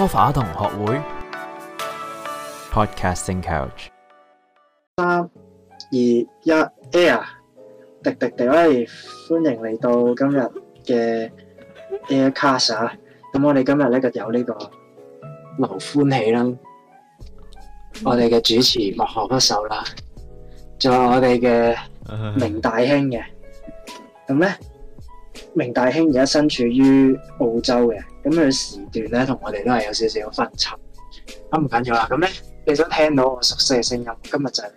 心流同學會 Podcasting Couch 三二一 Air，滴滴滴，喂，歡迎嚟到今日嘅 Aircast 咁我哋今日咧、呢個，有呢個劉歡喜啦，我哋嘅主持莫學不受啦，仲有我哋嘅明大興嘅。咁咧、uh huh，明大興而家身處於澳洲嘅。咁佢時段咧，同我哋都係有少少分層，咁唔緊要啦。咁咧，你想聽到我熟悉嘅聲音，今日就係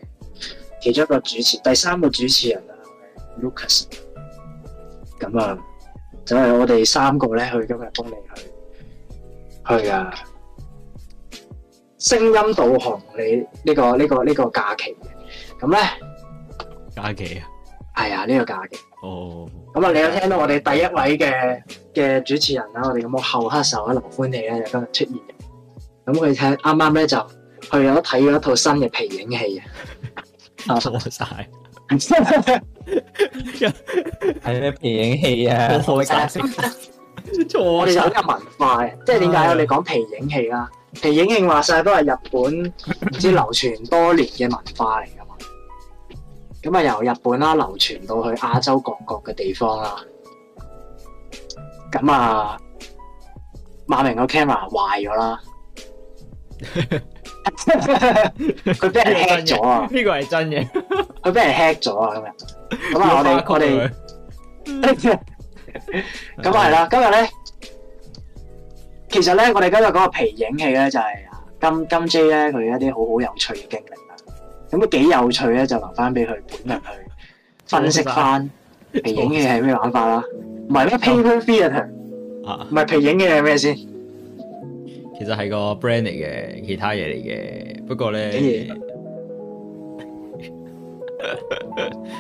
其中一個主持，第三個主持人啦，Lucas。咁啊，就係、是、我哋三個咧，去今日幫你去去啊，聲音導航你呢、呢個呢、呢個呢、呢個假期嘅。咁咧，假期啊！係啊，呢個價嘅。哦。咁啊，你有聽到我哋第一位嘅嘅主持人啦，我哋咁嘅後黑手啊，林歡喜咧有今日出現嘅。咁佢聽啱啱咧就去咗睇咗一套新嘅皮影戲啊！吓錯晒，係咩皮影戲啊？我錯咗，我哋就好有文化嘅，即係點解我哋講皮影戲啊？皮影戲話晒都係日本唔知流傳多年嘅文化嚟。咁啊，由日本啦流傳到去亞洲各國嘅地方啦。咁啊，馬明個 camera 壞咗啦，佢俾人 hack 咗啊！呢個係真嘅，佢俾人 hack 咗啊！今日，咁啊，我哋我哋，咁啊，係啦。今日咧，其實咧，我哋今日講嗰個皮影戲咧，就係啊，金金 J 咧，佢一啲好好有趣嘅經歷。咁都幾有趣咧，就留翻俾佢本人去分析翻皮影嘅係咩玩法啦？唔係咩 paper theater 啊？唔係、oh. 皮影嘅係咩先？其實係個 brand 嚟嘅，其他嘢嚟嘅。不過咧，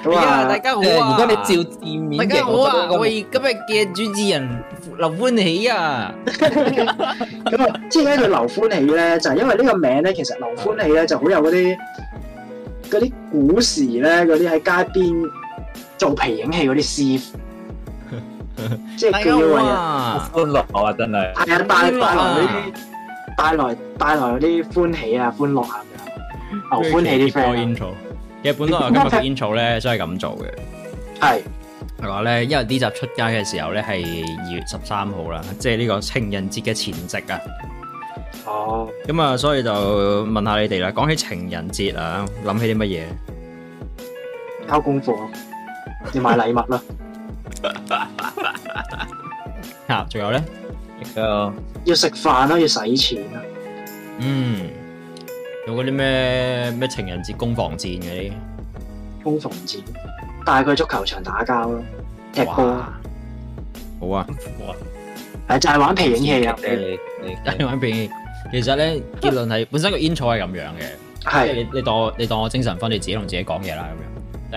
而家大家好啊！而家你照見面，大家好啊！好啊，我係、嗰個、今日嘅主持人劉歡喜啊！咁啊，點解佢劉歡喜咧？就係、係、因為呢個名咧，其實劉歡喜咧就好有嗰啲。嗰啲古時咧，嗰啲喺街邊做皮影戲嗰啲師傅， 即係叫為歡樂啊！真係係啊，帶帶來呢啲帶來帶來嗰啲歡喜啊，歡樂啊，好、哦、 歡喜啲 friend。日本都有今日的煙草咧，真係咁做嘅。係是話咧，因為呢集出街嘅時候咧，係二月十三號啦，即係呢個情人節嘅前夕啊。哦，咁啊、oh. 嗯，所以就問下你哋啦。講起情人節啊，諗起啲乜嘢？交功課，要買禮物啦。 啊，仲有咧？要食飯啦，要使錢啦。嗯，有嗰啲咩咩情人節攻防戰嘅啲？攻防戰，帶佢去足球場打交咯，哇踢波，啊。好啊，好啊。係、啊、就係、是、玩皮影戲啊，啊你你，你，你玩皮影戲。其實咧，結論係本身個煙草係咁樣嘅。係你你當我你當我精神分裂自己同自己講嘢啦咁樣。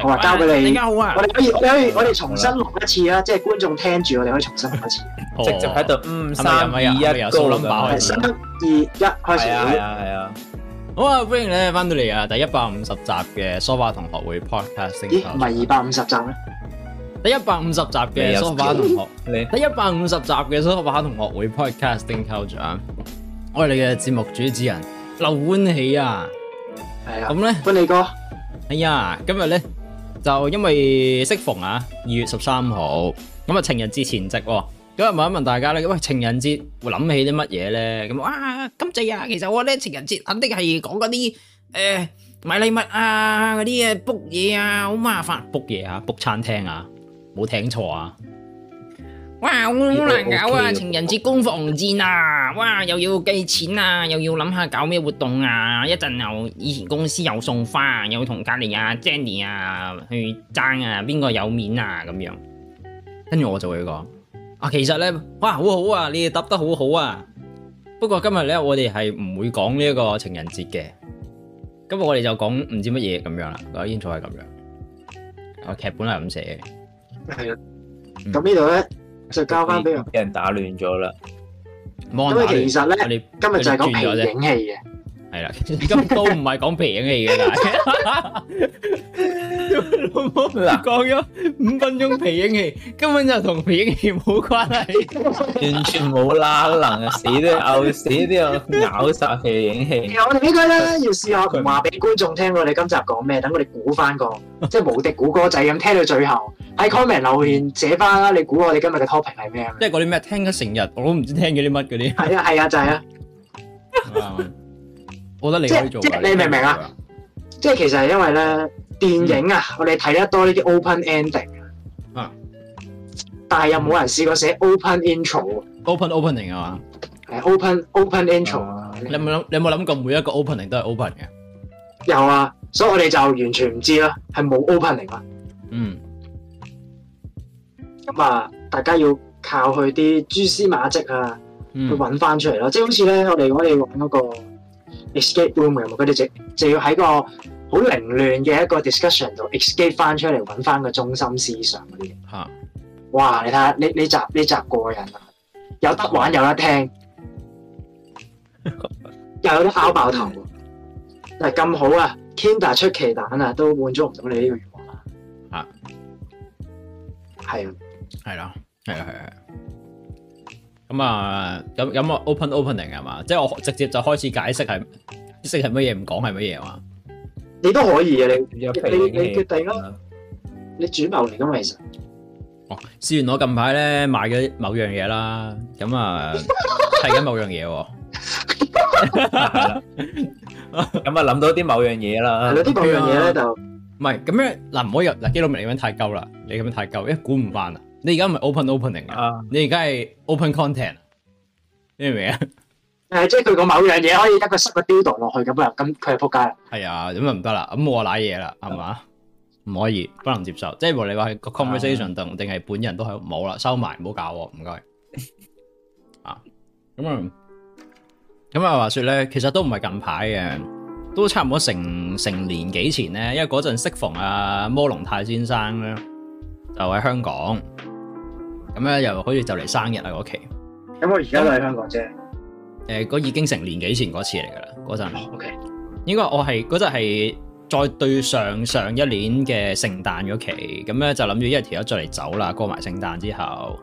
我交俾你。好啊？我哋可以可以我哋重新錄一次啊！即係觀眾聽住，我哋可以重新錄一次。直接喺度，嗯，三二一，高諗把開始。三二一開始。係啊係啊。好啊，歡迎你翻到嚟啊！第一百五十集嘅梳化同學會 podcast 星球。咦？唔係二百五十集咩？第一百五十集嘅梳化同學，第一百五十集嘅梳化同學會 podcasting 星球獎。我係你嘅節目主持人劉歡喜啊，係啊，咁咧，歡迎你哥。哎呀，今日咧就因為適逢啊，二月十三號，咁啊情人節前夕，咁啊問一問大家咧，喂，情人節會諗起啲乜嘢咧？咁啊，今次啊，其實我咧情人節肯定係講嗰啲誒買禮物啊，嗰啲啊 book 嘢啊，好麻煩 book 嘢啊，book 餐廳啊，冇聽錯啊。哇，好難搞啊！情人節攻防戰啊，哇，又要計錢啊，又要諗下搞咩活動啊，一陣又以前公司又送花，又同隔籬阿 Jenny 啊去爭啊，邊個有面啊咁樣。跟住我就會講，啊，其實咧，哇，好好啊，你哋答得好好啊。不過今日咧，我哋係唔會講呢一個情人節嘅。今日我哋就講唔知乜嘢咁樣啦。阿 Enzo 係咁樣，啊，劇本係咁寫嘅。係啦。咁呢度咧？就交翻俾人，俾人打亂咗啦。咁啊，其實咧，今日就係講皮影戲嘅。係啦，而今都唔係講皮影戲嘅。嗱，講咗五分鐘皮影戲，根本就同皮影戲冇關係，完全冇啦，能死都咬死都咬實皮影戲。我哋應該咧要試下唔話俾觀眾聽我哋今集講咩，等我哋估翻個，即係無敵估歌仔咁，聽到最後。I comment 留言寫翻啦。你估我哋今日嘅 topic 係咩啊？即係嗰啲咩？聽咗成日，我都唔知聽咗啲乜嗰啲。係 啊，係啊，就係、是、啊。 我覺得你可以做。即，即你明唔明啊？即係其實係因為咧，電影啊，我哋睇得多呢啲 open ending、嗯、open 啊，但係又冇人試過寫 open intro。open opening 係嘛？係 open open intro 啊、嗯。你有冇諗？你有冇諗過每一個 opening 都係 open 嘅？有啊，所以我哋就完全唔知啦，係冇 opening 啊。嗯。咁啊，大家要靠佢啲蛛絲馬跡啊，去揾翻出嚟咯。嗯、即係好似咧，我哋我哋嗰個 escape room 啊，嗰啲就就要喺個好凌亂嘅一個 discussion 度 escape 翻出嚟，揾翻個中心思想嗰啲嘢。吓、啊！哇！你睇下，你呢集呢集過癮啊！有得玩，有得聽， 又有得拗爆頭。但係咁 好啊 Kinder 出奇蛋啊，都滿足唔到你呢個願望啦。吓，係啊。係啦，係啦，係啦。咁啊，咁咁啊，open opening 係嘛？即係我直接就開始解釋係，即係乜嘢唔講係乜嘢嘛？你都可以啊，你你你你決定咯，你主謀嚟噶嘛其實。哦，先我近排咧買咗某樣嘢啦，咁啊睇緊某樣嘢喎。咁啊諗到啲某樣嘢啦，啲某樣嘢咧就唔係咁樣嗱，唔可以入嗱，基佬明你揾太高啦，你咁樣太高，因為估唔翻啊。你而家唔係 open opening 㗎，uh, 你而家係 open content，你明唔明啊？誒，uh, 即係對個某樣嘢可以一個塞個 builder 落去咁啊，咁佢、哎、就仆街。係啊，咁咪唔得啦，咁我賴嘢啦，係嘛？唔可以，不能接受。即係無論你話係個 conversation 定定係、uh, 本人都係冇啦，收埋，唔好搞喎，唔該。 啊，咁、嗯、啊，咁、嗯、啊，話說咧，其實都唔係近排嘅，都差唔多成成年幾前咧，因為嗰陣適逢啊摩龍泰先生咧就喺香港。咁咧又可以就嚟生日啊嗰期，咁我在在而家都喺香港啫。誒，嗰已經成年幾前嗰次嚟噶啦，嗰陣。Oh, OK，okay. 應該我係嗰陣係再對上上一年嘅聖誕嗰期，咁咧就諗住一日條友再嚟走啦，過埋聖誕之後，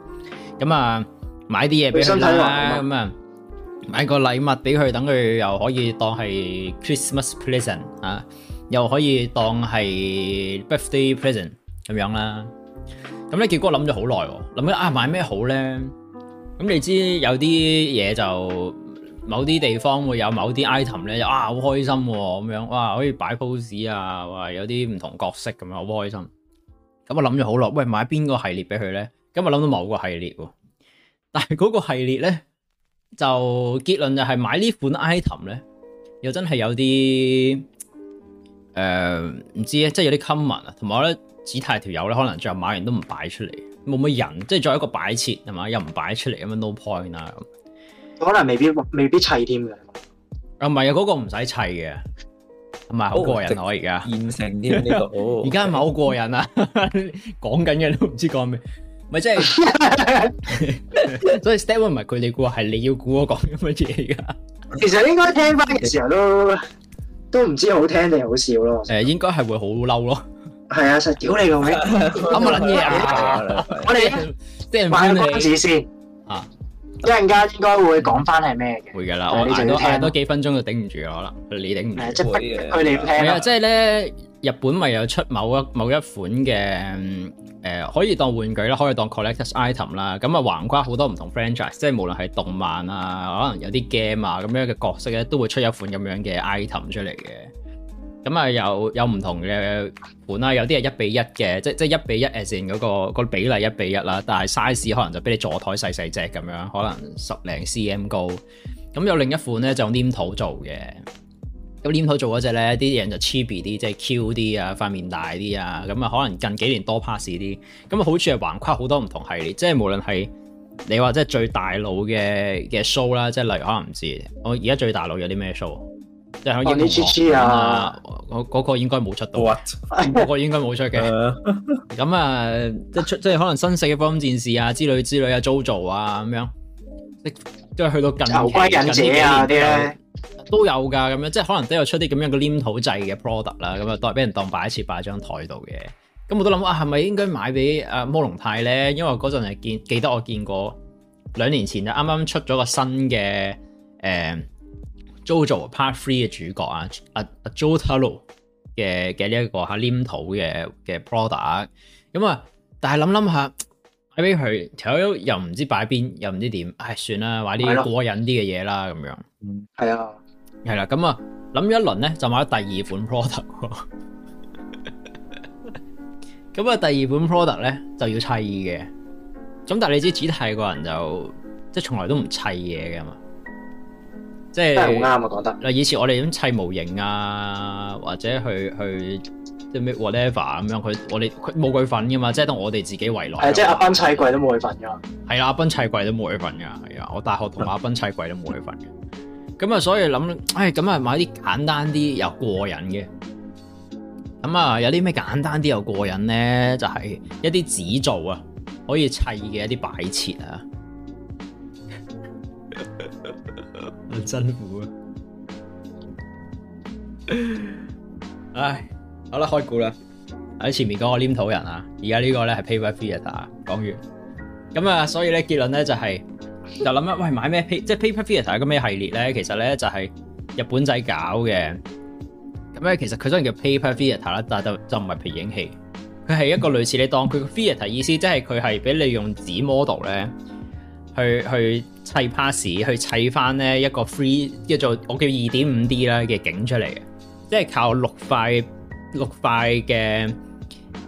咁啊買啲嘢俾佢睇，咁啊買個禮物俾佢，等佢又可以當係 Christmas present 嚇、啊，又可以當係 Birthday present 咁樣啦。咁咧，結果諗咗好耐，諗咧啊，買咩好咧？咁你知有啲嘢，就某啲地方會有某啲 item 咧，啊好開心咁樣，哇，可以擺 pose 啊，哇有啲唔同角色咁樣，好開心。咁我諗咗好耐，喂，買邊個系列俾佢咧？咁我諗到某個系列，但係嗰個系列咧，就結論就係買呢款 item 咧，又真係有啲誒，唔知咧，即係有啲 common 啊，同埋咧。指太條友咧，人可能最後買完都唔擺出嚟，冇乜人，即係作為一個擺設係嘛，又唔擺出嚟咁樣，no point 啊！咁可能未必未必砌添嘅，啊唔係啊，嗰、嗰個唔使砌嘅，唔係好過癮咯而家，現成添呢個，而家唔係好過癮啊！講緊嘅都唔知講咩，咪即係， 所以 step one 唔係佢哋估，係你要估我講緊乜嘢而家。其實應該聽翻嘅時候都都唔知好聽定好笑咯。誒， 應該係會好嬲咯。係 啊，實屌你個名咁嘅撚嘢啊！我哋問軍子先啊，一陣間應該會講翻係咩嘅？會噶的啦，我挨多挨多幾分鐘就頂唔住我啦，你頂唔住。即係佢哋要聽。係啊，即係咧，日本咪有出某一某一款嘅誒、呃，可以當玩具啦，可以當 collectors item 啦，咁啊橫跨好多唔同 franchise，即係無論係動漫啊，可能有啲 game 啊咁樣嘅角色咧，都會出一款咁樣嘅 item 出嚟嘅。咁啊有有唔同嘅款啦，有啲係一比一嘅，即即一比一 Asian 嗰個、嗰個比例一比一啦，但係 size 可能就俾你坐台細細隻咁樣，可能十零 cm 高。咁有另一款咧就用黏土做嘅，咁黏土做嗰隻咧啲嘢就 chibi 啲，即係 Q 啲啊，塊面大啲啊，咁啊可能近幾年多 pass 啲。咁啊好處係橫跨好多唔同系列，即係無論係你話即係最大佬嘅嘅 show 啦，即係例如可能唔知我而家最大佬有啲咩 show？就喺英啊！嗰嗰個應該冇出到，嗰、啊、呵個應該冇出嘅。咁啊， 即係出，即係可能新世嘅《福音戰士》啊之類之類啊 JoJo 啊咁樣，即係去到近期、啊、近年嗰啲咧都有噶。咁樣即係可能都有出啲咁樣嘅黏土製嘅 product 啦。咁啊，當俾人當擺設設擺喺張台度嘅。咁我都諗啊，係咪應該買俾阿摩龍泰咧？因為嗰陣係記記得我見過兩年前就啱啱出咗個新嘅 Jojo 做 part three 嘅主角啊，阿、啊、阿 Jotaro 嘅嘅呢一、這個吓黏土嘅嘅 product，咁啊，但係諗諗下，買俾佢，條友又唔知擺邊，又唔知點，唉，算啦，買啲過癮啲嘅嘢啦，咁樣。嗯，係啊，係啦，咁啊，諗咗、哎、一輪咧了，就買咗第二款 product。咁 啊、嗯，第二款 product 咧就要砌嘅，咁但係你知紫泰個人就即係從來都唔砌嘢嘅嘛。即係好啱啊！覺得嗱，以前我哋咁砌模型啊，或者去去即係咩 whatever 咁樣，佢我哋佢冇佢份噶嘛，即係當我哋自己為樂。係，即係阿斌砌櫃都冇佢份噶。係啊，阿斌砌櫃都冇佢份噶。係啊，我大學同阿斌砌櫃都冇佢份嘅。咁啊，所以諗，唉、哎，咁啊買啲簡單啲又過癮嘅。咁啊，有啲咩簡單啲又過癮咧？就係、是、一啲紙做啊，可以砌嘅一啲擺設啊。 好辛 真苦啊！ 唉，好啦，開股開估啦。喺前面講過黏土人啊，而家呢個咧係 Paper Theater。講完咁啊，所以咧結論咧就係、是、就諗啦，喂，買咩？即係 Paper Theater 個咩系列咧？其實咧就係、是、日本仔搞嘅。咁咧，其實佢雖然叫 Paper Theater 啦，但係就就唔係皮影戲。佢係一個類似你當佢個 Theater 意思，即係佢係俾你用紙 model 咧去去。去砌 pass 去砌翻呢一個 free 叫做我叫二點五 D 啦嘅景出嚟嘅，即係靠六塊六塊嘅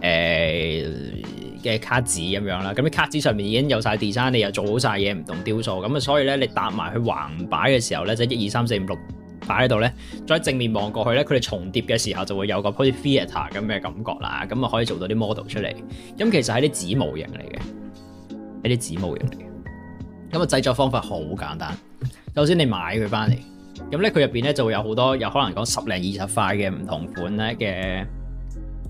嘅、欸、卡紙咁樣啦。咁啲卡紙上面已經有晒 design，你又做好晒嘢唔同雕塑，咁啊，所以咧你搭埋去橫擺嘅時候咧，即係一二三四五六擺喺度咧，再正面望過去咧，佢哋重疊嘅時候就會有個好似 theater 咁嘅感覺啦。咁啊，可以做到啲 model 出嚟。咁其實係啲紙模型嚟嘅，係啲紙模型嚟。咁個製作方法好簡單，首先你買佢返嚟，咁呢，佢入邊呢就會有好多有可能講十零二十塊嘅唔同款咧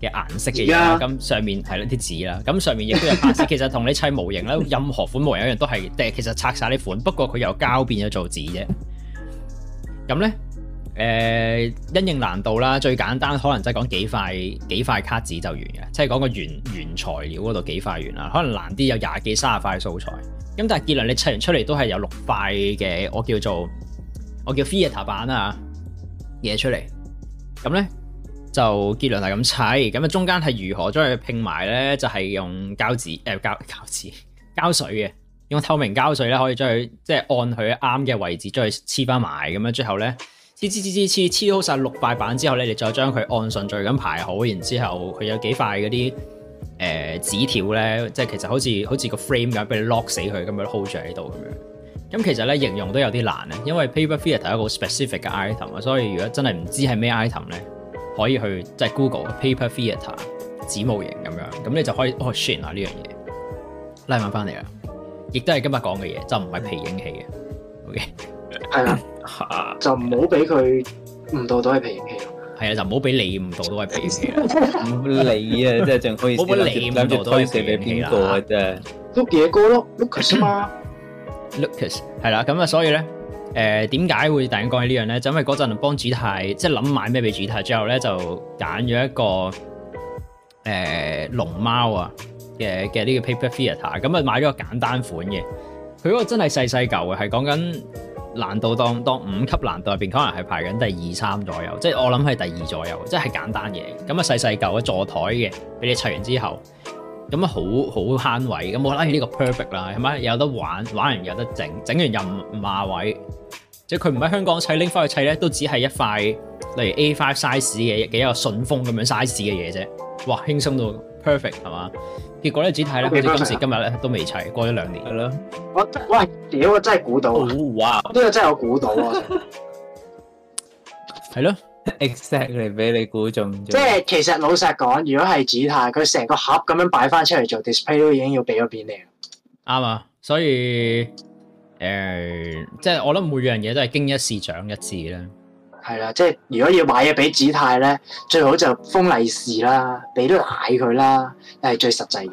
嘅嘅顏色嘅嘢，咁上面係啦啲紙啦，咁上面亦都有白色。 其實同你砌模型咧，任何款模型一樣都係，但其實拆曬啲款，不過佢又膠變咗做紙啫，咁呢誒、呃，因應難度啦，最簡單可能就係講幾塊幾塊卡紙就完嘅，即係講個原原材料嗰度幾塊完啦。可能難啲有廿幾、三十塊素材。咁但係結論，你砌完出嚟都係有六塊嘅。我叫做我叫 f r a t e r 板啊嘢出嚟。咁咧就結論係咁砌咁啊。中間係如何將佢拼埋咧？就係用膠紙、呃、膠膠紙膠水嘅用透明膠水咧，可以將佢即係按佢啱嘅位置將佢黐翻埋咁樣。之後咧。黐黐黐黐黐好晒六塊板之後咧，你再將佢按順序咁排好，然之後佢有幾塊嗰啲誒紙條咧，即係其實好似好似個 frame 咁，俾你 lock 死佢咁樣 hold 住喺度咁樣。咁、嗯、其實咧形容都有啲難咧，因為 paper theatre 係一個 specific 嘅 item 啊，所以如果真係唔知係咩 item 咧，可以去即係、就是、Google paper theatre 紙模型咁樣，咁你就可以 share 下呢樣嘢拉翻翻嚟啊！亦都係今日講嘅嘢，就唔係皮影戲嘅。OK。係啦，就唔好俾佢誤導到都係皮影戲咯。係啊，就唔好俾你誤導到都係皮影戲唔理啊，即係仲可以諗住分捨俾邊個啊？真係。Lucas 哥咯，Lucas 嘛。Lucas 係啦，咁啊，所以咧，誒、呃，點解會突然間講起呢樣咧？就是、因為嗰陣幫主泰，即係諗買咩俾主泰，之後咧就揀咗一個誒龍貓啊嘅嘅呢個 paper theatre 咁啊買咗個簡單款嘅。佢個真係細細舊嘅，係講緊。難度當當五級難度入邊，可能係排緊第二三左右，即係我諗係第二左右，即係簡單嘢。咁啊細細嚿嘅座台嘅，俾你砌完之後，咁啊好好慳位，咁我覺得呢個 perfect 啦，係咪有得玩？玩完有得整，整完又唔馬位。即係佢唔喺香港砌拎翻去砌咧，都只係一塊例如 A5 size 嘅幾個順豐咁樣 size 嘅嘢啫。哇，輕鬆到 perfect 係嘛？結果咧，子太咧，佢哋今時今日咧都未齊，過咗兩年。係咯了，我喂，屌，我真係估到，估哇，呢個真係我估到啊，係咯，exactly 俾你估中。即係其實老實講，如果係子太，佢成個盒咁樣擺翻出嚟做 display 都已經要俾咗面你。啱啊，所以誒，即、呃、係、就是、我諗每樣嘢都係經一事長一智咧。係啦，即係如果要買嘢俾子太咧，最好就封利是啦，俾奶佢啦，係 最實際嘅。誒、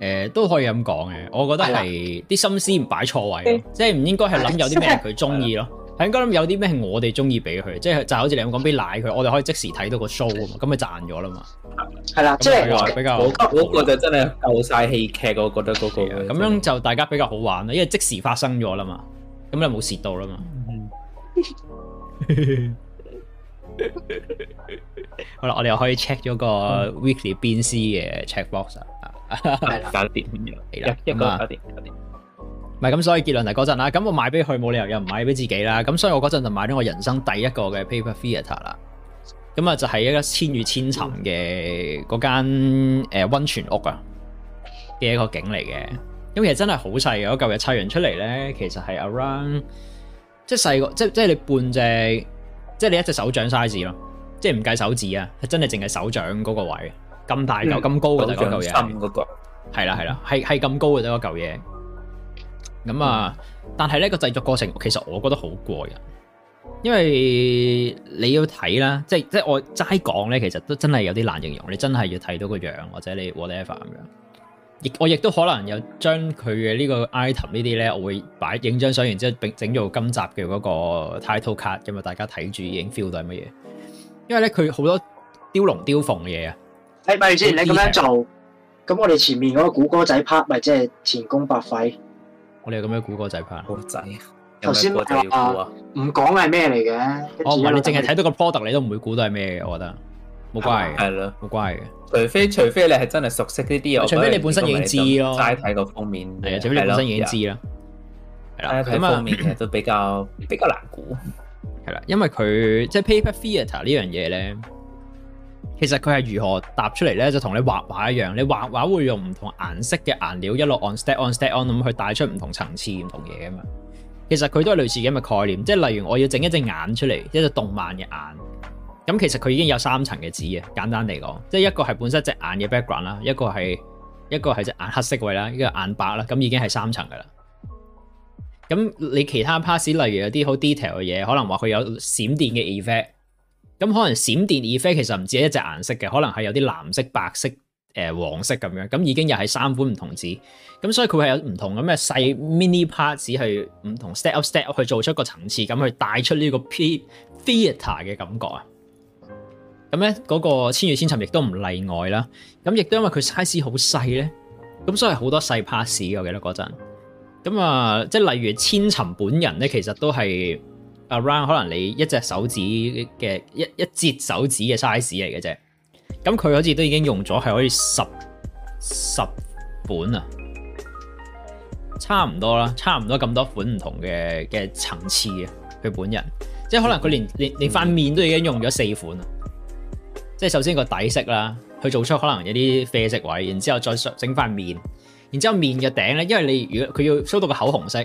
呃，都可以咁講嘅，我覺得係啲的心思唔擺錯位，即係唔應該係諗有啲咩佢中意咯，係 的應該諗有啲咩我哋中意俾佢，即係就好、是、似你咁講俾奶佢，我哋可以即時睇到個 show 啊嘛，咁咪賺咗啦嘛。係啦，即係比較嗰個就真係夠晒戲劇，我覺得嗰個，咁樣就大家比較好玩啦，因為即時發生咗啦嘛，咁咪冇蝕到啦嘛。 好啦，我哋又可以 check 咗個 weekly B C 嘅 check box 啦，唔係咁，所以結論係嗰陣啦。咁我買俾佢冇理由，又唔買俾自己啦。咁所以我嗰陣就買咗我人生第一個嘅 Paper Theater 啦。咁啊，就係一個千與千尋嘅嗰間誒溫泉屋啊嘅一個景嚟嘅。因為其實真係好細嘅，我舊日砌完出嚟咧，其實係 around。即係細個，即係即係你半隻，即係你一隻手掌 size 咯，即係唔計手指啊，係真係淨係手掌嗰個位，咁大嚿咁，嗯、高嘅嚿嘢，係啦係啦，係係咁高嘅啫嗰嚿嘢。咁啊，嗯、但係呢、呢個製作過程，其實我覺得好過癮，因為你要睇啦，即係即係我齋講咧，其實都真係有啲難形容，你真係要睇到個樣或者你 whatever 咁樣。亦我亦都可能有將佢嘅呢個 item 呢啲咧，我會擺影張相，然之後整做今集嘅嗰個 title card，咁啊大家睇住已經 feel 到係乜嘢。因為咧佢好多雕龍雕鳳嘅嘢啊！誒、欸，咪住先，你咁樣做，咁我哋前面嗰個古歌仔 part 咪即係前功百廢。我哋有咁樣古歌仔 part。古仔，頭先啊唔講係咩嚟嘅？哦，唔係你淨係睇到個 product，你都唔會估到係咩嘅，我覺得。冇關係，係咯，冇關係嘅。除非除非你係真係熟悉呢啲嘢，除非你本身已經知咯。齋睇個封面係啊，除非你本身已經知啦。係啦，咁封面其實都比較比較難估。係啦，因為佢即係 Paper Theater 呢樣嘢咧，其實佢係如何搭出嚟咧，就同你畫畫一樣。你畫畫會用唔同顏色嘅顏料一路 on step on step on 咁去帶出唔同層次唔同嘢噶嘛。其實佢都係類似咁嘅概念。即係例如我要整一隻眼出嚟，一隻動漫嘅眼。咁其實佢已經有三層嘅紙嘅，簡單嚟講，即係一個係本身隻眼嘅 background 啦，一個係一個係隻眼黑色位啦，一個眼白啦，咁已經係三層噶啦。咁你其他 parts，例如有啲好 detail 嘅嘢，可能話佢有閃電嘅 effect，咁可能閃電 effect 其實唔止一隻顏色嘅，可能係有啲藍色、白色、誒、呃、黃色咁樣，咁已經又係三款唔同紙。咁所以佢係有唔同咁嘅細 mini parts 去唔同 step up step up 去做出個層次，咁去帶出呢個 pet theater 嘅感覺啊。咁咧，嗰個千與千尋亦都唔例外啦。咁亦都因為佢 size 好細咧，咁所以好多細 pass 我記得嗰陣咁啊，即係例如千尋本人咧，其實都係 around 可能你一隻手指嘅一一節手指嘅 size 嚟嘅啫。咁佢好似都已經用咗係可以十十款啊，差唔多啦，差唔多咁多款唔同嘅嘅層次嘅佢本人，即係可能佢連連連塊面都已經用咗四款啊。即係首先個底色啦，去做出可能有啲啡色位，然之後再整翻面，然之後面嘅頂咧，因為你如果佢要 show 到個口紅色，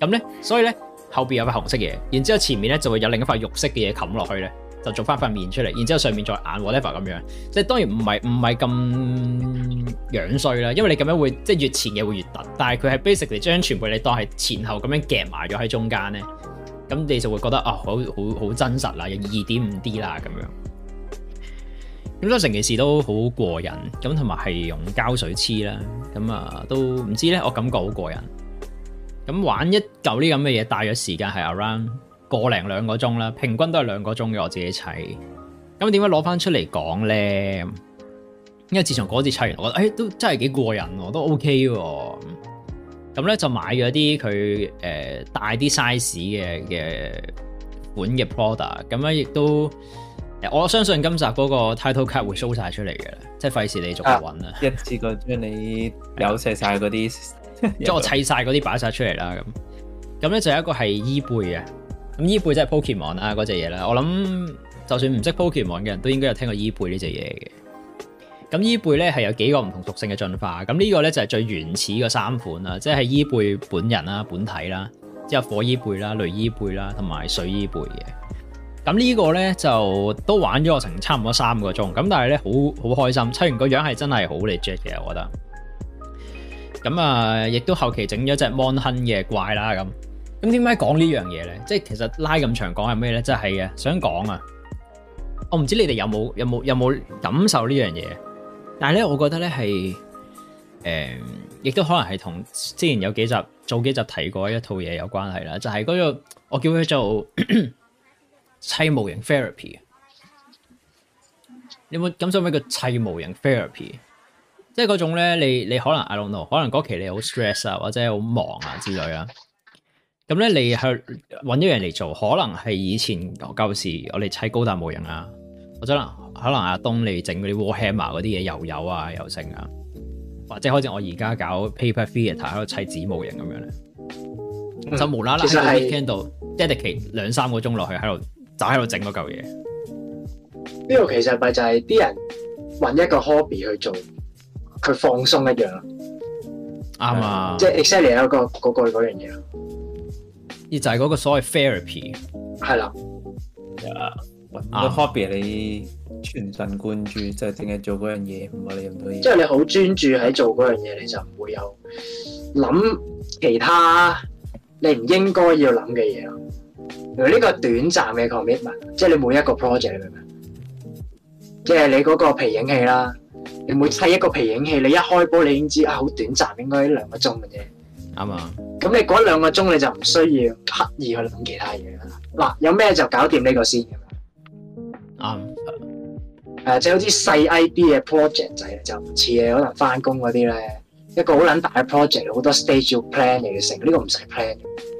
咁咧，所以咧後邊有塊紅色嘢，然之後前面咧就會有另一塊肉色嘅嘢冚落去咧，就做翻塊面出嚟，然之後上面再眼 whatever 咁樣，即係當然唔係唔係咁樣衰啦，因為你咁樣會即係越前嘅會越突，但係佢係 basically 將全部你當係前後咁樣夾埋咗喺中間咧，咁你就會覺得啊、哦、好好好真實啦，有二點五 D 啦咁樣。咁所以成件事都好過癮，咁同埋係用膠水黐啦，咁啊都唔知咧，我感覺好過癮。咁玩一嚿呢咁嘅嘢，大約時間係 around 個零兩個鐘啦，平均都係兩個鐘嘅，我自己砌。咁點解攞翻出嚟講咧？因為自從嗰次砌完，我覺得，誒、欸、都真係幾過癮，我都 OK 喎。咁咧就買咗啲佢誒大啲 size 嘅嘅款嘅 product，咁樣亦都。我相信今集嗰個 title card 會 show 晒出嚟嘅，即係費事你逐個揾啦，一次過將你扭晒晒嗰啲，即係的 我砌晒嗰啲擺晒出嚟啦咁。咁咧就有一個係伊貝嘅，咁伊貝即係 Pokémon 啊嗰隻嘢啦。我諗就算唔識 Pokémon 嘅人都應該有聽過伊貝呢隻嘢嘅。咁伊貝咧係有幾個唔同屬性嘅進化，咁呢個咧就係最原始嘅三款啦，即係伊貝本人啦、啊、本體啦、啊，之後火伊貝啦、啊、雷伊貝啦同埋水伊貝嘅。咁呢個咧就都玩咗成差唔多三個鐘，咁但係咧好好開心，砌完個樣係真係好嚟 legit 嘅，我覺得。咁啊，亦都後期整咗隻 Mon Hun 嘅怪啦，咁咁點解講呢樣嘢咧？即係其實拉咁長講係咩咧？即係，想講啊！我唔知你哋有冇有冇有冇感受呢樣嘢？但係咧，我覺得咧係誒，亦都可能係同之前有幾集早幾集提過一套嘢有關係啦。就係嗰個我叫佢做。 砌模型 therapy，你有冇感受咩叫砌模型 therapy？即係嗰種咧，你你可能 I don't know，可能嗰期你好 stress 啊，或者好忙啊之類啊。咁咧，你去揾咗人嚟做，可能係以前舊時我哋砌高達模型啊，或者可能可能阿東你整嗰啲 warhammer 嗰啲嘢油油啊油成啊，或者好似我而家搞 paper theatre 喺度砌紙模型咁樣咧，就無啦啦喺度聽 dedicate 兩三個鐘落去喺度。就喺度整嗰嚿嘢，呢度其實咪就係啲人揾一個 hobby 去做，佢放鬆一樣，啱啊吧，即係 exactly 一個嗰句嗰樣嘢，而就係嗰個所謂 therapy，係啦，揾，個 hobby 你全神貫注，即係淨係做嗰樣嘢，唔係你唔多嘢，即係你好專注喺做嗰樣嘢，你就唔會有諗其他你唔應該要諗嘅嘢咯。嗱，呢個短暫嘅 commitment 即係你每一個 project，你明唔明？即係你嗰個皮影戲啦，你每砌一個皮影戲，你一開波你已經知啊，好短暫，應該兩個鐘嘅啫。啱、嗯、啊。咁你嗰兩個鐘你就唔需要刻意去諗其他嘢啦。嗱、啊，有咩就搞掂呢個先。啱、嗯。誒、啊，即係好似細 I D 嘅 project 仔就唔似你可能翻工嗰啲咧，一個好捻大嘅 project，好多 stage plan 嚟嘅，成呢個唔使 plan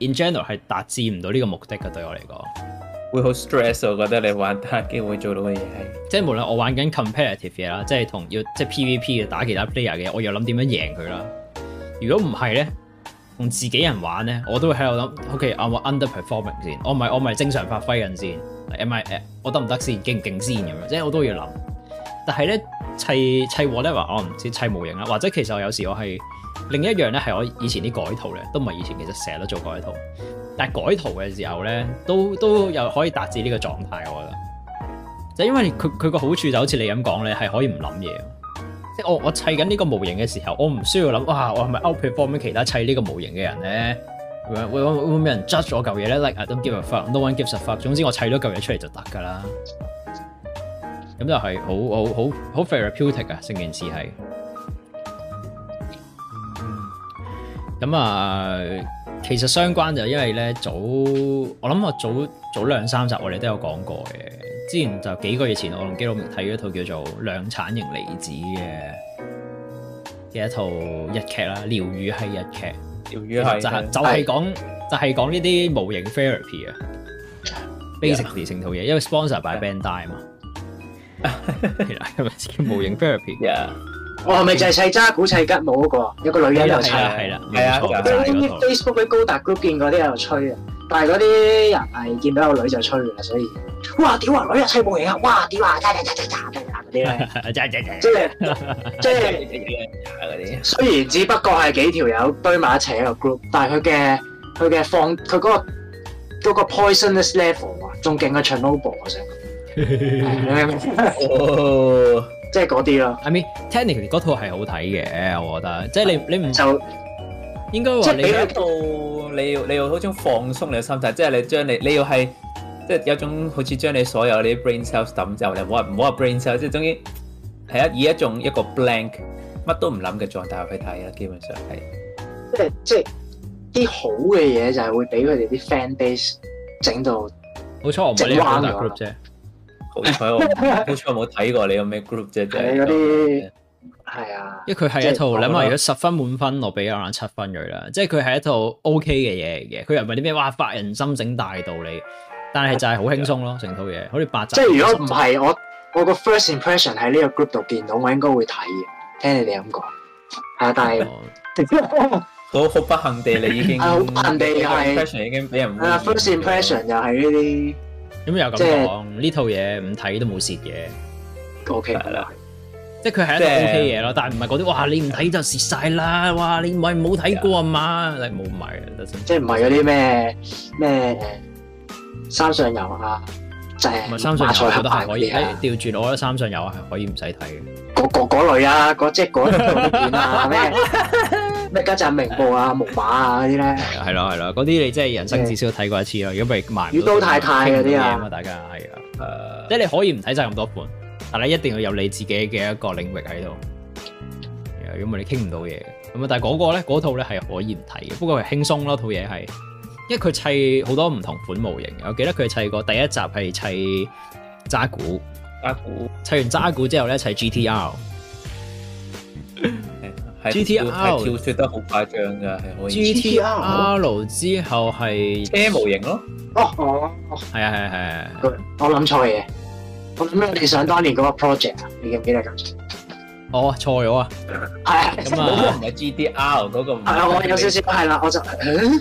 In general 係達至唔到呢個目的㗎，對我嚟講，會好 stress。我覺得你玩打機會做到嘅嘢係，即係無論我玩緊 competitive 嘢啦，即係同要即係 PVP 嘅打其他 player 嘅，我又諗點樣贏佢啦。如果唔係咧，同自己人玩咧，我都會喺度諗，OK，我 underperforming 先，我唔係我唔係正常發揮緊先，my，我得唔得先，勁唔勁先咁樣，即係我都要諗。但係咧，砌砌和咧話，我唔知砌模型呀，或者其實我有時我係。另一樣咧係我以前啲改圖咧，都唔係以前，其實成日都做改圖。但係改圖嘅時候咧，都都又可以達至呢個狀態，我覺得就是、因為佢佢個好處就好似你咁講咧，係可以唔諗嘢。即、就、係、是、我我砌緊呢個模型嘅時候，我唔需要諗，哇！我係咪 outperform 緊其他砌呢個模型嘅人咧？會會會唔會人 judge 我舊嘢咧？Like I don't give a fuck，no one gives a fuck。總之我砌咗舊嘢出嚟，就得噶啦。咁就係、是、好好好好 therapeutic 啊！成件事係。咁啊，其實相關就因為咧早，我諗我早早兩三集我哋都有講過嘅。之前就幾個月前，我同基佬明睇咗一套叫做《量產型離子》嘅嘅一套日劇啦，療愈系日劇，療愈就係、是、就係、是、講唉就係講呢啲模型 therapy 啊，basically 成套嘢，因為 sponsor by Bandai 啊嘛 Yeah .，係叫模型 therapy。Yeah. 我係咪就係砌渣古砌吉舞嗰個？有個女人又砌。係啦係啦。係啊。Facebook 啲高達 group 見過啲人喺度吹啊，但係嗰啲人係見到個女就吹啊，所以哇屌啊女又砌模型啊，哇屌啊喳喳喳喳喳嗰啲咧。即係即係即係啲。雖然只不過係幾條友堆埋一齊喺個 group，但係佢嘅佢嘅放佢嗰個 poisonous level 啊，仲勁過 Triple 啊我想講。即係嗰啲咯，I mean，technically 嗰套係好睇嘅，我覺得。即係你你唔就應該話你嗰套你要你要好想放鬆你嘅心態，即係你將你你要係即係有種好似將你所有啲 brain cells 抌走，你唔好話唔好話 brain cells，即係終於係一以一種一個 blank 乜都唔諗嘅狀態去睇啦，基本上係。即係即係啲好嘅嘢就係會俾佢哋啲 fan base 整到好彩冇錯，我唔係呢個 group 啫。 好彩我好冇睇過你個咩 group 啫，即係嗰啲係啊，因為佢係一套諗下 如果十分滿分，我俾我可能七分佢啦。即係佢係一套 O K 嘅嘢嚟嘅，佢又唔係啲咩哇發人心整大道理，但係就係 好輕鬆咯，成套嘢好似八集。即係如果唔係我我個 first impression 喺呢個 group 度見到，我應該會睇嘅。聽你哋咁講係啊，但係好好不幸地，你已經好哋係 first impression 已經俾人。啊 ，first impression 又係呢啲。咁又咁講，呢套嘢唔睇都冇蝕嘅，O K 啦，但即係佢係一套 O K 嘢咯，是但係唔係嗰啲哇，你唔睇就蝕晒啦，哇，你咪冇睇過啊嘛，你冇買得即係唔係嗰啲咩咩誒三上游啊，正三上游我覺得係可以，誒調轉我覺得三上游係可以唔使睇嘅。嗰嗰嗰類啊，嗰即係嗰啲模型啊，咩咩家陣名部啊、木馬啊嗰啲咧，係咯係咯，嗰啲你真係人生至少睇過一次咯。如果唔係買唔到魚太，太、啊、到啲啊大家係啊、呃，即係你可以唔睇晒咁多款，但係一定要有你自己嘅一個領域喺度。係因為你傾唔到嘢咁啊！但係嗰個咧，嗰套咧係可以唔睇嘅，不過係輕鬆咯。一套嘢係，因為佢砌好多唔同款模型。我記得佢砌過第一集係砌渣古。扎砌完渣古之後咧砌 GTR，GTR 跳脱得好誇張噶係可以。GTR 之後係車模型咯，哦哦，係啊係啊係啊，我諗錯嘢，我諗咩？你想當年嗰個 project，啊？你記唔記得哦，錯咗啊，係啊，嗰個唔係 GTR，嗰個係啊，我有少少係啦，我就係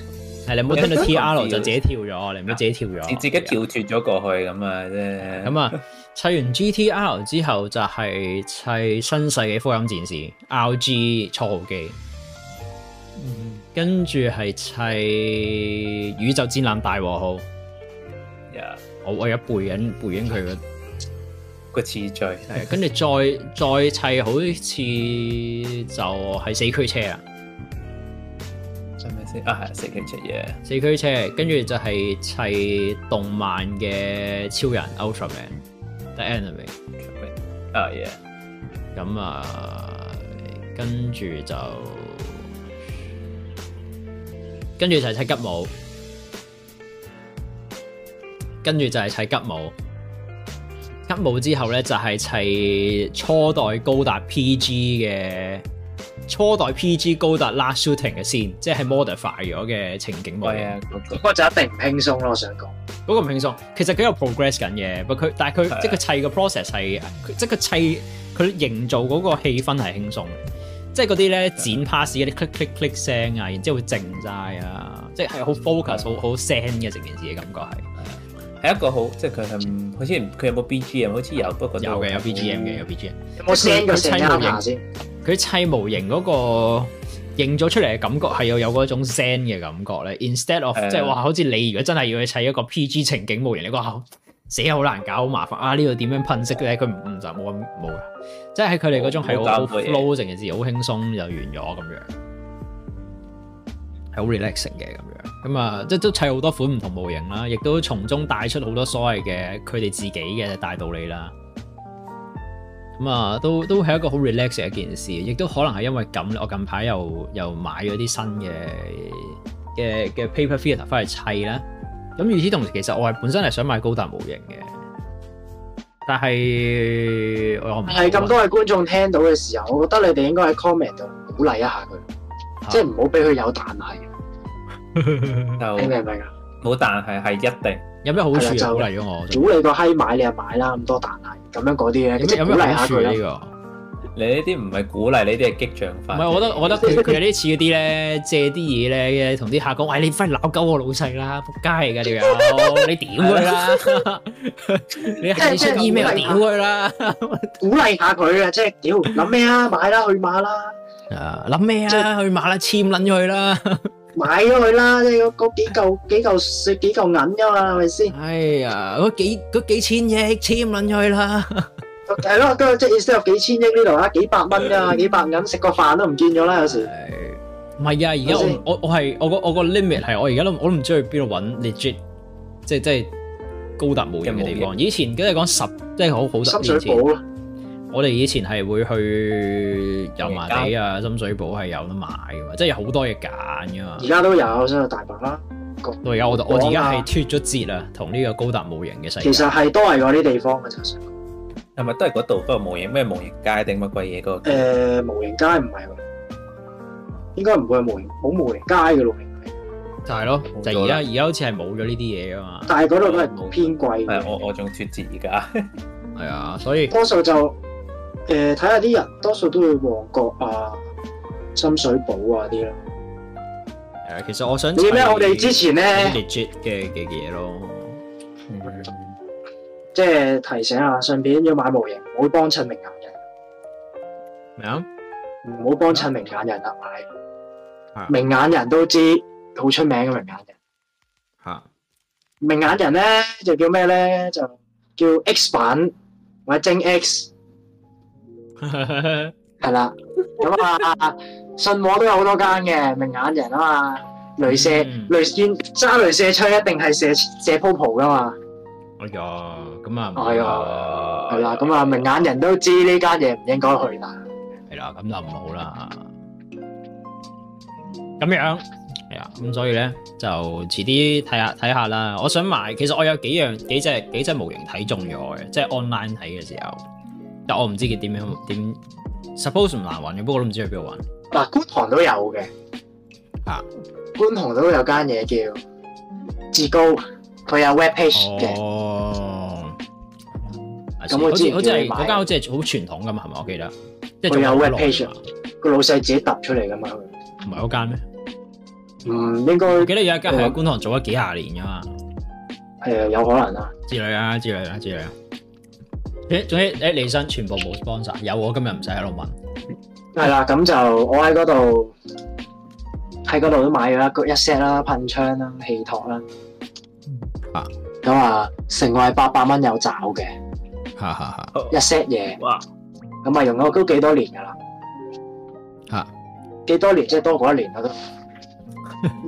你唔好聽到 TR 就自己跳咗，你唔好自己跳咗，自自己跳脱咗過去咁啊啫，咁啊。砌完 G T R 之後就係砌新世紀福音戰士 RG 初號機，嗯、跟住係砌宇宙戰艦大和號。嗯、我我有背影背影，佢個個次序係，跟住再再砌好一次就係四驅車啦。啊？係四驅車 y、yeah. 四驅車，跟住就係砌動漫嘅超人 Ultra Man。Ult the anime 啊，yeah，咁啊，跟住就，跟住就係砌吉姆，跟住就係砌吉姆，吉姆之後咧就係砌初代高達 PG 嘅。初代 PG 高達 last shooting 嘅 scene，即係 modify 咗嘅情景模式。嗰個就一定唔輕鬆咯，我想講。嗰個唔輕鬆，其實佢有 progress 緊嘅，但係佢的即係佢砌個 process 係，即係佢砌佢營造嗰個氣氛係輕鬆，即係嗰啲咧剪 pass 嘅啲 click click click 聲啊，然之後會靜晒啊，即係的好 focus 好好 send 嘅成件事嘅感覺係。一個好，即係佢係，佢有冇 BGM，好似佢有冇 B G M？好似有，有不過有嘅有，有 B G M 嘅有 B G M。有冇聲個聲聽下先？佢砌模型嗰、嗰個認咗出嚟嘅感覺係又有嗰種聲嘅感覺咧。Instead of 即係話，好似你如果真係要去砌一個 P G 情景模型，你哇、哦、死好難搞，好麻煩啊！這個、呢度點樣噴色咧？佢唔就冇咁冇嘅，即係喺佢哋嗰種係好 flow 成件事，好輕鬆就完咗咁樣。好 relaxing 嘅咁樣，咁啊，即係都砌好多款唔同模型啦，亦都從中帶出好多所謂嘅佢哋自己嘅大道理啦。咁啊，都都係一個好 relaxing 一件事，亦都可能係因為咁，我近排又又買咗啲新嘅嘅嘅 paper figure 翻去砌啦。咁與此同時，其實我係本身係想買高達模型嘅，但係、哎、我唔係咁多嘅觀眾聽到嘅時候，我覺得你哋應該喺 comment 度鼓勵一下佢。即係唔好俾佢有彈性，你明唔明啊？冇彈性係一定有咩好處啊？鼓勵咗我，鼓你個閪買你就買啦！咁多彈性，咁樣嗰啲咧，鼓勵下佢呢個。你呢啲唔係鼓勵，你啲係激將法。唔係，我覺得我覺得佢有啲似嗰啲咧，借啲嘢咧，同啲客講，喂，你快鬧鳩我老細啦！仆街嚟㗎點樣？你屌佢啦！你出衣咩？屌佢啦！鼓勵下佢啊！即係屌諗咩啊？買啦，去馬啦！誒，諗咩啊？啊就去買啦，簽咗去啦， 買咗佢啦，即係嗰幾嚿幾嚿幾嚿銀噶嘛，係咪先？哎呀，嗰幾幾千億，簽咗去啦，係咯，即係意思有幾千億呢度啊，幾百蚊噶， 幾百銀，食個飯都唔見咗啦，有時。唔係啊，而家我我係我個我個 limit 係我而家都我都唔知去邊度搵 legit，即係即係高達冇人嘅地方。以前梗係講十，即係好好十年前。我哋以前係會去油麻地啊、深水埗係有得買嘅嘛，即係有好多嘢揀嘅嘛。而家都有，真係大白啦。到而家我我而家係脫咗節啦，同呢個高達模型嘅世界。其實係都係嗰啲地方嘅啫，係咪都係嗰度嗰個模型咩模型街定乜鬼嘢嗰？誒、呃、模型街唔係喎，應該唔會係模型冇模型街嘅咯。就係咯，就而家而家好似係冇咗呢啲嘢啊嘛。但係嗰度都係偏貴我也有。我我仲脫節而家，係 啊，所以多數就。誒，睇下啲人多數都會旺角啊、深水埗啊啲咯。誒，其實我想知咩？我哋之前咧，digit 嘅嘅嘢咯。嗯，即係提醒下，順便要買模型，唔好幫襯明眼人。咩啊？唔好幫襯明眼人啊買，明眼人都知好出名嘅明眼人。吓，明眼人咧就叫咩咧？就叫 X 版或者精 X。係啦，咁 啊信我都有好多間嘅明眼人啊嘛，鐳射鐳射，揸鐳射出一定係射射泡泡噶嘛。哎呀，咁啊係啊，係啦，咁啊明眼人都知呢間嘢唔應該去啦。係啦，咁就唔好啦。咁樣係啊，咁所以咧就遲啲睇下睇下啦。我想買，其實我有幾樣幾隻幾隻模型睇中咗嘅，即係 online 睇嘅時候。但我唔知佢點樣點 suppose 唔難玩嘅，不過我都唔知喺邊度玩。嗱，觀塘都有嘅，啊，觀塘都有間嘢叫志高，佢有 web page 嘅。哦，咁好似，好似係嗰間，好似係好傳統噶嘛，係咪？我記得，即係仲有 web page，個老細自己揼出嚟噶嘛。唔係嗰間咩？嗯，應該。記得有一間喺觀塘做咗幾廿年噶嘛。係啊，有可能啊。之類啊，之類啊，之類啊。誒，總之誒，李生全部冇 sponsor 有我今日唔使喺度問。係啦，咁就我喺嗰度，喺嗰度都買咗一一 set 啦，噴槍啦，氣托啦。啊，咁啊，成個八百蚊有找嘅。哈哈哈。一 set 嘢。哇。咁啊，用咗都幾多年噶啦。吓、啊。幾多年？即係多過一年啦都。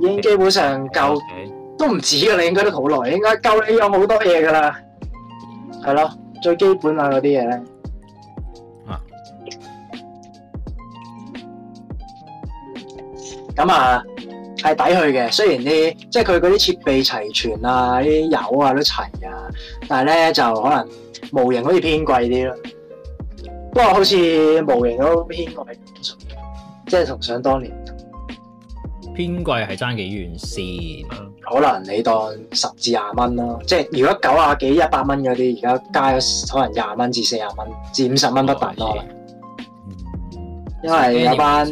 已經基本上夠， 都唔止噶啦，應該都好耐，應該夠你用好多嘢噶啦。係咯。最基本啊嗰啲嘢咧，啊，咁啊係抵去嘅。雖然啲即係佢嗰啲設備齊全啊，啲油啊都齊啊，但係咧就可能模型好似偏貴啲咯。不過好似模型都偏貴，即係同想當年。邊貴係爭幾元先？可能你當十至廿蚊咯，即係如果九啊幾、一百蚊嗰啲，而家加咗可能廿蚊至四十蚊至五十蚊不等多啦。因為有班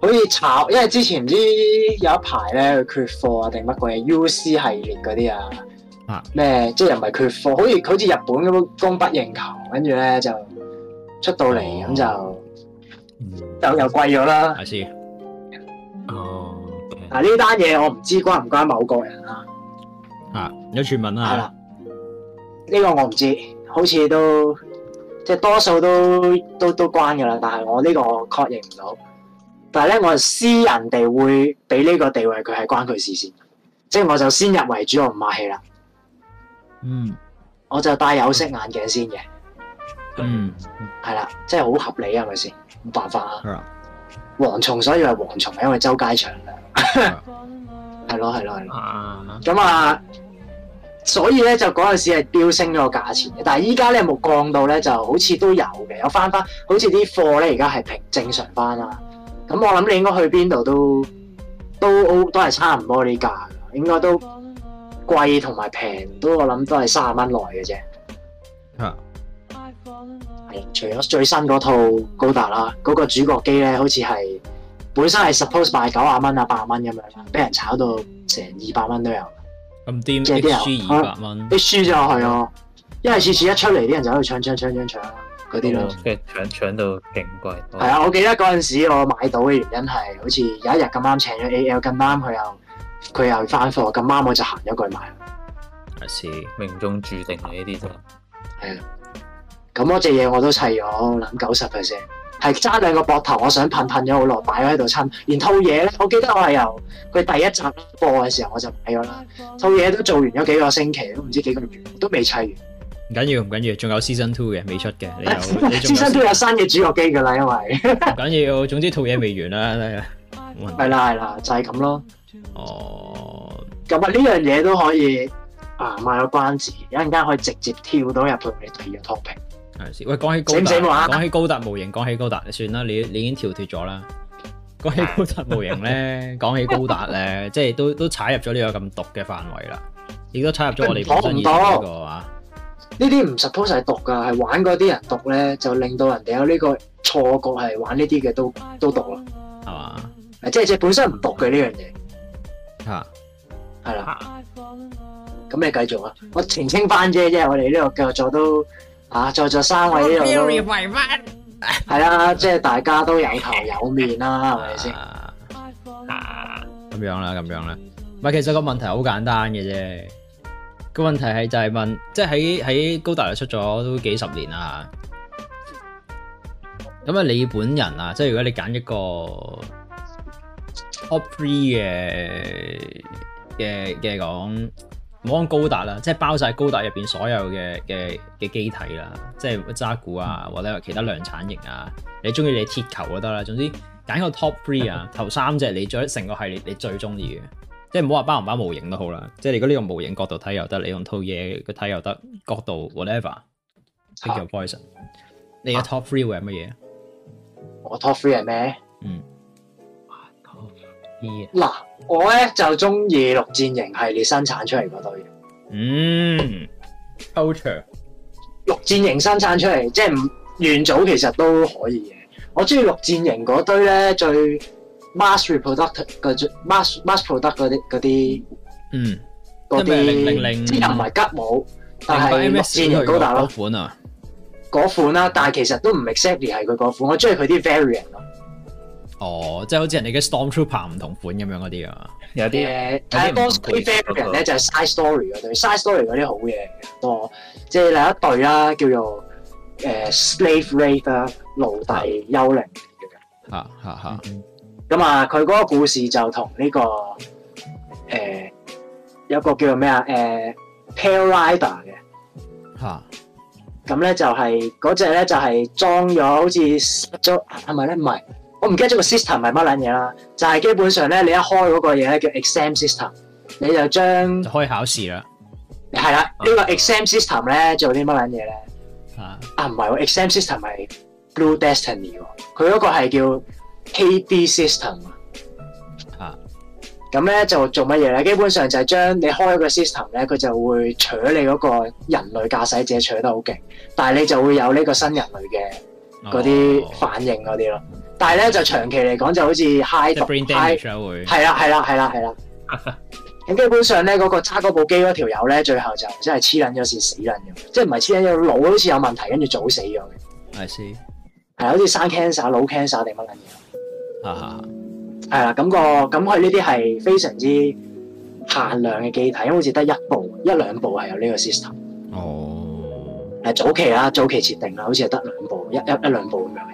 好似炒，因為之前唔知有一排咧佢缺貨啊定乜鬼 UC 系列嗰啲啊，咩即係又唔係缺貨，好似好似日本咁供不應求，跟住咧就出到嚟咁就又就又貴咗啦。係先嗱呢單嘢我唔知關唔關某個人啦，啊有傳聞啊，係啦呢個我唔知，好似都即係多數都都都關噶啦，但係我呢、這個我確認唔到，但係咧我私人地會俾呢個地位佢係關佢事先，即係我就先入為主我唔客氣啦，嗯，我就戴有色眼鏡先嘅、嗯啊，嗯，係啦、啊，即係好合理啊係咪先？冇辦法啊。蝗蟲，所以係蝗蟲，係因為周街長啦，係咯係咯係咯，咁啊，所以咧就嗰陣時係飆升咗個價錢嘅，但係依家咧有冇降到咧就好似都有嘅，有翻翻，好似啲貨咧而家係平正常翻啦。咁我諗你應該去邊度都都都都係差唔多呢價噶，應該都貴同埋平都我諗都係三十蚊內嘅啫。係，除咗最新嗰套高達啦，嗰、那個主角機咧，好似係本身係 suppose 賣九啊蚊啊八啊蚊咁樣啦，俾人炒到成二百蚊都有，咁癲。嗯，即係啲人，你輸二百蚊，你輸就係哦，嗯、對因為次次一出嚟，啲人就喺度搶搶搶搶搶嗰啲咯，跟住搶，搶到勁貴。係啊，我記得嗰陣時我買到嘅原因係，好似有一日咁啱請咗 AL，咁啱佢又佢又翻貨，咁啱我就行咗過去買。係啊，命中注定啊呢啲就係啊。是的。咁我隻嘢我都砌咗，諗九十 percent 係揸兩個膊頭。我想噴噴咗好耐，擺咗喺度親。連套嘢咧，我記得我係由佢第一集播嘅時候我就買咗啦。套嘢都做完咗幾個星期，都唔知幾個月，都未砌完。唔緊要，唔緊要，仲有 season two 嘅未出嘅。season two 有新嘅主角機噶啦，因為唔緊要， 總之套嘢未完啦。係啦， 係啦，就係、是、咁咯。哦、uh，咁啊，呢樣嘢都可以啊，賣個關子，一陣間可以直接跳到入去第二個 topic。係，喂，講起高達，講起高達模型，講起高達，算啦，你你已經跳脫咗啦。講 起高達模型咧，講起高達咧，即係都都踩入咗呢個咁毒嘅範圍啦。亦都踩入咗我哋本身嘅呢、這個啊。呢啲唔 suppose 係毒噶，係玩嗰啲人毒咧，就令到人哋有呢個錯覺係玩呢啲嘅都都毒咯，係嘛吧？即係即係本身唔毒嘅呢樣嘢，吓，嘛、啊？係啦。咁、啊、你繼續啊，我澄清翻啫，即係我哋呢個講座都。啊在座三位呢度咯，係啊，再再啊即係大家都有頭有面啦、啊，係咪先？咁、 啊啊、樣啦，咁樣啦，唔係，其實個問題好簡單嘅啫。個問題係就係問，即係喺喺高達出咗都幾十年啦。咁啊，你本人啊，即係如果你揀一個 top three 嘅嘅嘅講。唔好講高達啦，即係包晒高達入邊所有嘅嘅嘅機體啦，即係渣古啊，嗯、或者其他量產型啊，你中意你鐵球就得啦。總之揀個 top three 啊， 頭三隻你做成個系列你最中意嘅，即係唔好話包唔包模型都好啦。即係你如果用模型角度睇又得，你用套嘢去睇又得，角度 whatever、啊。take your poison。你嘅 top three 會係乜嘢？我 top three 係咩？嗯。我 top three。1, 2, 啊我咧就中意陸戰型系列生產出嚟嗰堆嘢。嗯，r 象陸戰型生產出嚟，即係唔元祖其實都可以嘅。我中意陸戰型嗰堆咧最 mass reproduce 嗰最 mass mass produce 嗰啲啲，嗯，嗰啲些即係又唔係吉姆，但係陸戰型高達咯款啊，嗰款啦，但係其實都唔 exactly 係佢嗰款，我中意佢啲 variant。哦，即係、oh, 好似人哋嘅 Stormtrooper 唔同款咁樣嗰啲啊，有啲嘢睇多 s l a、呃、v e f i g u r 咧就係、那個那個、Side Story 嘅，Side Story 嗰啲好嘢嘅，多、那個，即係另一隊啦、啊，叫做誒、呃、Slave Raider 奴隸幽靈嚟嘅。嚇嚇嚇！咁啊，佢嗰個故事就同呢、這個誒、呃、有個叫做咩、呃、啊誒 Pale Rider 嘅嚇。咁咧就係嗰隻咧就係裝咗好似裝係咪咧唔係。啊。我唔記得咗個 system 係乜嘢啦，就係、是、基本上咧，你一開嗰個嘢咧叫 exam system，你就將開考試啦。係啦的，哦、個呢個 exam system 咧做啲乜嘢咧？啊？啊唔係喎，exam system 係 Blue Destiny 喎，佢嗰個係叫 KB system 啊。咁咧就做乜嘢咧？基本上就係將你開個 system 咧，佢就會取你嗰個人類駕駛者取得好勁，但係你就會有呢個新人類嘅嗰啲反應嗰啲咯。哦但係咧就長期嚟講就好似 h 嗨毒，係啦係啦係啦係啦。咁基本上咧嗰、那個揸嗰部機嗰條友咧，最後就真係黐捻咗線死捻嘅，即係唔係黐捻咗腦好似有問題，跟住早死咗嘅。係先係好似生 cancer 腦 cancer 定乜撚嘢啊？係啦、uh，咁、huh. 那個咁佢呢啲係非常之限量嘅機體，因為好似得一部一兩部係有呢個 system。哦、oh.，係早期啦，早期設定啦，好似係得兩部，一一一兩部咁樣。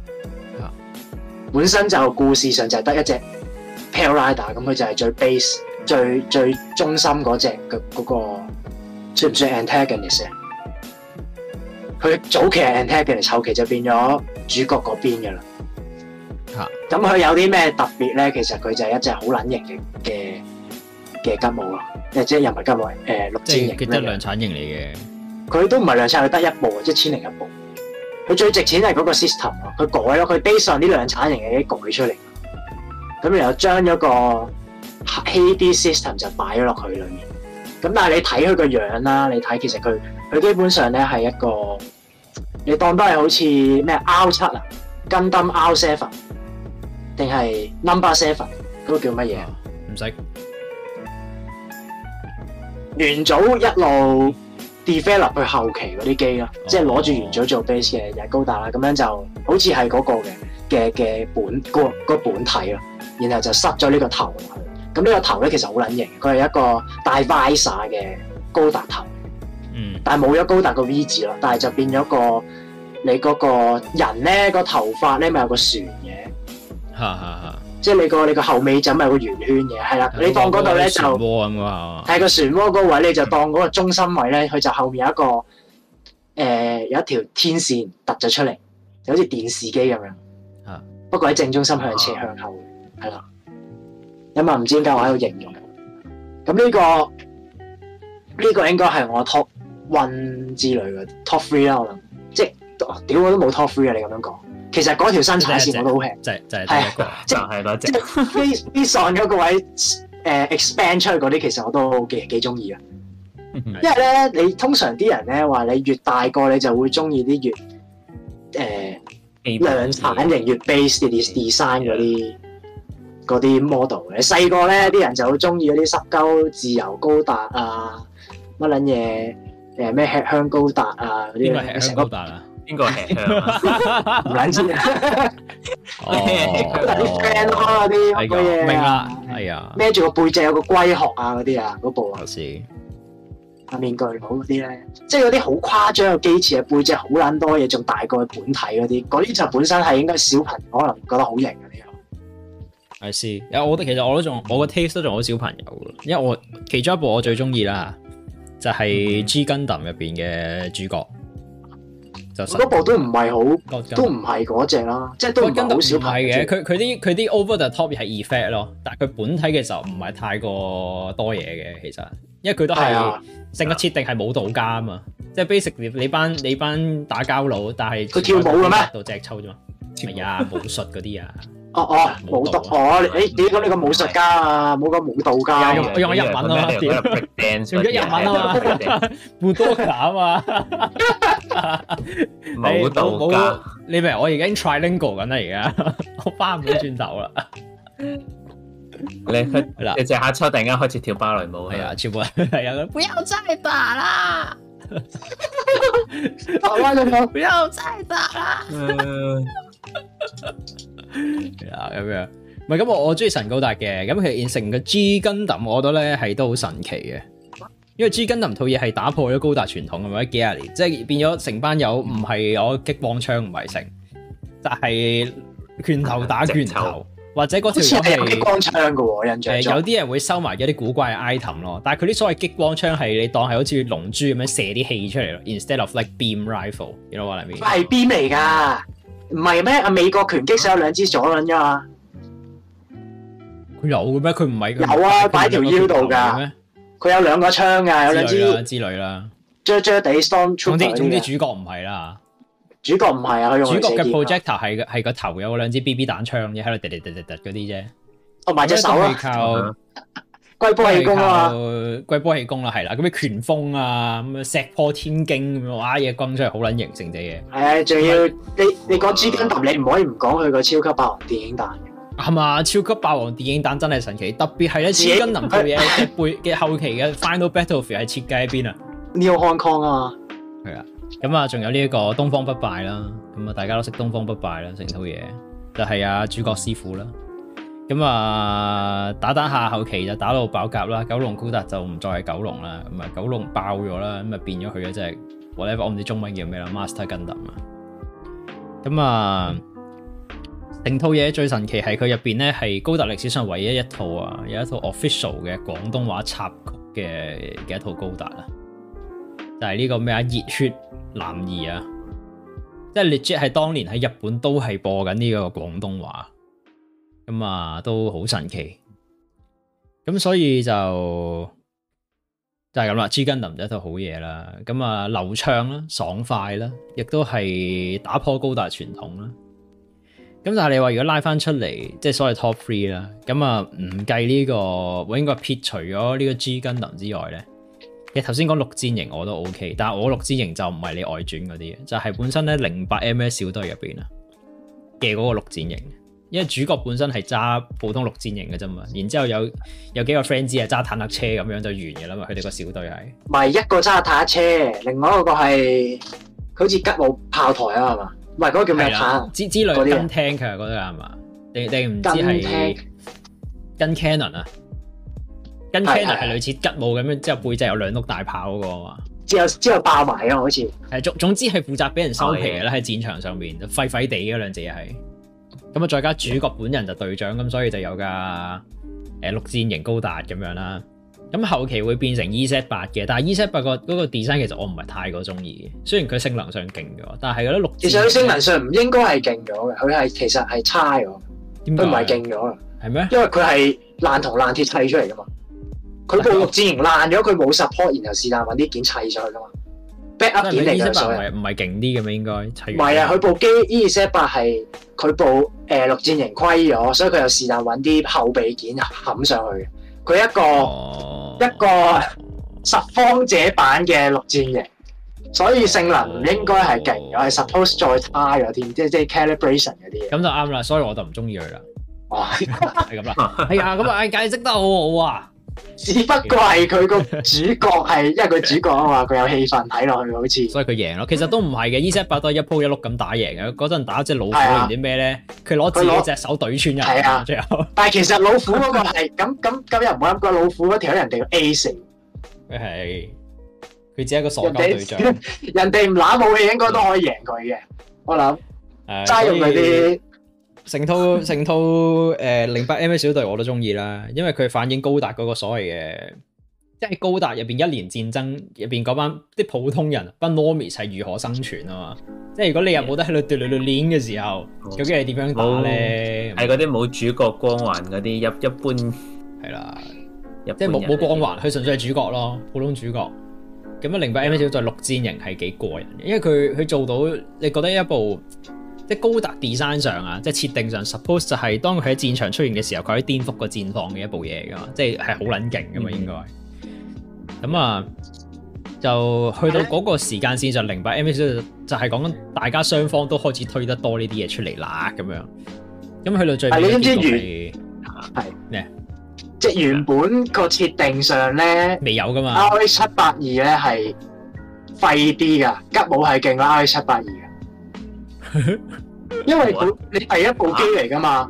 本身就故事上就係得一隻 Pale Rider 咁，佢就係最 base、最最忠心嗰隻嘅嗰個，算唔算 antagonist 啊？佢早期係 antagonist，後期就變咗主角嗰邊嘅啦。嚇！咁佢有啲咩特別咧？其實佢就係一隻好撚型嘅嘅嘅吉姆咯，即係又唔係吉姆，誒陸戰型咩？即係佢質量產型嚟嘅，佢都唔係量產，佢得一部一千零一部。佢最值錢係嗰個 system 咯，佢改咯，佢 base 上呢量產型嘅嘢改出嚟，咁然後將咗個 head system 就擺咗落佢裏面。咁但係你睇佢個樣啦，你睇其實佢佢基本上咧係一個，你當都係好似咩 R 七啊，Gundam R seven 定係 Number seven 嗰個叫乜嘢？唔識、啊。元祖一路。develop 去後期嗰啲機咯，oh、即係攞住元祖做 base 嘅日，就係、高達啦，咁樣就好似係嗰個嘅嘅嘅本個本體咯，然後就塞咗呢個頭落去，咁呢個頭咧其實好撚型，佢係一個大 visor 嘅高達頭。嗯但沒有的，但係冇咗高達個 v 字啦但係就變咗個你嗰個人咧個頭髮咧咪有個船嘅， 即係你個你個後尾枕咪有個圓圈嘅，係啦，你當嗰度咧就係個船窩個船窩嗰位咧就當嗰個中心位咧，佢、嗯、就後面有一個誒、呃、有一條天線凸咗出嚟，就好似電視機咁樣，啊，不過喺正中心向斜向後，係啦、啊，因為唔知點解我喺度形容，咁呢、這個呢、這個應該係我的 top one 之類嘅 top three 啦，我諗，即係屌我都冇 top three 啊，你咁樣講。其實嗰條生產線我都好平，就係就係多一個，即係即係 bas，bason 嗰個位誒 expand 出去嗰啲，其實我都幾幾中意啊。因為咧，你通常啲人咧話你越大個，你就會中意啲越誒量產型越 basic design 嗰啲嗰啲 model 嘅。細個咧啲人就會中意嗰啲濕鳩自由高達啊，乜撚嘢誒咩吃香高達啊，嗰啲吃香高達啊。應該，唔撚知嘅，嗰啲 friend 咯，嗰啲好多嘢啊，係、哎、啊，孭住個背脊有個龜殼啊，嗰啲啊，嗰部，啊，頭先，啊面具好啲咧，即係嗰啲好誇張嘅機設，背脊好撚多嘢，仲大過本體嗰啲，嗰啲就本身係應該小朋友可能覺得好型嘅呢個。係，是，有我，其實我都仲我個 taste 都仲好小朋友，因為我其中一部我最中意啦，就係、是《G Gundam》入邊嘅主角。嗯嗰部都唔係好，都唔係嗰隻啦，即係都跟到小係嘅，佢佢啲佢啲 over the top 係 effect 咯，但係佢本體嘅時候唔係太過多嘢嘅其實，因為佢都係、啊、性格設定係舞蹈家啊嘛，啊即係 basically 你班你班打交佬，但係佢跳舞嘅咩？到隻抽啫嘛，係啊，武術嗰啲啊。 哦哦，舞蹈哦，你點講呢個武術家啊？冇講舞蹈家，用用日文咯，點用日文咯，舞蹈家啊嘛，舞蹈家，你明？我而家 trilingual 緊啦，而家我翻唔到轉頭啦。你嗱，你即刻出突然間開始跳芭蕾舞啊？係啊，全部係啊，唔好再打啦！好快就停，唔好再打啦！啊，咁 樣，唔係咁我我中意神高達嘅，咁其實現成個 G Gundam 我 d 我覺得咧係都好神奇嘅，因為 G Gundam 套嘢係打破咗高達傳統係咪？幾廿年即係變咗成班友唔係我激光槍唔係成，但係拳頭打拳頭走或者嗰條係激光槍嘅喎，印象、呃、有啲人會收埋一啲古怪嘅 item 咯，但係佢啲所謂激光槍係你當係好似龍珠咁樣射啲氣出嚟咯，instead of like beam rifle，you know what I mean？係 beam 嚟噶。唔係咩？啊，美國拳擊手有兩支左輪啫嘛。佢有嘅咩？佢唔係。有啊，擺條腰度㗎。佢有兩個槍㗎，有兩支。之類啦，之啫啫地 stone。總之總之，主角唔係啦。佢主角唔係啊，用。主角嘅 projector 係係個頭有兩支 BB 彈槍，噠噠噠噠噠而喺度滴滴滴滴嗰啲啫。哦、啊，埋隻手啦、啊。龜波氣功啊！龜波氣功啦，係啦，咁你拳風啊，咁啊石破天驚咁啊，啲嘢攻出嚟好撚型，成堆嘢。誒，仲要是你你講 G Gundam，你唔可以唔講佢個超級霸王電影彈嘅。係嘛，超級霸王電影彈真係神奇，特別係咧 G Gundam 嘅背嘅後期嘅 Final Battlefield 係設計喺邊啊？New Hong Kong 啊。係啊、 嗯，咁啊，仲有呢一個東方不敗啦，咁啊，大家都識東方不敗啦，成套嘢，就係、是、啊主角師傅啦。咁啊，打打下，後期就打到爆甲啦。九龍高達就唔再係九龍啦，咁啊，九龍爆咗啦，咁啊變咗佢一隻，我唔知中文叫咩啦，Master Gundam。咁啊，成套嘢最神奇係佢入邊，咧係高達歷史上唯一一套啊，有一套 official 嘅廣東話插曲嘅嘅一套高達啊，就係呢個咩啊熱血男兒啊，即係 Jay 即係當年喺日本都係播緊呢個廣東話。咁啊，都好神奇。咁所以就就係咁啦，G Gundam 就一套好嘢啦。咁啊，流暢啦，爽快啦，亦都係打破高達傳統啦。咁但係你話如果拉翻出嚟，即係所謂 top three 啦。咁啊，唔計呢個，我應該撇除咗呢個 G Gundam 之外咧。你頭先講陸戰型我都 OK，但係我陸戰型就唔係你外傳嗰啲，就係本身咧零八 MS 小隊入邊啊嘅嗰個陸戰型。因為主角本身係揸普通陸戰型嘅啫嘛，然之後有有幾個 friend 係揸坦克車咁樣就完嘅啦嘛，佢哋個小隊係咪一個揸坦克車，另外一個係好似吉姆炮台啊係嘛？唔係嗰個叫咩坦克之之類嗰啲。Guntank 啊嗰啲係嘛？定定唔係 Gun Guncannon 啊？Guncannon 係類似吉姆咁樣、那個之，之後背脊有兩碌大炮嗰個嘛？之後之後爆埋啊，好似係總總之係負責俾人收皮嘅啦，喺戰 Okay. 場上邊廢廢地嗰兩隻係。咁啊，再加主角本人就隊長，咁所以就有架誒六戰型高達咁樣啦。咁後期會變成 EZ8 嘅，但係 EZ8 個嗰 design 其實我唔係太過中意嘅。雖然佢性能上勁咗，但係覺得六戰型其實佢性能上唔應該係勁咗嘅，佢係其實係差咗。佢唔係勁咗係咩？嗎因為佢係爛銅爛鐵砌出嚟噶嘛。佢部六戰型爛咗，佢冇 support，然後是但啲件砌上去噶嘛。backup 件嚟啫嘛，唔係唔係勁啲咁啊？應該，唔係啊！佢部機 EZ8 係佢部誒陸戰型虧咗，所以佢又是但揾啲後備件冚上去嘅。佢一個一個十方者版嘅陸戰型嘅，所以性能唔應該係勁，我係 suppose 再差咗添，即係即係 calibration 嗰啲嘢。咁就啱啦，所以我就唔中意佢啦。哇，係咁啦，係啊，咁啊，誒，解釋得好好啊～只不過係佢個主角係因為佢主角啊嘛，佢有氣氛睇落去好似，所以佢贏咯。其實都唔係嘅，EZ8 都係一鋪一碌咁打贏嘅。嗰陣打隻老虎唔知咩咧？佢攞自己隻手懟穿人，係啊。最後，但係其實老虎嗰個係咁咁今日唔好諗過老虎嗰條人哋 A 死，係佢只係一個傻瓜隊長，人哋唔攞武器應該都可以贏佢嘅。我諗，齋用佢啲。成套成套誒，零八 M S、呃、小隊我都中意啦，因為佢反映高達嗰個所謂嘅，即係高達入邊一年戰爭入邊嗰班啲普通人，班 normies 係如何生存啊嘛？即係如果你又冇得喺度對對對 l 嘅時候，嗯、究竟係點樣打咧？係嗰啲冇主角光環嗰啲一一般係啦，了即係冇冇光環，佢純粹係主角咯，普通主角。咁啊，零八 M S 小隊六戰型係幾過癮嘅，因為佢佢做到你覺得一部。即高達 design 上啊，即係設定上，suppose 就係當佢喺戰場出現嘅時候，佢可以顛覆個戰況嘅一部嘢噶嘛，即係係好撚勁噶嘛應該，應該、mm。咁、hmm. 啊，就去到嗰個時間線就明白，M V 就就係講緊大家雙方都開始推得多呢啲嘢出嚟啦，咁樣。咁去到最後是是，你知唔知原係咩？即係原本個設定上咧，未有噶嘛。R 七八二咧係廢啲噶，吉姆係勁 R 七八二。因為你第一部機嚟噶嘛，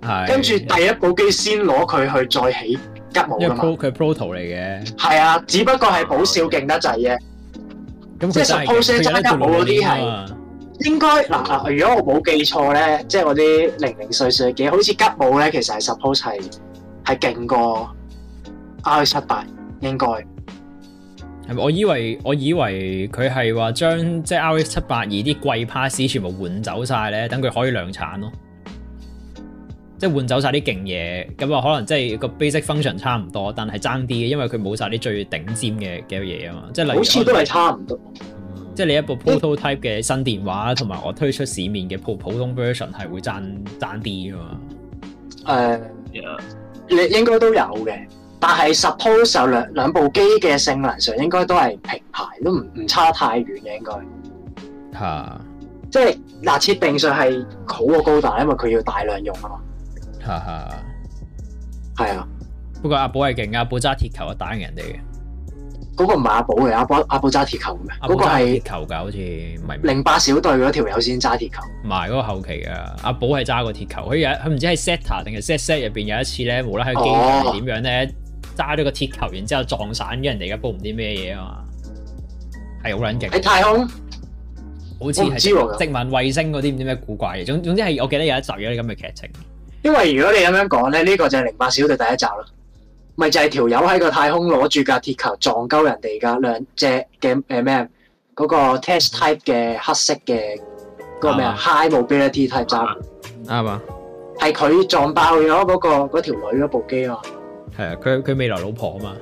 係跟住第一部機先攞佢去再起吉武噶嘛。因 pro 佢 proto 嚟嘅，係啊，只不過係保少勁得滯嘅。即係 suppose 係吉武嗰啲係應該嗱嗱，如果我冇記錯咧，即係我啲零零碎碎嘅，好似吉武咧，其實係 suppose 係係勁過 R 七八應該。我以為我以為佢係話將即係 R S 七百二啲貴 p a s s 全部換走晒咧，等佢可以量產咯。即係換走晒啲勁嘢，咁啊可能即係個 basic function 差唔多，但係爭啲嘅，因為佢冇晒啲最頂尖嘅嘅嘢啊嘛。即係好似都係差唔多。即係你一部 prototype 嘅新電話，同埋、嗯、我推出市面嘅普普通 version 係會爭爭啲噶嘛？誒，你應該都有嘅。但係 suppose 就兩兩部機嘅性能上應該都係平排，都唔唔差太遠嘅應該。嚇、啊！即係嗱設定上係好過高達，因為佢要大量用啊嘛。哈哈。係啊，啊是啊，不過阿寶係勁啊，阿寶揸鐵球啊，打人哋嘅。嗰個唔係阿寶嘅，阿寶阿寶揸鐵球嘅，嗰個係球噶，好似唔係零八小隊嗰條友先揸鐵球。唔係嗰個後期啊。阿寶係揸個鐵球。佢有佢唔知喺 Zeta 定係 ZZ 入邊有一次咧，無啦嘿機點樣咧？哦揸咗個鐵球，然之後撞散咗人哋嘅煲唔知啲咩嘢啊嘛，係好卵勁喺太空，好似係殖民衛星嗰啲唔知咩古怪嘅，總總之係我記得有一集有啲咁嘅劇情。因為如果你咁樣講咧，呢、這個就係零八小隊第一集啦，咪就係條友喺個太空攞住架鐵球撞鳩人哋嘅兩隻嘅誒咩？嗰、呃那個 test type 嘅黑色嘅嗰、那個咩、啊、high mobility type 啱嘛？係佢撞爆咗嗰、那個嗰條女嗰部機啊！係啊，佢佢未來老婆啊嘛，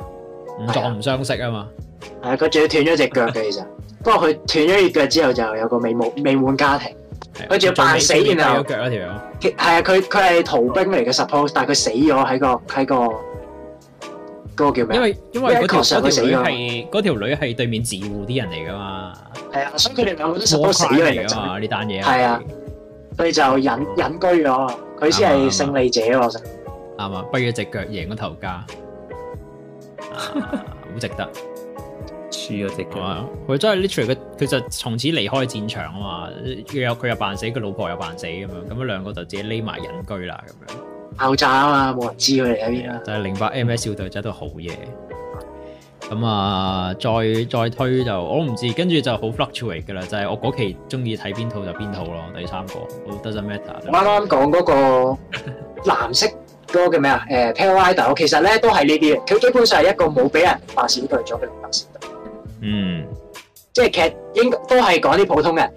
唔撞唔相識啊嘛。係啊，佢仲要斷咗隻腳嘅其實，不過佢斷咗隻腳之後就有個美滿美滿家庭。佢仲要扮死然後，係啊，佢佢係逃兵嚟嘅，suppose，但係佢死咗喺個喺個嗰個叫咩？因為因為嗰條嗰條女係嗰條女係對面自護啲人嚟噶嘛。係啊，所以佢哋兩個都係 suppose 死咗嚟噶嘛呢單嘢。係啊，佢就隱隱居咗，佢先係勝利者喎。啱啊！跛咗隻腳，贏咗頭家，好、 啊、值得。輸咗隻腳，佢、啊、真係 literally 佢就從此離開戰場啊嘛！佢有佢又扮死，佢老婆又扮死咁樣，咁啊兩個就自己匿埋隱居啦咁樣。爆炸啊嘛！冇人知佢哋喺邊啦。Yeah, 就係零八 MS 小隊仔都好嘢。咁 啊，再再推就我唔知，跟住就好 fluctuate 噶啦。就係、是、我嗰期中意睇邊套就邊套咯。第三個， 我得咗 matter。啱啱講嗰個藍色。 嗰個叫咩啊？誒，Pale Rider，其實咧都係呢啲嘅，佢基本上係一個冇俾人發泄佢咗嘅發泄度。嗯，即係劇應該都係講啲普通人。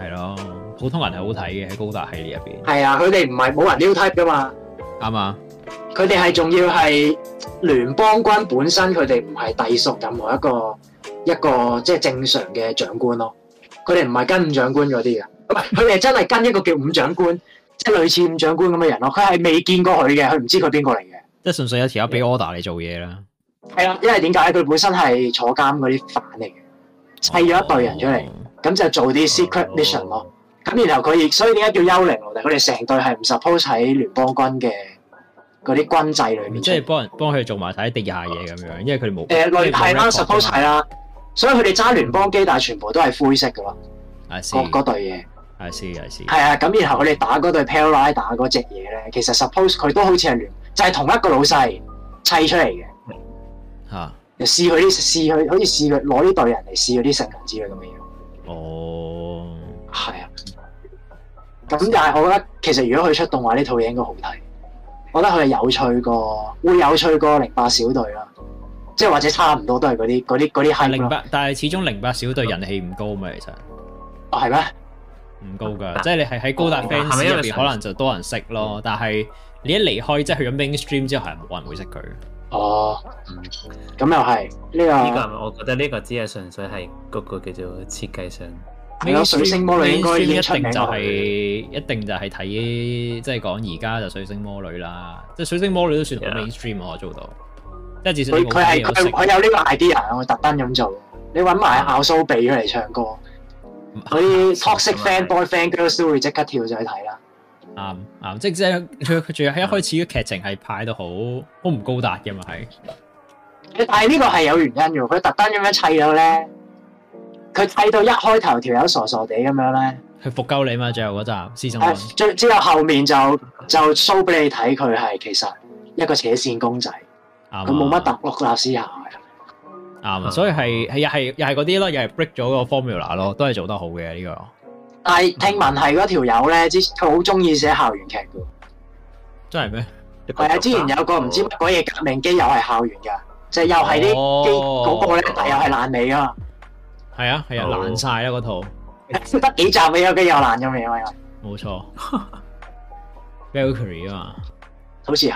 係咯，普通人係好睇嘅喺高達系列入邊。係啊，佢哋唔係冇人 new type 噶嘛。啱啊，佢哋係仲要係聯邦軍本身，佢哋唔係隸屬任何一個一個即係正常嘅長官咯。佢哋唔係跟五長官嗰啲嘅，唔係佢哋真係跟一個叫五長官。即係類似五長官咁嘅人咯，佢係未見過佢嘅，佢唔知佢邊個嚟嘅。即係純粹有條友俾 order 你做嘢啦。係啊，因為點解佢本身係坐監嗰啲犯嚟嘅，砌咗、哦、一隊人出嚟，咁就做啲 secret mission 咯、哦。咁然後佢，亦，所以點解叫幽靈？我哋佢哋成隊係唔 suppose 喺聯邦軍嘅嗰啲軍制裏面。即係幫人幫佢做埋睇啲地下嘢咁樣，因為佢哋冇。誒、呃，類係啦，suppose 晒啦。所以佢哋揸聯邦機，但係全部都係灰色嘅咯，啊、各隊嘢。.係，I see, I see. 啊，咁然後佢哋打嗰對 Pale Rider 嗰隻嘢咧，其實 suppose 佢都好似係連，就係、是、同一個老細砌出嚟嘅。吓、啊，試佢啲，試佢，好似試佢攞呢對人嚟試嗰啲神人之類咁嘅樣。哦，係啊。咁但係我覺得，其實如果佢出動畫呢套嘢應該好睇。我覺得佢係有趣過，會有趣過零八小隊啦。即係或者差唔多都係嗰啲嗰啲嗰啲閪。零八，但係始終零八小隊人氣唔高啊，其實、嗯。哦，係咩？唔高噶，即係你係喺高達 fans 入邊可能就多人識咯，但係你一離開即係去咗 mainstream 之後係冇人會識佢。哦，咁又係呢個？我覺得呢個只係純粹係嗰個叫做設計上。你講水星魔女應該一定就係一定就係睇，即係講而家就水星魔女啦。即係水星魔女都算好 mainstream 我做到。即係至少佢係佢有呢個 idea 我特登咁做。你搵埋奧蘇比出嚟唱歌。所以 toxic fan boy fan girl story 即刻跳上去睇啦。啱啱即即佢佢仲要喺一開始嘅劇情係拍到好好唔高達嘅嘛係。但係呢個係有原因嘅，佢特登咁樣砌到咧，佢砌到一開頭條友傻傻地咁樣咧，佢復鳩你嘛最後嗰集，師生。最之後後面就就 show 俾你睇，佢係其實一個扯線公仔，佢冇乜特立思考。啱啊！所以係係又係又係嗰啲咯，又係 break 咗個 formula 咯，都係做得好嘅呢個。但係聽聞係嗰條友咧，之佢好中意寫校園劇噶。真係咩？係啊！之前有個唔知乜鬼嘢革命機又係校園噶，即係又係啲機嗰個咧，但係又係爛尾噶嘛。係啊，係啊，爛晒啦嗰套。得幾集未有，佢又爛咗尾啊！冇錯，Valvrave 啊，好似係。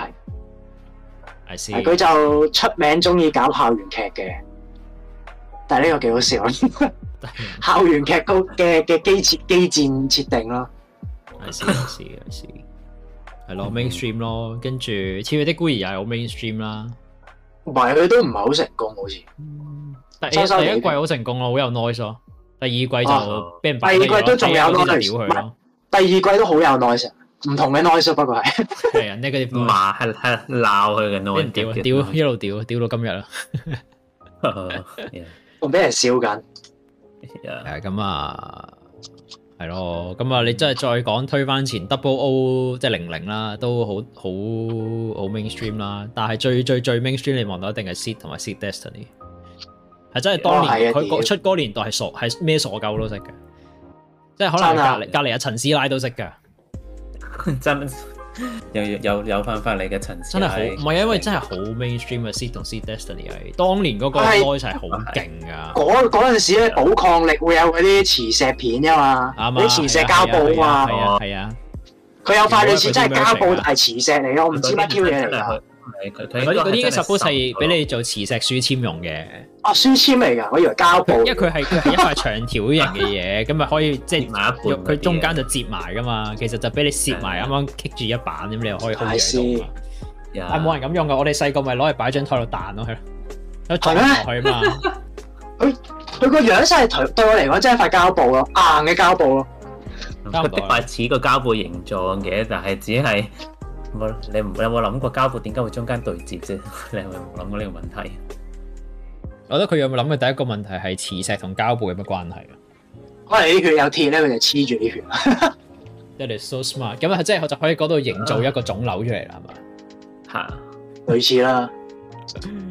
I see。佢就出名中意搞校園劇嘅。但係呢個幾好笑，校園劇個嘅嘅機設機戰設定咯。係，係，咯，mainstream 咯，跟住，似佢啲孤兒又係好 mainstream 啦。同埋佢都唔係好成功，好似。第一季好成功咯，好有 noise 咯。第二季就，第二季都仲有，都係佢咯。第二季都好有 noise，唔同嘅 noise 不過係。係啊，呢個罵係係鬧佢嘅 noise，屌一路屌，屌到今日啦。同俾人笑緊，係咁 Yeah. 啊，係咯，咁啊，你真係再講推翻前 double O 即係零零啦，都好好好 mainstream 啦。但係最最最 mainstream，你望到一定係 Seed 同埋 Seed destiny，係真係當年佢、哦、出嗰年代係傻係咩傻狗都識嘅，即係可能隔離隔離阿陳師奶都識嘅。 真。有有有翻翻你嘅層次真係好唔係啊！因為真係好 mainstream 嘅 Seed 同 Seed Destiny 係，是當年嗰個 Guy 係好勁噶。嗰嗰陣時咧，補抗力會有嗰啲磁石片噶嘛，啲嘛磁石膠布啊，係啊，佢有塊類似真係膠布，但係磁石嚟嘅，我唔知乜 Q 嘢。 佢嗰啲十鋪係俾你做磁石書籤用嘅。哦、啊，書籤嚟噶，我以為膠布。因為佢係佢係一塊長條型嘅嘢，咁咪 可以即係接埋一半，佢中間就接埋噶嘛。其實就俾你攝埋，啱啱棘住一板咁，你又可以鋪住用。係冇的、啊、人咁用噶，我哋細個咪攞嚟擺張台度彈咯，佢。同咩嗎？佢佢個樣勢係對對我嚟講，即係一塊膠布咯，硬嘅膠布咯。膠膠布的確似個膠布形狀嘅，但係只係。你唔有冇諗過膠布點解會中間對接啫？你有冇諗過呢個問題？我覺得佢有冇諗過第一個問題係磁石同膠布有乜關係啊？可能啲血有鐵咧，佢就黐住啲血。That is so smart！咁啊，即係我就可以嗰度營造一個腫瘤出嚟啦，係嘛？係啊，類似啦。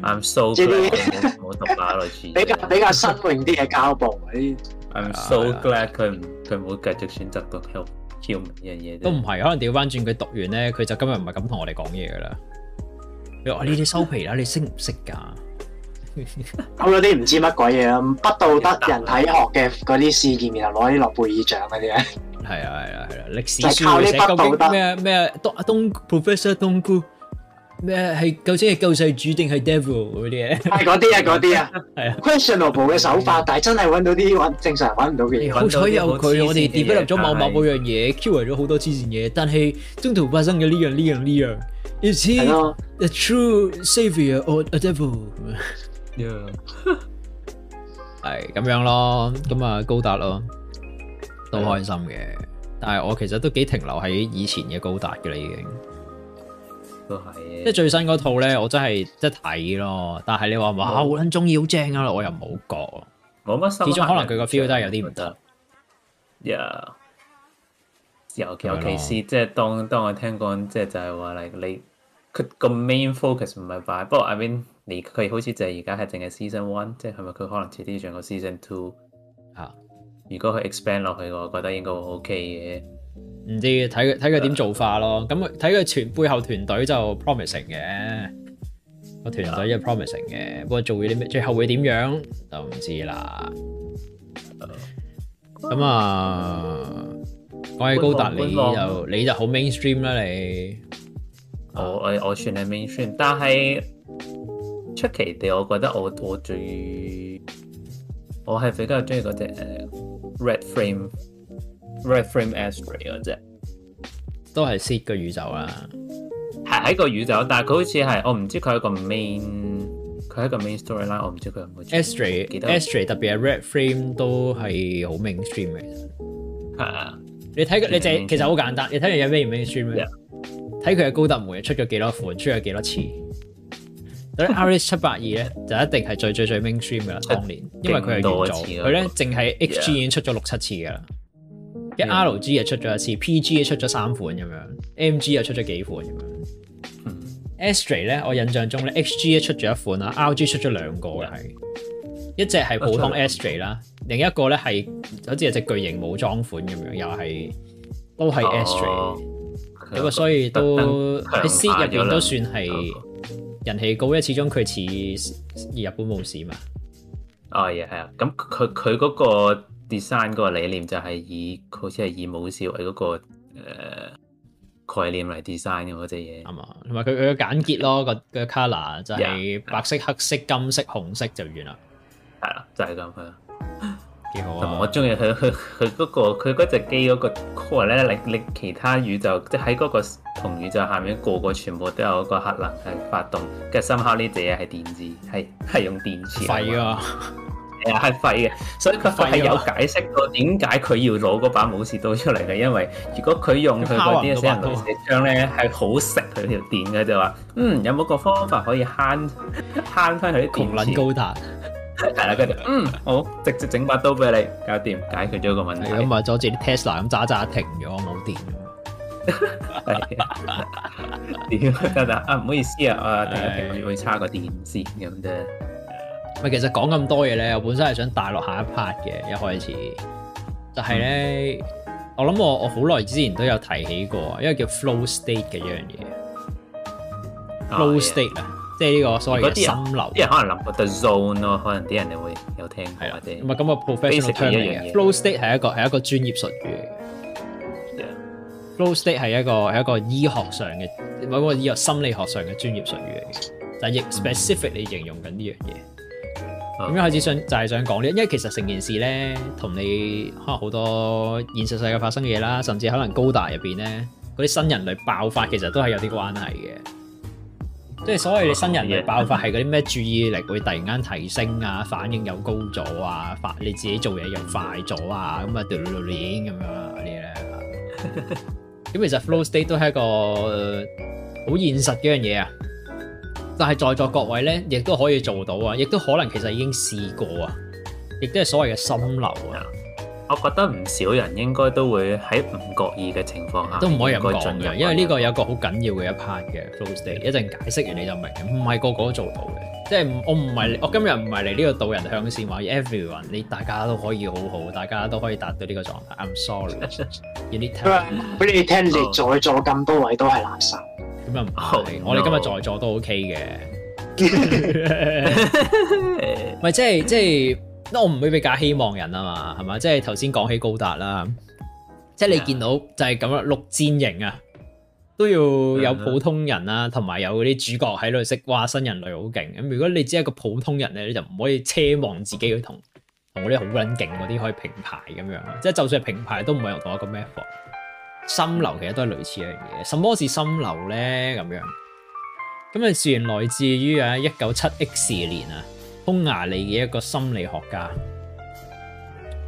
I'm so。啲冇同把類似。比較比較新穎啲嘅膠布。I'm so glad 佢唔佢冇繼續選擇做都唔係，可能調翻轉佢讀完咧，佢就今日唔係咁同我哋講嘢噶啦。我呢啲收皮啦，你識唔識㗎？好多啲唔知乜鬼嘢啦，不道德人體學嘅嗰啲事件，然後攞啲諾貝爾獎嗰啲咧。係 啊係啊係啊，啊！歷史書籍道德咩咩東東 professor 東姑。咩係究竟係救世主定係 devil 嗰啲嘢，係嗰啲啊，嗰啲啊，啊，questionable 嘅手法，啊、但係真係揾到啲正常揾唔到嘅嘢。好彩有佢，我哋 develop 咗某某某樣嘢對 Cure 咗好多黐線嘢，但係中途發生嘅呢樣呢樣呢樣。Is he a true savior or a devil？係 咁 Yeah. 樣咯，咁啊高達咯都開心嘅，的但係我其實都幾停留喺以前嘅高達嘅啦已經。都係，即係最新嗰套咧，我真係即係睇咯。但係你話哇，好捻中意，好正啊！我又唔好覺，冇乜，始終可能佢個 feel 都係有啲唔得。呀，尤其尤其是即係當當我聽講，即係就係話，like，你，佢個 main focus 唔係 b 不過 I mean，你佢好似就係而家係淨係 season one，即係咪佢可能遲啲上個 season two 啊？如果佢 expand 落去，我覺得應該會 OK 嘅。唔知睇佢睇佢點做法咯，咁睇佢全背後團隊就 promising 嘅，個、嗯、團隊就 promising 嘅，嗯、不過做嘅啲咩最後會點樣就唔知啦。咁啊，我係高達，土你就土你就好 mainstream 啦，你。我我我算係 mainstream，但係出奇地，我覺得我我最我係比較中意嗰隻 Red Frame。Red Frame、Astro 嗰隻都係 s i t 個宇宙啦，係喺個宇宙，但係佢好似係我唔知佢係個 main，佢係個 main storyline。我唔知佢係唔會 Astro、a s t r y 特別係 Red Frame 都係好 mainstream 嘅，係啊。你睇個你淨其實好簡單，你睇完有咩唔 mainstream？睇佢嘅高德梅出咗幾多款，出咗幾多次。嗰啲 R 七百二咧就一定係最最最 mainstream 嘅。當年因為佢係原創，佢咧淨係 XG 已經出咗六七次噶啦。一 R G 就出咗一次，P G 又出咗三款咁樣，M G 又出咗幾款咁樣。Astray 咧，我印象中咧，H G 又出咗一款啦，R G 出咗兩個嘅係，一隻係普通 Astray 啦，另一個咧係好似係隻巨型武裝款咁樣，又係都係 Astray。咁啊，所以都喺 C 入邊都算係人氣高咧，始終佢似日本武士嘛。哦，係啊，咁佢佢嗰個。design 嗰個理念就係以好似係以武士為嗰、那個、呃、概念嚟 design 嘅嗰隻嘢，係嘛？同埋佢佢簡潔咯，個的個 color 就係白色、的黑色、金色、紅色就完啦，係啦，就係咁佢啦，幾好啊！同埋我中意佢佢佢嗰個佢隻機嗰個 core 咧，你你其他宇宙即係喺嗰個同宇宙下面個個全部都有個核能係、呃、發動，跟住深刻呢隻嘢係電子，係係用電池廢㗎話。吧 又係廢嘅，所以佢廢係有解釋過點解佢要攞嗰把武士刀出嚟嘅，因為如果佢用佢嗰啲私人雷射槍咧，係好食佢條電嘅就話，嗯，有冇個方法可以慳慳翻佢啲電？窮撚高達，係啦、 嗯，跟住嗯好，直接整把刀俾你，搞掂解決咗個問題。咁咪阻住啲 Tesla 咁渣渣停咗冇電咁。點 啊？啊唔好意思啊，我停一停去插個電線咁啫。其實講咁多嘢咧，我本身係想帶落下一 part 嘅一開始，就係咧，我諗我我好耐之前都有提起過，一個叫 flow state 嘅一樣嘢。flow state 啊，即係呢個所謂嘅心流，即係可能林 The Zone 咯，可能啲人哋會有聽過啲。唔係咁個 professional term 嘅，flow state 係一個係一個專業術語嚟嘅。flow state 係一個係一個醫學上嘅，唔係唔係，要心理學上嘅專業術語嚟嘅，但亦 specific 嚟形容緊呢樣嘢。咁一、嗯、開始想就係、是、想講呢，因為其實成件事咧，同你可能好多現實世界發生嘅嘢啦，甚至可能高達入面咧嗰啲新人類爆發，其實都係有啲關係嘅。即、就、係、是、所謂你新人類爆發係嗰啲咩注意力會突然間提升啊，反應又高咗啊，你自己做嘢又快咗啊，咁啊嘟嘟咁樣嗰啲咧。咁 其實 Flow State 都係一個好現實嘅一樣嘢啊。但係在座各位咧，亦都可以做到啊！亦都可能其實已經試過啊，亦都係所謂嘅心流啊。我覺得唔少人應該都會喺唔覺意嘅情況下都唔可以入去講嘅，因為呢個有一個好緊要嘅一 part 嘅。Flow state，一陣解釋完你就明，唔係個個都做到嘅。即係我唔係我今日唔係嚟呢個導人向善話，everyone 你大家都可以好好，大家都可以達到呢個狀態。I'm sorry。佢俾你聽，oh. 你在座咁多位都係垃圾。咁又、oh, no. 我哋今日在座都 OK 嘅。唔 即係即係，我唔會比較希望人啊嘛，係嘛？即係頭先講起高達啦，即係你見到就係咁樣 Yeah. 陸戰型啊，都要有普通人啦、啊，同埋 Yeah. 有嗰啲主角喺度識話新人類好勁。咁如果你只係一個普通人咧，你就唔可以奢望自己要同同嗰啲好撚勁嗰啲可以平排咁樣，即係就算係平排，都唔係用同一個咩 e 心流其實都係類似一樣嘢，什麼是心流呢？咁樣咁啊，自然來自於啊一九七 X 年啊，匈牙利嘅一個心理學家，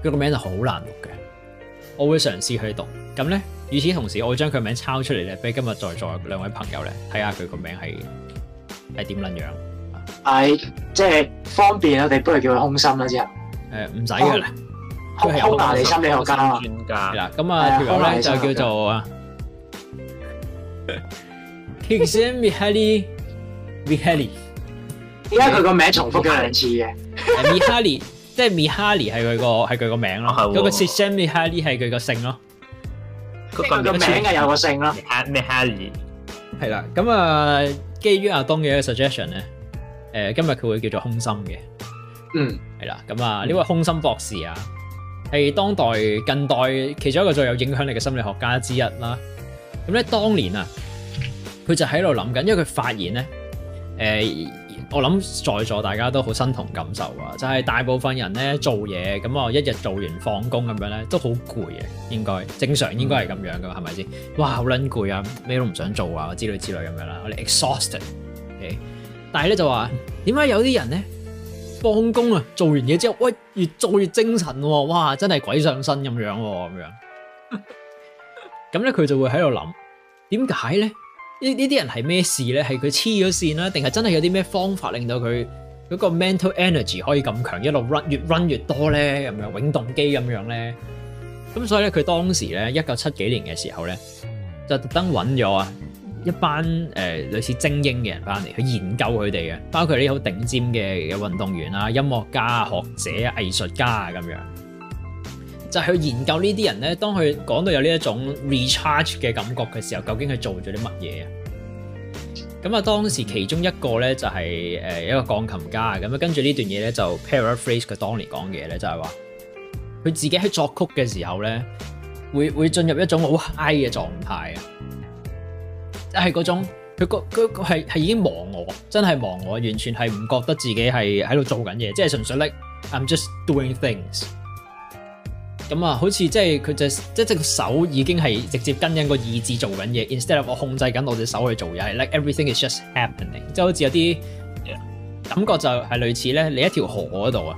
佢個名就好難讀嘅，我會嘗試去讀。咁呢，與此同時，我會將佢名字抄出嚟咧，俾今日在座兩位朋友咧，睇下佢個名係係點捻樣,樣。係即係方便我哋不如叫佢空心啦，之後、呃。誒，唔使嘅啦。佢係好大利心嘅專家啦。咁啊，條友咧就叫做啊 Csikszentmihalyi，Mihaly。點解佢個名重複咗兩次嘅？Mihaly 即係 Mihaly 係佢個係佢個名咯。嗰個 Csikszentmihalyi 係佢個姓咯。佢個名啊，有個姓咯。Mihaly 係啦。咁啊，基於阿東嘅一個 suggestion 咧，誒，今日佢會叫做空心嘅。嗯，係啦。咁啊，呢位空心博士啊。係當代近代其中一個最有影響力嘅心理學家之一啦。咁咧，當年啊，佢就喺度諗緊，因為佢發現咧，誒、呃，我諗在座大家都好身同感受啊，就係、是、大部分人咧做嘢咁啊，一日做完放工咁樣咧，都好攰啊，應該正常，應該係咁樣㗎，係咪先？哇，好撚攰啊，咩都唔想做啊，之類之類咁樣啦，我哋 exhausted、okay? 但係咧就話，點解有啲人咧？放工啊！做完嘢之後，喂，越做越精神喎，哇，真係鬼上身咁樣，咁樣。咁咧佢就會喺度諗，點解咧？呢呢啲人係咩事咧？係佢黐咗線啦，定係真係有啲咩方法令到佢嗰個 mental energy 可以咁強，一路 run 越 run 越多咧？咁樣永動機咁樣咧？咁所以咧，佢當時咧一九七幾年嘅時候咧，就特登揾咗啊。一班誒、呃、類似精英嘅人翻嚟去研究佢哋嘅，包括啲好頂尖嘅嘅運動員啊、音樂家、學者啊、藝術家啊咁樣，就係、去研究這些呢啲人咧。當佢講到有呢一種 recharge 嘅感覺嘅時候，究竟佢做咗啲乜嘢啊？咁啊，當時其中一個咧就係誒一個鋼琴家啊，咁啊，跟住呢段嘢咧就 paraphrase 佢當年講嘅嘢咧，就係話佢自己喺作曲嘅時候咧，會會進入一種好 high 嘅狀態啊。係嗰種，佢個佢佢係係已經忘我，真係忘我，完全係唔覺得自己係喺度做緊嘢，即係純粹 like I'm just doing things。咁啊，好似、就是就是、即係佢隻即隻手已經係直接跟緊個意志做緊嘢，instead of 我控制緊我隻手去做嘢，係 like everything is just happening，即係好似有啲感覺就係類似咧，你一條河嗰度啊，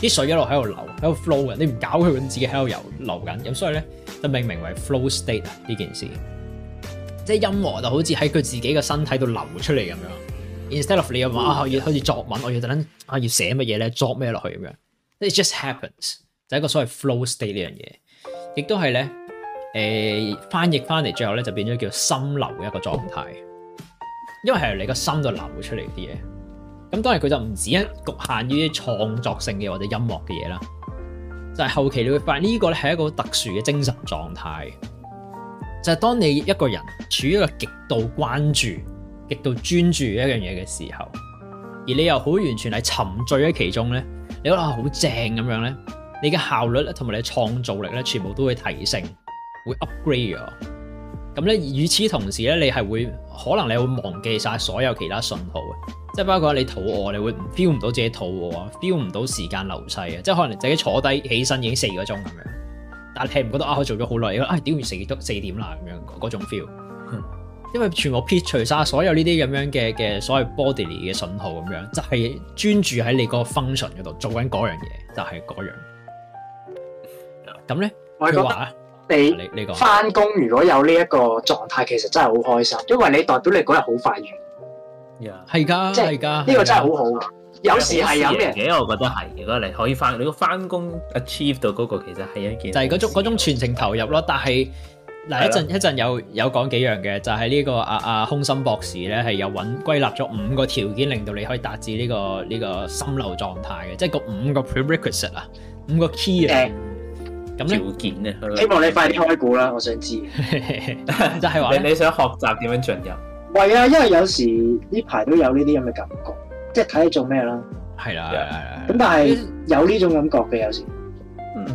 啲水一路喺度流，喺度 flow 啊，你唔搞佢，佢自己喺度遊流緊，咁所以咧就命名為 flow state 啊呢件事。即係音樂就好似喺佢自己嘅身體度流出嚟咁樣，instead of 你嘅話要好似作文，啊、我要特登啊要寫乜嘢咧，作咩落去咁樣，即係 just happens 就係一個所謂 flow state 呢樣嘢，亦都係咧，誒翻譯翻嚟，最後咧就變咗叫心流嘅一個狀態，因為係你個心度流出嚟啲嘢，咁當然佢就唔止局限於創作性嘅或者音樂嘅嘢啦，就係後期你會發現呢個咧係一個特殊嘅精神狀態。就係當你一個人處於一個極度關注、極度專注的一樣嘢嘅時候，而你又好完全係沉醉喺其中咧，你覺得好正咁樣咧，你嘅效率咧同埋你嘅創造力咧，全部都會提升，會 upgrade 咗。咁咧，與此同時咧，你係會可能你會忘記晒所有其他訊號嘅，即係包括你肚餓，你會 feel 唔到自己肚餓啊，feel 唔到時間流逝啊，即係可能你自己坐低起身已經四個鐘咁樣。但係唔覺得啊，我做咗好耐，啊屌、哎、完四多四點啦咁樣嗰種 feel，、嗯、因為全部撇除晒所有呢啲咁樣嘅嘅所謂 body 嘅訊號咁樣，就係、是、專注喺你個 function 嗰度做緊嗰樣嘢，就係、是、嗰樣。咁咧我話啊，你你講翻工如果有呢一個狀態，其實真係好開心，因為你代表你嗰日好快完。係㗎 Yeah, 的，即係呢個真係好好。有時係有嘅，是的我覺得係。如果你可以翻，你個翻工 achieve 到嗰個，其實係一件。就係嗰種種全程投入咯。但係，嗱一陣一陣有有講幾樣嘅，就係、是、呢、這個阿阿、啊、空心博士咧，係有搵歸納咗五個條件，令到你可以達至呢、這個呢、這個心流狀態嘅，即、就、係、是、個五個 pre-requisite 啊，五個 key 啊、欸。咁咧呢？條件啊！希望你快啲開估啦，我想知。 就係話你你想學習點樣進入？係啊，因為有時呢排都有呢啲咁嘅感覺。即係睇你做咩咯，係啦的，咁但係有呢種感覺嘅有時，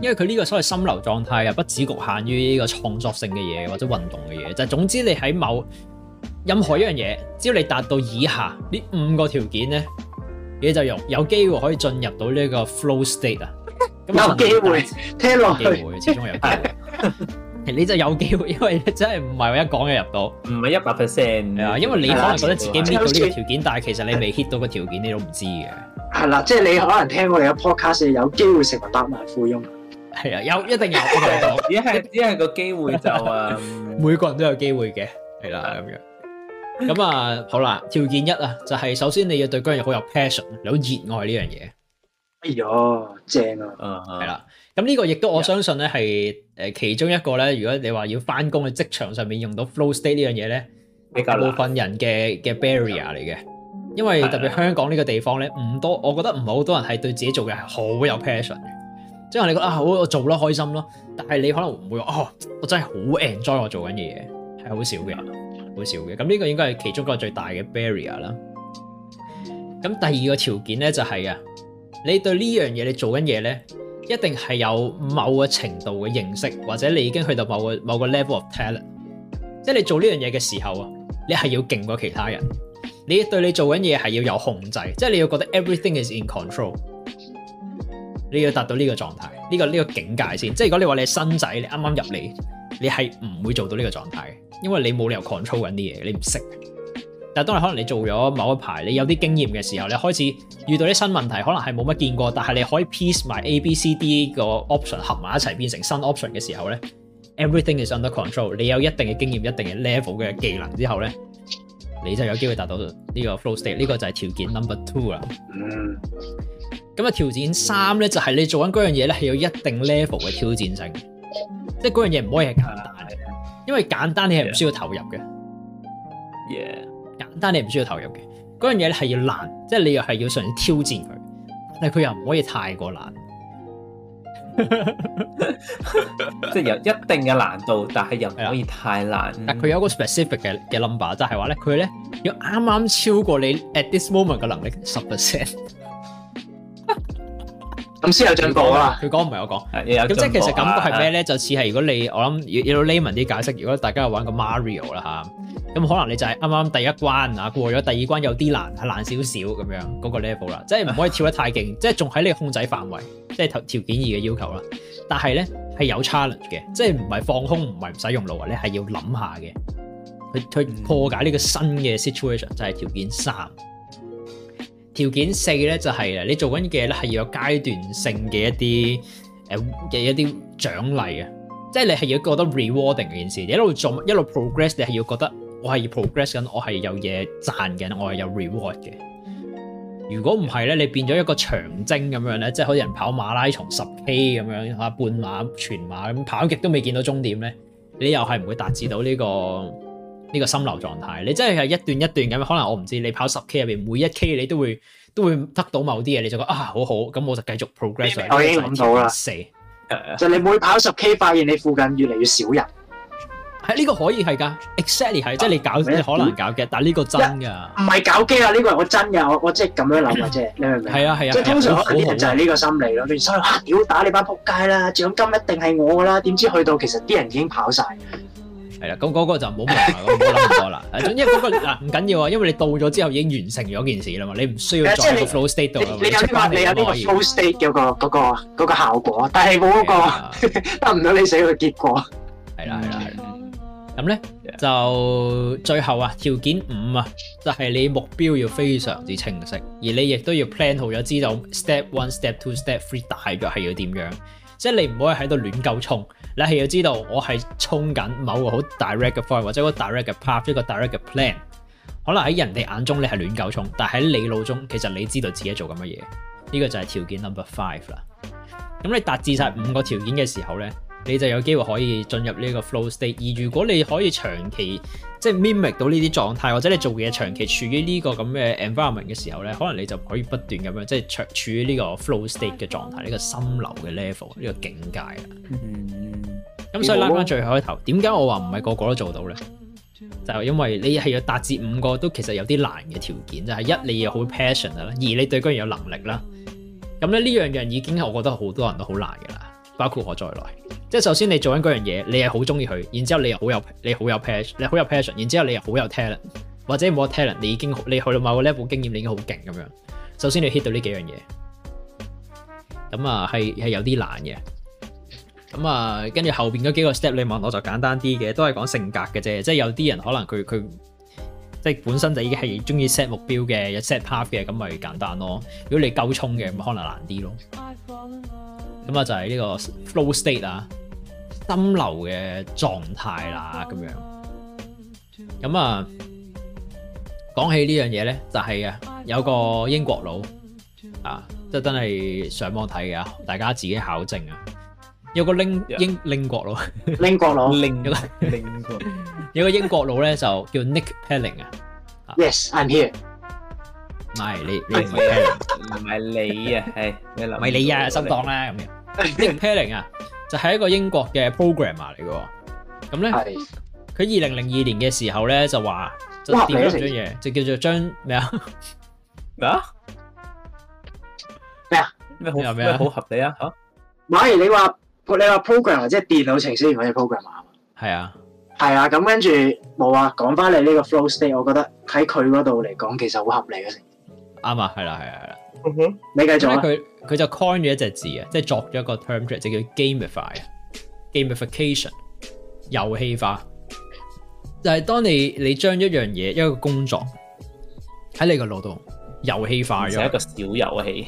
因為佢呢個所謂心流狀態又不止局限於呢個創作性嘅嘢或者運動嘅嘢，就總之你喺某任何一樣嘢，只要你達到以下呢五個條件咧，你就用，有機會可以進入到呢個 flow state 啊，有機會，聽落去，有機會，始終有機會。 你就有機會，因為真係唔係話一講就入到，唔係一百 percent。啊，因為你可能覺得自己 meet 到呢個條件，是但係其實你未 hit 到個條件，啊、你都唔知嘅。係啦，即係你可能聽我哋嘅 podcast 有機會成為百萬富翁。係啊，有一定有 只是，只係只係個機會就啊， 嗯、每個人都有機會嘅。係啦，咁樣的。咁啊的，好啦，條件一啊，就係、是、首先你要對嗰樣嘢好有 passion，你好熱愛呢樣嘢。哎喲，正啊，係啦。咁呢個亦都我相信咧，係誒其中一個咧。如果你話要翻工嘅職場上面用到 flow state 呢樣嘢咧，大部分人嘅嘅 barrier 嚟嘅。因為特別香港呢個地方咧，唔多，我覺得唔係好多人係對自己做嘅係好有 passion 嘅。即係你覺得啊，好我做囉，開心咯，但係你可能唔會話哦，我真係好 enjoy 我做緊嘅嘢係好少嘅，好少嘅。咁呢個應該係其中一個最大嘅 barrier 啦。咁第二個條件咧就係啊，你對呢樣嘢你做緊嘢咧。一定係有某個程度嘅認識，或者你已經去到某個某個 level of talent，即係你做呢樣嘢嘅時候啊，你係要勁過其他人，你對你做緊嘢係要有控制，即係你要覺得 everything is in control，你要達到呢個狀態，呢個呢個境界先。即係如果你話你係新仔，你啱啱入嚟，你係唔會做到呢個狀態嘅，因為你冇理由 control 緊啲嘢，你唔識。但係當你可能你做咗某一排，你有啲經驗嘅時候，你開始遇到啲新問題，可能係冇乜見過，但係你可以 piece 埋 A、B、C、D 個 option 合埋一齊變成新 option 嘅時候咧，Everything is under control。你有一定嘅經驗、一定嘅 level 嘅技能之後咧，你就有機會達到呢個 flow state。呢個就係條件 number two 啦。咁啊，mm-hmm. 條件三咧就係你做緊嗰樣嘢咧係有一定 level 嘅挑戰性，即係嗰樣嘢唔可以係簡單嘅，因為簡單你係唔需要投入嘅。Yeah. Yeah. 但係你唔需要投入嘅，嗰樣嘢咧係要難，即係你又係要嘗試挑戰佢，但係佢又唔可以太過難， 即係有一定嘅難度，但係又唔可以太難。但佢有個 specific 嘅嘅 number，就係話咧，佢咧要啱啱超過你 at this moment 嘅能力十 percent。咁先有進步啦，啊，佢講唔係我講。咁，啊、即係其實感覺係咩咧？就似係如果你我諗要到 layman 啲解釋，如果大家有玩過 Mario 啦，啊、咁可能你就係啱啱第一關啊，過咗第二關有啲難，係難少少咁樣嗰個 level 啦。即係唔可以跳得太勁， 即係仲喺你個控制範圍，即係條條件二嘅要求啦。但係咧係有 challenge 嘅，即係唔係放空，唔係唔使用腦，你係要諗下嘅去去破解呢個新嘅 situation，就係條件三。條件四咧就係你做緊嘅嘢咧係要有階段性嘅一啲誒嘅一啲獎勵啊，即係你係要覺得 rewarding 嘅件事，你一路做一路 progress，你係要覺得我係要 progress 緊，我係有嘢賺嘅，我係有 reward 嘅。如果唔係咧，你變咗一個長征咁樣咧，即係好似人跑馬拉松十 K 咁樣啊，半馬、全馬咁跑極都未見到終點咧，你又係唔會達至到呢個。呢個心流狀態，你真係係一段一段咁，可能我唔知你跑十 K 入邊，每一 K 你都會都會得到某啲嘢，你就覺啊好好，咁我就繼續 progress 我已經諗到啦，蛇，4, 就你每跑十 K 發現你附近越嚟越少人，係呢、呃這個可以係噶，exactly 係，是 ex 是呃、即係你搞，你，你可能搞嘅，但係呢個是真㗎，唔係搞基啦，呢、這個我真㗎，我我即係咁樣諗嘅啫， 你明唔明？係啊係啊，即係、啊、通常啲人就係呢個心理咯，譬如心諗屌打你班撲街啦，獎金一定係我㗎啦，點知去到其實啲人已經跑晒。係啦，咁嗰、那個就冇問啦，冇諗咁多啦。總之、 那個嗱唔緊要啊，因為你到咗之後已經完成咗件事啦嘛，你唔需要再。即係你,你,你,你,你有啲有 flow state 嗰、那個、那個、那個效果，但係冇嗰個得唔到你寫嘅結果。係啦係啦係，咁咧就最後啊，條件五啊，就係、是、你目標要非常之清晰，而你亦都要 plan 好咗，知道 step one、step two、step three 大約係要點樣，即、就、係、是、你唔可以喺度亂夠衝。你係要知道，我係衝緊某個好 direct 嘅 fire，或者個 direct 嘅 path，一個 direct 嘅 plan。可能喺人哋眼中你係亂鳩衝，但喺你腦中其實你知道自己做緊乜嘢。呢個就係條件 number five 啦。咁你達至晒五個條件嘅時候咧，你就有機會可以進入呢個 flow state，而如果你可以長期即係 mimic 到呢啲狀態，或者你做嘢長期處於呢個咁嘅 environment 嘅時候咧，可能你就可以不斷咁樣即係處於呢個 flow state 嘅狀態，呢、呢個心流嘅 level 呢個境界啦。咁、嗯、所以拉返最後一頭，點解我話唔係個個都做到咧？就因為你係要達至五個都其實有啲難嘅條件，就係、是、一你要好 passion 啦，二你對嗰人有能力啦。咁咧呢樣嘢已經係我覺得好多人都好難嘅啦。包括我在內，即係首先你做緊嗰樣嘢，你係好中意佢，然之後你又好有你好有 passion，你好有 passion，然之後你又好有 talent，或者冇 talent，你已經好你去到某個 level 經驗，你已經好勁咁樣。首先你 hit 到呢幾樣嘢，咁啊係係有啲難嘅。咁啊，跟住後邊嗰幾個 step，你望我就簡單啲嘅，都係講性格嘅啫。即係有啲人可能佢佢即係本身就已經係中意 set 目標嘅，set 有 pop 嘅，咁咪簡單咯。如果你夠衝嘅，咁可能難啲咯。咁啊，就係呢個 flow state 啊，心流嘅狀態啦，咁樣。咁啊，講起呢樣嘢咧，就係啊，有個英國佬啊，即係真係上網睇嘅，大家自己考證啊。有個 in, Yeah. 英英英國佬，英 Lin, 國佬，英國 有個英國佬咧，就叫 Nick Pelling 啊。Yes, I'm here。唔係你，你，唔係你啊，係咪？唔係你啊，收檔啦咁樣。Jen Peeling 啊， 就係一個英國嘅 programmer 嚟嘅。咁咧，佢二零零二年嘅時候咧就話，就咗腦張嘢，就叫做張咩啊？咩啊？咩啊？咩好咩啊？咩好合理啊吓！馬如你話，你話 programmer 即係電腦程式嗰隻 programmer，係啊，係啊。咁跟住冇啊，講翻你呢個 flow state，我覺得喺佢嗰度嚟講，其實好合理嘅。啱啊，係啦，係啊。係啦、啊。 你繼續啊。佢佢就 coin 咗一隻字啊，即係作咗個 term，就叫 gamify，gamification，遊戲化。就係當你你將一樣嘢一個工作喺你個腦度遊戲化咗，一個小遊戲。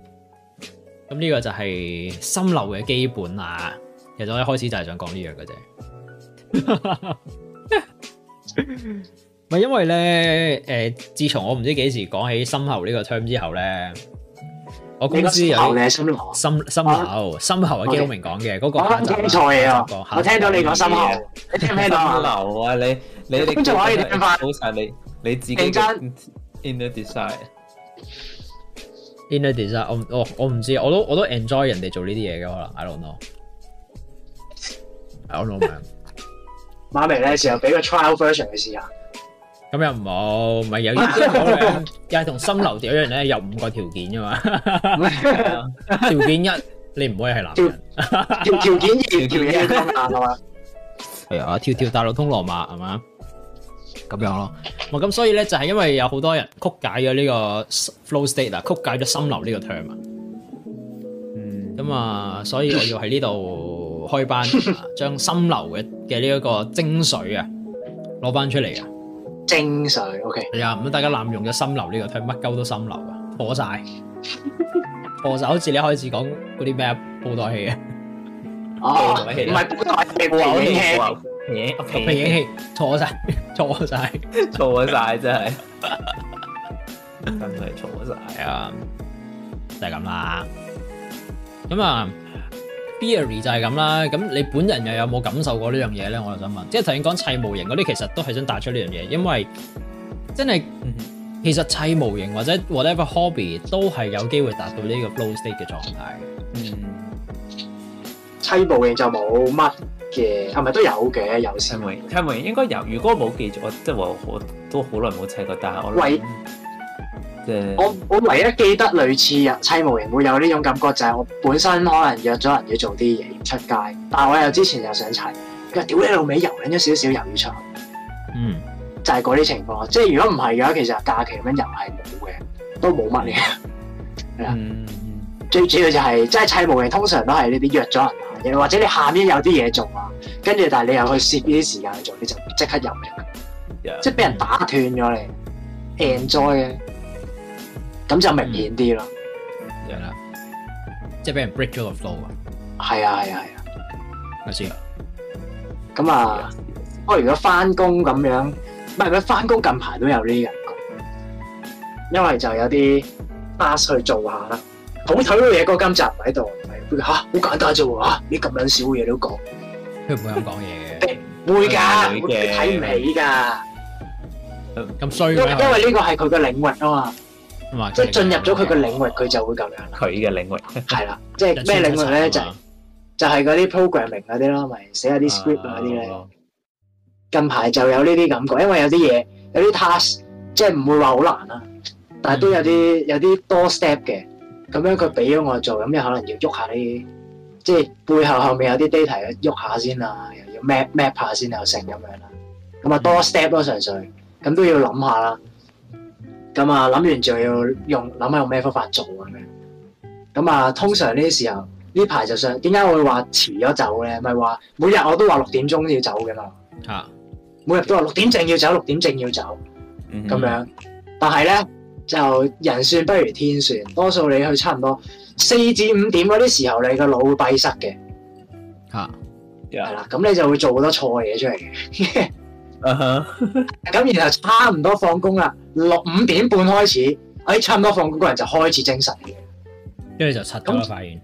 咁呢個就係心流嘅基本啦，其實我一開始就係想講呢樣嘅啫，唔 因為咧，誒，自從我唔知幾時講起深喉呢個 term 之後咧，我公司有心深，深，深喉，啊、深喉嘅幾多明講嘅嗰個我聽錯嘢啊，下我聽到你講心喉，你聽唔聽到啊？深喉啊，你你你，跟住可以聽翻。好晒，你你自己。真 in the design。Inner design，我我我唔知，我都我都 enjoy 人哋做呢啲嘢嘅可能，I don't know，I don't know man。媽咪咧，成日俾個 trial version 你試下。咁又冇，咪有又係同心流一樣咧，有五個條件嘅嘛。條件一，你唔可以係男人。條條件二，你係男啊嘛。條條大路通羅馬係嘛？咁樣咯，咁所以咧就係因為有好多人曲解咗呢個 flow state 啊，曲解咗心流呢個 term 啊，咁、嗯、啊，所以我要喺呢度開班，將 心流嘅嘅呢一個精髓啊攞翻出嚟啊，精髓，OK，係啊、哎，唔好大家濫用咗心流呢個 term，乜鳩都心流啊，破晒，破晒， 好似你一開始講嗰啲咩布袋戲啊，唔係布袋戲，我唔聽。布袋器 嘢 Yeah,，OK，嘢錯晒，錯晒，錯晒，真係， 真係錯晒啊！就係咁啦。咁啊，Berry 就係咁啦。咁你本人又有冇感受過呢樣嘢咧？我就想問，即係頭先講砌模型嗰啲，其實都係想帶出呢樣嘢，因為真係、嗯，其實砌模型或者 whatever hobby 都係有機會達到呢個 flow state 嘅狀態。嗯，砌模型就冇乜。嘅係咪都有嘅有先，砌模型，砌模型應該有。如果我冇記住我即係我我都好耐冇砌過，但係我唯誒喂就我我唯一記得類似啊砌模型會有呢種感覺，就係我本身可能約咗人要做啲嘢出街，但係我又之前又想砌，佢話屌你老味，遊緊咗少少又要出去，嗯，就係嗰啲情況。即係如果唔係嘅話，其實假期咁樣又係冇嘅，都冇乜嘢。係啊、嗯， 最主要就係、是、即係砌模型通常都係呢啲約咗人。或者你下面有啲嘢做啊，跟住但係你又去攝呢啲時間去做，你就即刻入嚟。Yeah, 即係俾人打斷咗你 enjoy 啊，咁 yeah. 就明顯啲咯。係啦、yeah，即係俾人 break 咗個 flow 啊。係啊係啊係啊，係先。咁啊，不過如果翻工咁樣，唔係唔翻工近排都有呢個，因為就有啲 pass 去做下啦。好彩嗰嘢嗰金唔喺度。吓，好簡單啫喎！嚇，你咁樣少嘢都講，佢唔會咁講嘢嘅，會㗎，睇唔起㗎。咁衰咩？因為呢個係佢嘅領域啊嘛，即係進入咗佢嘅領域，佢就會咁樣。佢嘅領域係啦，即係咩領域咧？就就係嗰啲 programming 嗰啲咯，咪寫下啲 script 嗰啲咧。近排就有呢啲感覺，因為有啲嘢有啲 task，即係唔會話好難啦，但係都有啲有啲多 step 嘅。咁樣佢俾咗我做，咁你可能要喐下呢啲，即係背後後面有啲 data 喐下先啦，又要 map map 下先又成咁樣啦。咁啊多 step 咯，純粹，咁都要諗下啦。咁啊諗完仲要用諗下用咩方法做咁樣。咁啊通常呢啲時候，呢排就想點解會話遲咗走咧？咪係話每日我都話六點鐘要走嘅嘛。啊，每日都話六點正要走，六點正要走，咁樣。嗯、哼但係咧。就人算不如天算，多數你去差唔多四至五點嗰啲時候，你個腦會閉塞嘅，嚇、啊，係啦，咁你就會做好多錯嘅嘢出嚟嘅，咁、 uh huh. 然後差唔多放工啦，六五點半開始，哎，差唔多放工個人就開始精神嘅，跟住就七點啦，發現，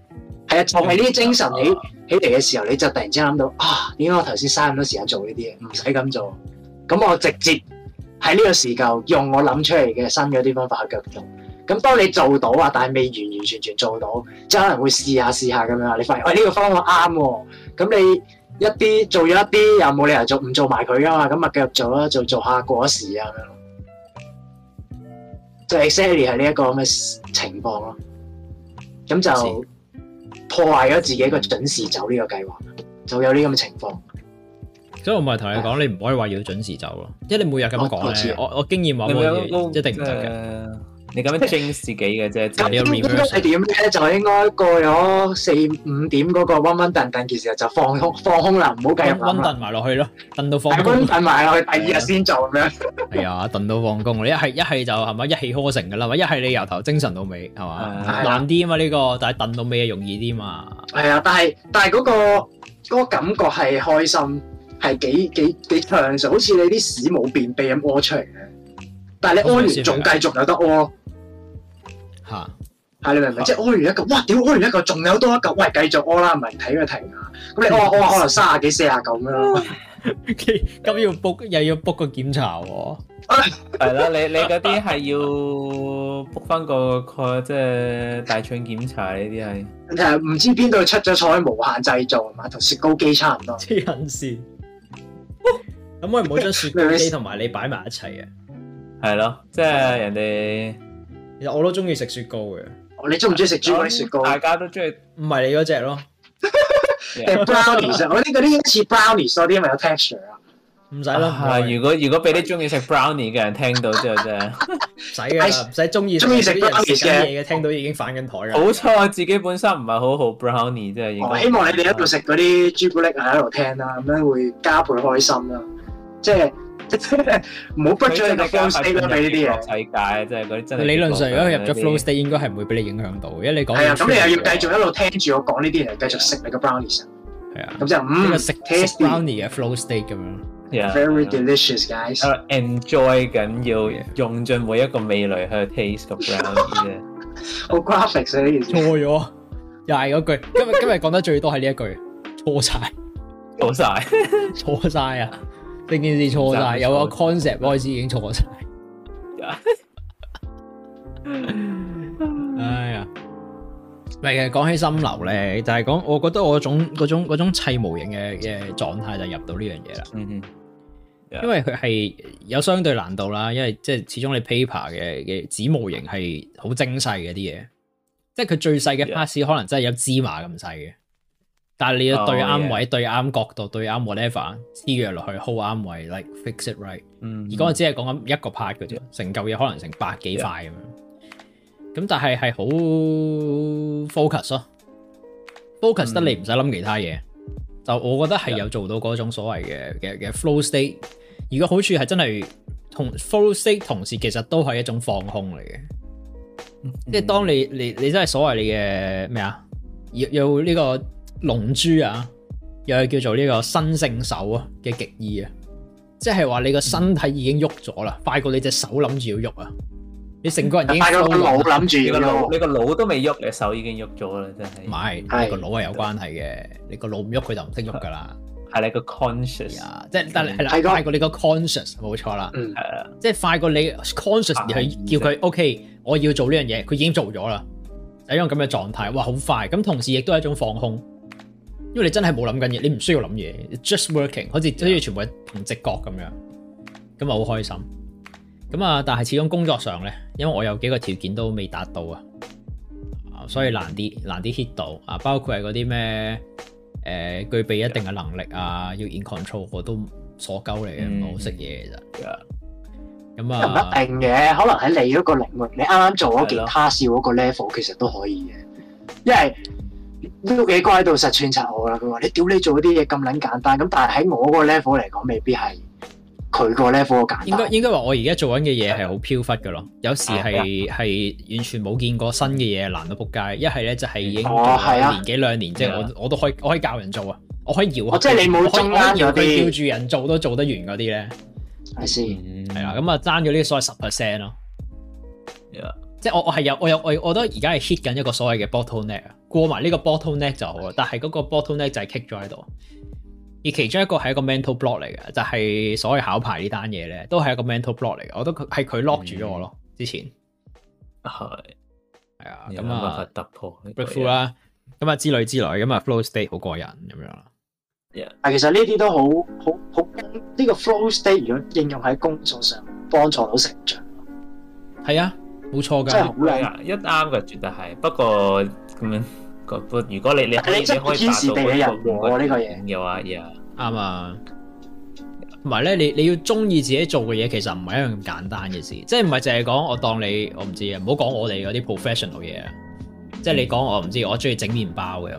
係啊，就係呢啲精神起、uh huh. 起嚟嘅時候，你就突然之間諗到啊，點解我頭先嘥咁多時間做呢啲嘢？唔使咁做，咁我直接。喺呢個時候，用我諗出嚟嘅新嗰啲方法去繼續做。咁當你做到啊，但係未完完全全做到，即係可能會試下試下咁樣，你發現喂，呢、哎呢個方法啱喎。咁你一啲做咗一啲，又冇理由做唔做埋佢噶嘛？咁咪繼續做啦，做做下過時啊咁、就係、樣。就 exactly 係呢一個咁嘅情況咯。咁就破壞咗自己個準時走呢個計劃，就有呢咁嘅情況。所以我咪同你講，你唔可以話要準時走咯，因為你每日咁樣講咧，我我經驗話冇嘢一定唔得嘅。你咁樣驚自己嘅啫。你點咧就應該過咗四五點嗰個溫溫頓頓嘅時候就放空放空啦，唔好繼續啦。溫頓埋落去咯，頓到放。溫頓埋落去，第二日先做咁樣。係啊，頓到放工。你一係一係就係嘛，一氣呵成噶啦嘛。一係你由頭精神到尾係嘛，難啲啊嘛呢個，但係頓到尾嘅容易啲嘛。係啊，但係但係嗰個嗰個感覺係開心。係幾幾幾暢順，好似你啲屎冇便秘咁屙出嚟嘅，但係你屙完仲繼續有得屙，吓吓你明唔明？係係啊、即係屙完一嚿，哇！屌，屙完一嚿仲有多一嚿，喂，繼續屙啦，唔係睇佢停。咁你屙屙可能三十幾四十嚿咁樣，咁要 book 又要 book 個檢查喎、啊，係啦、啊，你你嗰啲係要 book 翻個，即係大腸檢查呢啲係，誒唔知邊度出咗彩，無限製造啊嘛，同雪糕機差唔多。黐人事。咁我唔好將雪糕機同埋你擺埋一齊嘅，係咯，即係人哋，其實我都中意食雪糕嘅。你中唔中意食朱古力雪糕？大家都中意，唔係你嗰隻咯。brownie，我呢個啲應似 brownie，所以啲咪有 texture 啊？唔使咯。係如果如果俾啲中意食 brownie 嘅人聽到之後，真係唔使噶唔使中意中意食 brownie 嘅聽到已經反緊台噶。冇錯，自己本身唔係好好 brownie，即係。我希望你哋一度食嗰啲朱古力係喺度聽啦，咁樣會加倍開心啦。即係唔好逼住你個 flow state 俾呢啲嘢世界，即係嗰啲真。理論上如果佢入咗 flow state，應該係唔會俾你影響到，因為你講係啊，咁你又要繼續一路聽住我講呢啲嘢繼續食你個 brownie 啊。係啊，咁就嗯食 tasty brownie 嘅 flow state 咁樣。Very delicious guys，enjoy 緊要用盡每一個味蕾去 taste 個 brownie 啫。好 graphics 呢件事。錯咗，又係嗰句。今日今日講得最多係呢一句。錯曬，錯曬，錯曬啊！呢件事錯曬，錯了有個 concept 開始已經錯曬 哎呀，唔係嘅，講起心流呢，就係、是、講我覺得我種嗰種，種，種砌模型嘅嘅狀態就入到呢樣嘢啦。因為佢係有相對難度啦，因為即係始終你 paper 嘅紙模型係好精細嘅啲嘢，即係佢最細嘅 parts 可能真係有芝麻咁細嘅。但係你要對啱位,、oh, yeah. 位，對啱角度，對啱 whatever 黐弱落去，hold 啱位，like fix it right、mm。Hmm. 而嗰個只係講緊一個 part 嘅啫，成嚿嘢可能成百幾塊咁樣。咁 Yeah. 但係係好 focus 咯，focus 得你唔使諗其他嘢。Mm hmm. 就我覺得係有做到嗰種所謂嘅嘅嘅 flow state。如果好處係真係同 flow state 同時，其實都係一種放空嚟嘅。即係、mm hmm. 當你你你真係所謂你嘅咩啊，有呢、這個。龍珠啊，又係叫做呢個身勝手啊嘅極意啊，即係話你個身體已經喐咗啦，快過你隻手諗住要喐啊。你成個人已經快過個腦諗住要喐，你個腦都未喐，你隻手已經喐咗啦，真係。唔係，係個腦係有關係嘅。你個腦唔喐，佢就唔識喐㗎啦。係你個 conscious 啊，即係但係係啦，快過你個 conscious 冇錯啦。嗯，係啊，即係快過你 conscious 而係叫佢 OK，我要做呢樣嘢，佢已經做咗啦，係一種咁嘅狀態。哇，好快咁，同時亦都係一種放空。因為你真係冇諗緊嘢，你唔需要諗嘢，just working，好似好似全部係唔直覺咁樣，咁啊好開心。咁啊，但係始終工作上咧，因為我有幾個條件都未達到啊，所以難啲難啲 hit 到啊。包括係嗰啲咩誒，具備一定嘅能力啊，要 in control 我都所鳩嚟嘅，唔好識嘢嘅咋。咁、嗯、那啊，唔一定嘅，可能喺你嗰個領域你啱啱做嗰件 task 嗰個 level 其實都可以嘅，因為。都幾乖到實穿插我啦！佢話：你屌你做嗰啲嘢咁撚簡單咁，但係喺我個 level 嚟講，未必係佢個 level 簡單。簡單應該應該話我而家做緊嘅嘢係好飄忽噶咯，的有時係係、嗯、完全冇見過新嘅嘢難到撲街，一係咧就係已經年幾兩年，即係、哦、的我我都可以我可以教人做啊，我可以搖、哦、即係你冇中間嗰啲吊住人做都做得完嗰啲咧，係先係啦。咁啊爭咗呢啲所謂十 percent 咯，的即係我我係有我有我，我覺得而家係 hit 緊一個所謂嘅 bottle neck。過埋呢個 bottleneck 就好啦，但係嗰個 bottleneck 就係 kick 咗喺度。的而其中一個係一個 mental block 嚟嘅，就係、是、所謂考牌呢單嘢咧，都係一個 mental block 嚟嘅。我都係佢 lock 住咗我咯，之前係係啊，咁啊，突破 break through 啦，咁啊，之類之類，咁啊，flow state 好過癮咁樣啦。但其實呢啲都好好好呢個 flow state 如果應用喺工作上，幫助到成長。係啊。冇錯，真係好叻一啱嘅，絕對係。不過咁樣，如果你你你可以達到個呢個嘢嘅話，嘢啱啊。唔係咧，你你要中意自己做嘅嘢，其實唔係一樣咁簡單嘅事，即係唔係淨係講我當你我唔知啊。唔好講我哋嗰啲 professional 嘢，即係你講我唔知。我中意整麵包嘅咁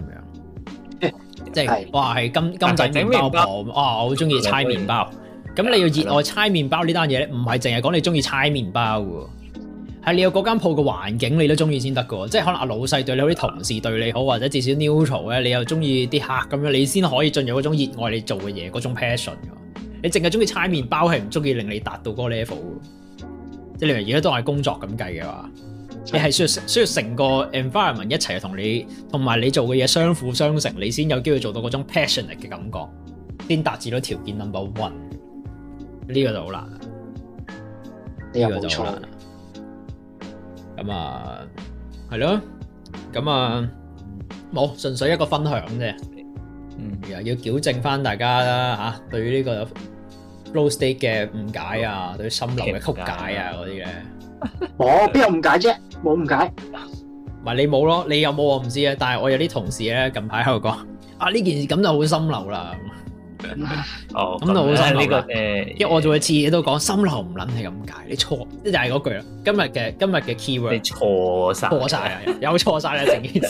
樣，即係哇係金金製麵包鋪，我好中意猜麵包。咁你要熱愛猜麵包呢單嘢咧，唔係淨係講你中意猜麵包。係你有嗰間鋪嘅環境，你都中意先得噶喎。即係可能阿老細對你，好啲同事對你好，或者至少 neutral 咧，你又中意啲客咁樣，你先可以進入嗰種熱愛你做嘅嘢嗰種 passion。你淨係中意拆麵包，係唔中意令你達到嗰個 level。即係你話而家都係工作咁計嘅話，你係需要需要成個 environment 一齊同你，同埋你做嘅嘢相輔相成，你先有機會做到嗰種 passionate 嘅感覺。先達至到條件 number one，呢個就好難，呢個就好難。你咁啊，係咯，咁啊，冇，純粹一個分享啫。嗯，又要矯正翻大家啦吓，對於呢個 flow state 嘅誤解啊，對心流嘅曲解啊嗰啲咧，冇邊有誤解啫，冇誤解。咪你冇咯，你有冇我唔知啊。但係我有啲同事咧近排喺度講，啊呢件事咁就好心流啦。哦，咁就好辛苦啦。誒，因為我做會次次都講心流唔撚係咁解，你錯，即係又係嗰句啦。今日嘅今日嘅 keyword，你錯曬，錯曬，有錯晒啦，成件事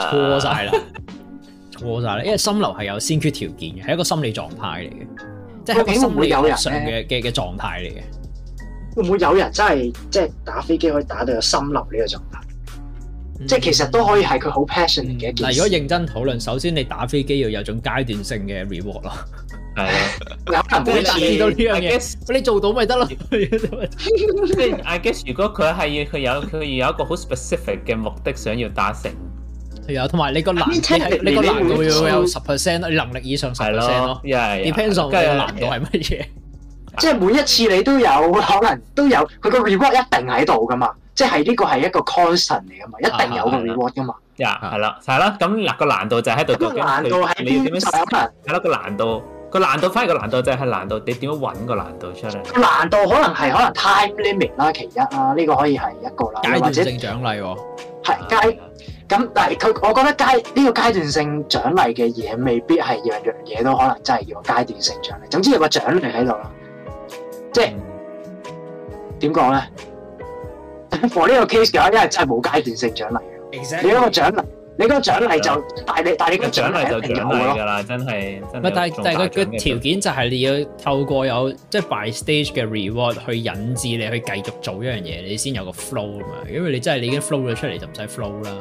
錯晒啦，錯晒啦。因為心流係有先決條件嘅，係一個心理狀態嚟嘅，即係一個心理上嘅嘅嘅狀態嚟嘅。會唔會有人真係即係打飛機可以打到有心流呢個狀態？即係其實都可以係佢好 passion 嘅一件事。嗱，如果認真討論，首先你打飛機要有種階段性嘅 reward 咯。係啊，有可能會達到呢樣嘢。你做到咪得咯？即係 I guess 如果佢係要佢有佢要有一個好 specific 嘅目的，想要打成。係啊，同埋你個難，你你個難度要有十 percent，你能力以上十 percent 咯。係咯，又係。Depends on 個難度係乜嘢。即係每一次你都有可能都有佢個 reward 一定喺度噶嘛，即係呢個係一個 constant 嚟噶嘛，一定有個 reward 噶嘛。呀，係啦，係啦，咁嗱個難度就喺度，個難度係你要點樣？係啦，個難度，個難度反而個難度就係難度，你點樣揾個難度出嚟？個難度可能係可能 time limit 啦，其一啦，呢個可以係一個啦。階段性獎勵喎。係階，咁但係佢，我覺得階呢個階段性獎勵嘅嘢，未必係樣樣嘢都可能真係要個階段性獎勵。總之有個獎勵喺度咯。即係點講咧？for 呢 Exactly. 個 case 嘅話，因為真係冇階段成長階段性獎勵啦。你嗰個獎勵，的你嗰個獎勵就大但，但你但係你個獎勵就獎勵噶啦，真係。唔係，但係但係個條件就係你要透過有即係、就是、by stage 嘅 reward 去引致你去繼續做一樣嘢，你先有個 flow 啊嘛。因為你真係你已經 flow 咗出嚟，就唔使 flow 啦。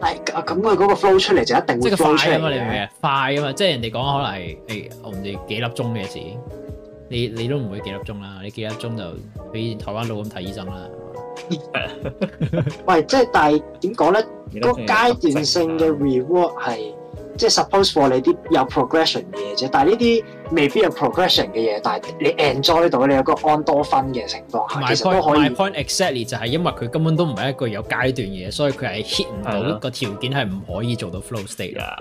咁佢嗰個 flow 出嚟就一定會出即係快啊嘛！你明唔明？快啊嘛！即、就、係、是、人哋講可能係誒、嗯哎，我唔知幾粒鐘嘅事。你你都唔會幾粒鐘啦，你幾粒鐘就畀台灣佬咁睇醫生啦。喂，即係但係點講咧？個階段性嘅 reward 係即係 suppose for 你啲有 progression 嘅嘢啫，但係呢啲未必有 progression 嘅嘢，但係你 enjoy 到，你有個安多酚嘅程度，其實都可以。My point exactly 就係因為佢根本都唔係一個有階段嘅嘢，所以佢係 hit 唔到個條件，係唔可以做到 flow state 啊。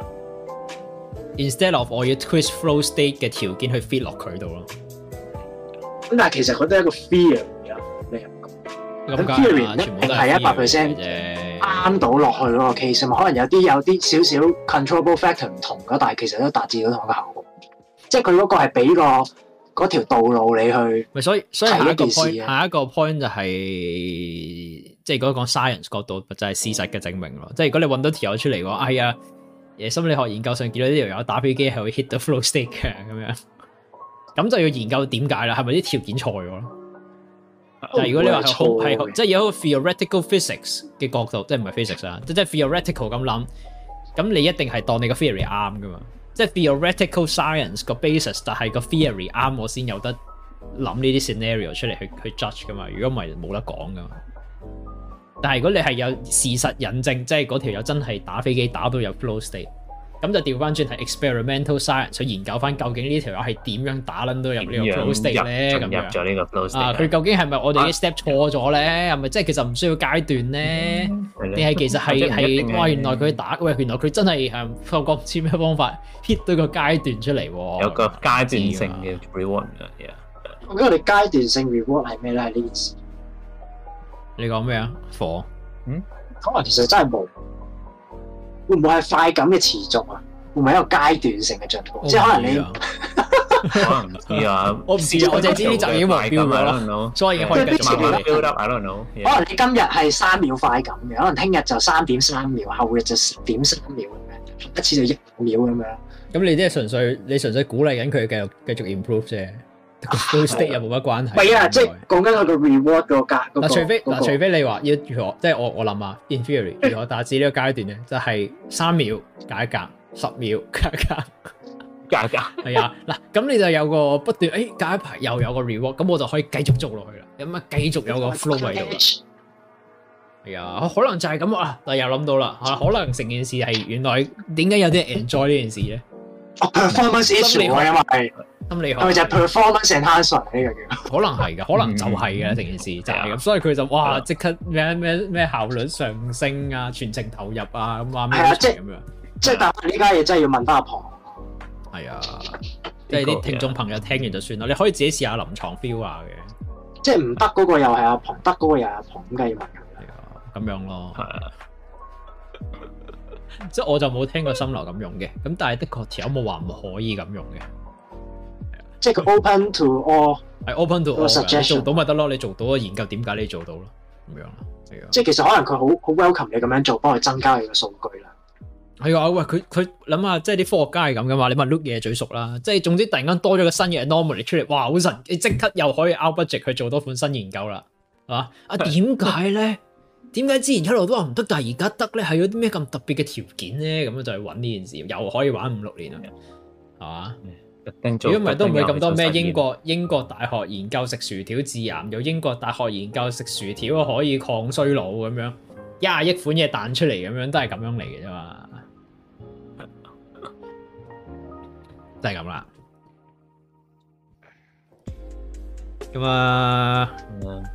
Instead of 我要 twist flow state 嘅條件去 fit 落佢度咯。咁但係其實佢都係一個 theory 咯，咁咁，咁 theory 一定係一百 percent 啱到落去咯，其實可能有啲有啲少少 controllable factor 唔同噶，但係其實都達至到同一個效果的。即係佢嗰個係俾、個嗰條道路你去。咪所以，所以下一個 point 就係、是、即係講講 science 角度就係、是、事實嘅證明咯。即係如果你揾到條友出嚟話，哎呀，誒心理學研究上見到呢條友打飛機係會 hit the flow state 咁樣。咁就要研究點解啦，係咪啲條件錯咗咯？但係如果你話錯即係有一個 theoretical physics 嘅角度，即係唔係 physics 啊？即係 theoretical 咁諗，咁你一定係當你個 theory 啱噶嘛？即係 theoretical science 個 basis 但係個 theory 啱我先有得諗呢啲 scenario 出嚟去去 judge 噶嘛？如果唔係冇得講噶嘛。但係如果你係有事實引證，即係嗰條友真係打飛機打到有 flow state。咁就調翻轉係 experimental science，想研究翻究竟呢條友係點樣打撚到入個呢入個 flow state 咧？點入？入咗呢個 flow state 啊？佢究竟係咪我哋啲 step 錯咗咧？係咪即係其實唔需要階段咧？定係、嗯、其實係係哇？原來佢打喂，原來佢真係係唔知咩方法 hit 到個階段出嚟喎？有個階段性嘅 reward 我哋階段性 reward 係咩咧？呢你講咩啊？火嗯，可能其實真係冇。會唔會係快感嘅持續啊？會唔會係一個階段性嘅進步？即係可能你可能唔知啊！我試我凈係知就已經埋咁樣啦。所以已經開始慢慢 build up。I don't know。可能你今日係三秒快感嘅，可能聽日就三點三秒，後日就十點三秒咁樣，一次就一秒咁樣。咁你啲係純粹你純粹鼓勵緊佢繼續繼續 improve 啫。都 state 又冇乜關係。唔係啊，即係講緊我個 reward 嗰格嗱，除非嗱，那個、除非你話要如何，即係我我諗啊，in theory 如何打至個階呢個階段咧， 就係三秒隔一格，十秒隔一格，夾格係啊，嗱咁你就有個不斷誒、哎，隔一排又有個 reward，咁我就可以繼續做落去啦。咁啊，繼續有個 flow 喺度。 係啊，啊，可能就係咁啊，但又諗到啦，吓可能成件事係原來點解有啲人 enjoy 呢件事咧？哦，performance issue 係心理學，咪就係 performance enhancement 呢個叫，可能係嘅，可能就係嘅。成件事就係咁，所以佢就哇即刻咩咩咩效率上升啊，全程投入啊咁話咩，即啊即即係但呢家嘢真係要問翻阿龐，係啊，即係啲聽眾朋友聽完就算啦，你可以自己試下臨床 feel 啊嘅，即係唔得嗰個又係阿龐，得嗰個又係阿龐咁問，係啊，咁樣咯，係啊。即係我就冇聽過心流咁用嘅，咁但係的確有冇話唔可以咁用嘅，即係佢 open to all，係 open to suggestion 做到咪得咯？你做到研究點解你做到咯？咁樣，即係其實可能佢好好 welcome 你咁樣做，幫佢增加佢嘅數據啦。係啊，喂，佢佢諗下，即係啲科學家係咁噶嘛？你咪碌嘢最熟啦，即係總之突然間多咗個新嘢 anomaly 出嚟，哇，好神！你即刻又可以 out budget 去做多款新研究啦，係嘛？啊，點解咧？點解之前一路都話唔得，但係而家得咧，係有啲咩咁特別嘅條件咧？咁樣就去揾呢件事，又可以玩五六年啊，係嘛？如果唔係，嗯，都唔會咁多咩英國英國大學研究食薯條致癌，有英國大學研究食薯條可以抗衰老咁樣，廿億款嘢彈出嚟咁樣都係咁樣嚟嘅啫嘛，都係咁啦。咁、就、啊、是。嗯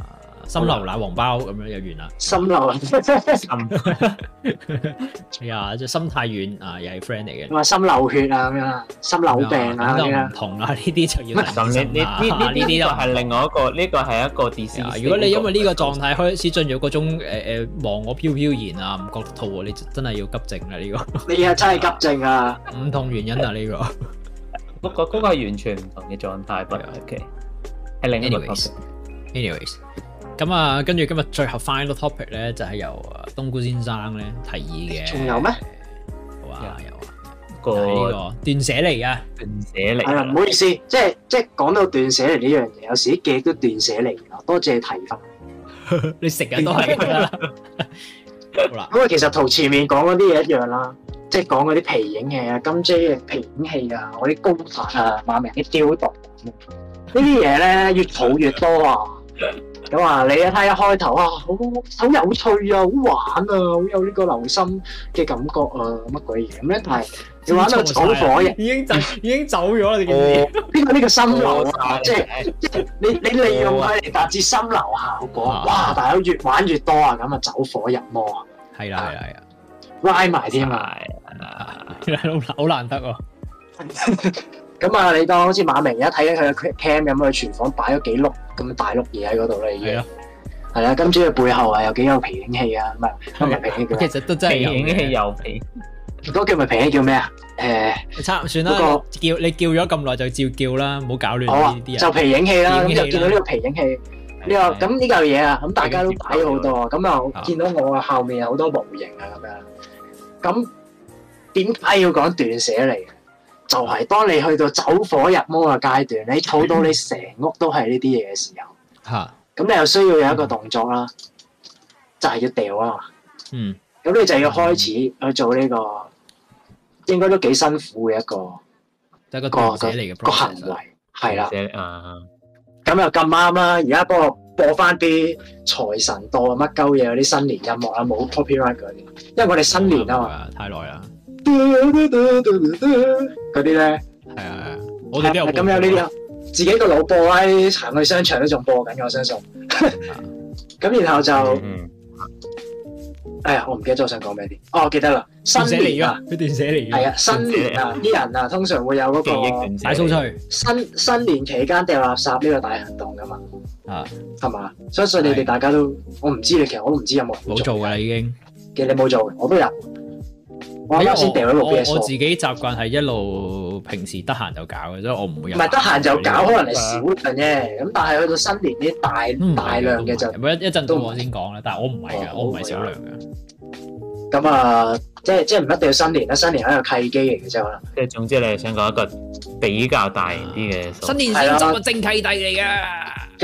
心流奶黃包咁樣又完啦，心流啊，係啊，即係心太軟啊，又係 friend 嚟嘅。唔係心流血啊，咁樣心流病啊，咁樣唔同啦，呢啲就要心呢啲就係另外一個，呢個係一個 distinction 如果你因為呢個狀態開始進入嗰種忘我飄飄然啊，唔覺得肚餓喎，你真係要急症啦呢個。你啊真係急症啊！唔同原因啊呢個，嗰個係完全唔同嘅狀態，不 OK，係另一個 Anyways。咁啊，跟住今日最後 final topic 咧，就係由冬菇先生咧提議嘅。仲有咩？有啊有啊，個呢個斷捨離啊，斷捨離。係啊，唔好意思，即係即係講到斷捨離呢樣嘢，有時記都斷捨離啊？多謝你提翻，你食嘅都係佢啦。好啦，因為其實同前面講嗰啲嘢一樣啦，即係講嗰啲皮影戲啊、金枝嘅皮影戲啊、我啲工坊啊、馬明嘅雕刀，呢啲嘢咧越儲越多啊。咁啊，你啊，睇一開頭啊，好好有趣啊，好玩啊，好有呢個留心嘅感覺啊，乜鬼嘢咁咧？但係你玩到走火，已經已經走咗啦，你知唔知？邊個呢個心流即係即係你你利用佢嚟達至心流效果啊！哇！大佬越玩越多啊，咁啊走火入魔啊！係啦係啦係啦，拉埋添啊！好難好難得喎～咁啊，你當好似馬明而家睇緊佢嘅 cam 咁，佢廚房擺咗幾碌咁大碌嘢喺嗰度啦，已經係啦。係啦，今朝嘅背後啊，有幾有皮影戲啊，唔係唔係皮影戲，其實都真係有皮影戲有皮。如果叫咪皮影叫咩啊？誒，差唔算啦。嗰個叫你叫咗咁耐就照叫啦，唔好搞亂。好啊，就皮影戲啦。咁就見到呢個皮影戲呢個咁呢嚿嘢啊，咁大家都擺咗好多啊，咁啊見到我後面有好多模型啊，咁樣。咁點解要講斷捨離？就係當你去到走火入魔嘅階段，你儲到你成屋都係呢啲嘢嘅時候，嚇，咁你又需要有一個動作啦，就係要掉啊，嗯，咁你就要開始去做呢個，應該都幾辛苦嘅一個個個個行為，係啦，咁又咁啱啦，而家幫我播翻啲財神多啊、乜鳩嘢嗰啲新年音樂啊，冇 copyright 嗰啲，因為我哋新年啊嘛，太耐啦。嗰啲咧，係啊，我哋都有咁有呢啲自己個老 b o 行去商場都仲播緊，我相信。咁然後就，哎呀，我唔記得咗我想講咩啲。哦，記得啦，新年啊，佢斷捨離，係啊，新年啊，啲人啊，通常會有嗰個大掃除。新新年期間掉垃圾呢個大行動噶嘛，啊係嘛，相信你哋大家都，我唔知，你，其實我都唔知有冇冇做噶啦，已經嘅你冇做，我都有。我我我自己習慣係一路平時得閒就搞嘅，所以我唔會有，唔係得閒就搞，可能係少嘅啫。咁的但係去到新年啲大大量嘅就一一陣到我先講啦。唔係但係我唔係㗎，我唔係少量㗎。咁啊，即係即係唔一定要新年啦，新年係一個契機嚟嘅啫可能。即係總之你係想講一個比較大型啲嘅，啊。新年先執個正契弟嚟噶。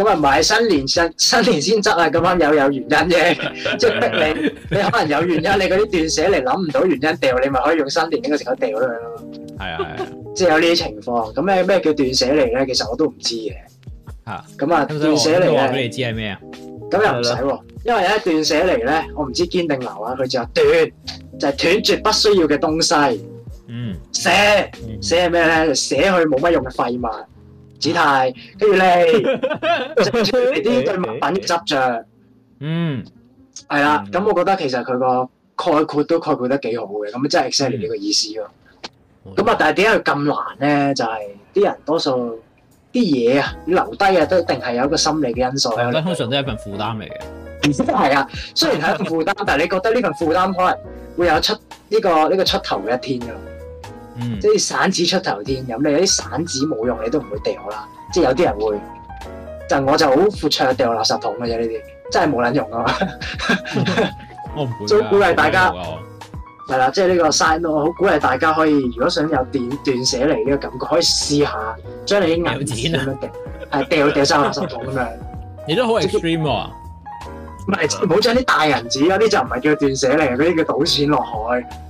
咁啊唔係新年新新年先執啊，咁啱有有原因啫，即係逼你，你可能有原因，你嗰啲斷捨離諗唔到原因掉，你咪可以用新年 呢個時間掉咗佢咯。係啊係啊，即係有呢啲情況。咁咩咩叫斷捨離咧？其實我都唔知嘅。吓。咁啊，斷捨離嘅。斷捨離話俾你知係咩啊？咁又唔使喎，對了 因為有一段寫嚟咧，我唔知堅定留啊，佢就斷斷，就係、是、斷絕不需要嘅東西。嗯，捨捨呢，捨咩咧？就捨去冇乜用嘅廢物。只泰，跟住你，你啲 對物品執着。嗯，係啦，咁我覺得其實佢個概括都概括得幾好嘅，咁真係 exactly 呢個意思咯。咁啊，但係點解佢咁難咧？就係、是、啲人多數。啲嘢啊，留低啊，都一定係有一個心理嘅因素啊。咁、嗯、通常都係一份負擔嚟嘅。都係啊，雖然係一份負擔， 但係你覺得呢份負擔可能會有出呢、呢個呢、呢個出頭嘅一天㗎嘛。嗯。即係散紙出頭天的，咁你啲散紙冇用，你都唔會掉啦。即係有啲人會，就我就好豁出去掉垃圾桶嘅。啫。呢啲真係冇撚用啊嘛。 我唔會。最鼓勵大家。係啦， 即係呢個 sign 咯，我好鼓勵大家可以，如果想有電斷捨離呢個感覺，可以試下將你啲銀紙咁樣掉，係掉掉三垃圾桶咁樣。你都好 extreme 啊？唔係，唔好將啲大銀紙，有啲就唔係叫斷捨離，啲叫賭錢落海。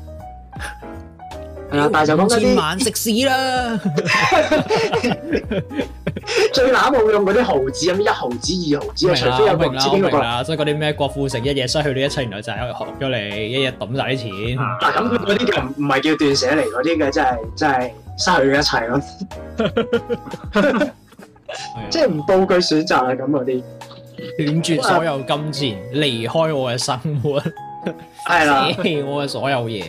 係啊，但就講嗰啲，晚食屎啦 最懶，最乸冇用嗰啲毫子，咁一毫子、二毫子啊，明除非有巨資邊個。所以嗰啲咩郭富城一夜失去啲一切，原來就係因為學咗你，一日抌晒啲錢。嗱，咁嗰啲就唔係叫斷捨離，嗰啲嘅真係真係失去一切咯。即係唔到佢選擇啊！咁嗰啲斷絕所有金錢，離、啊、開我嘅生活，係啦、啊， 我嘅所有嘢。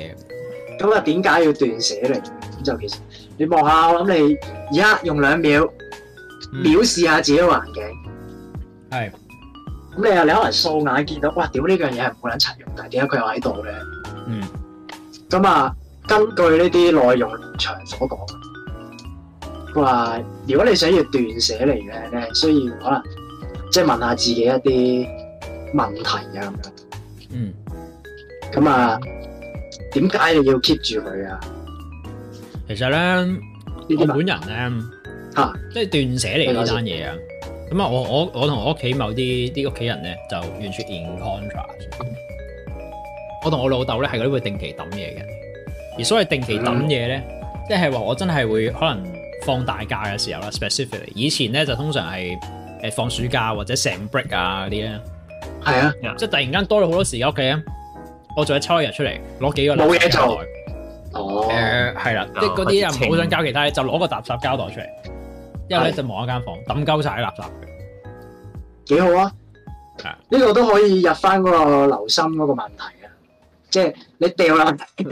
咁啊，點解要斷捨離？咁就其實你望下，我諗你而家用兩秒表示、嗯、下自己環境。係是。咁你啊，你可能掃眼見到，哇！屌、這個、呢樣嘢係冇人柒用，但係點解佢又喺度咧？嗯。咁啊，根據呢啲內容農場所講，佢話如果你想要斷捨離嘅，你需要可能即係、就是、問下自己一啲問題啊咁樣。嗯。咁啊。嗯。點解你要 keep 住佢啊？其實咧，我本人咧吓，即係斷捨離呢單嘢啊。咁啊，我我我同我屋企某啲啲屋企人咧，就完全 in contrast。啊、我同我老豆咧，係嗰啲會定期抌嘢嘅。而所謂定期抌嘢咧，即係話我真係會可能放大假嘅時候啦，specifically。以前咧就通常係誒放暑假或者成 break 啊嗰啲咧。係啊，即係突然間多咗好多時間屋企啊。我做咗抽入出嚟，攞幾個垃圾膠袋，冇嘢做，誒，係啦，即係嗰啲人唔好想交其他，就攞個垃圾膠袋出嚟，之後咧就望一間房，抌鳩晒啲垃圾嘅，幾好啊！呢個都可以入翻嗰個留心嗰個問題啊，即係你掉啦，即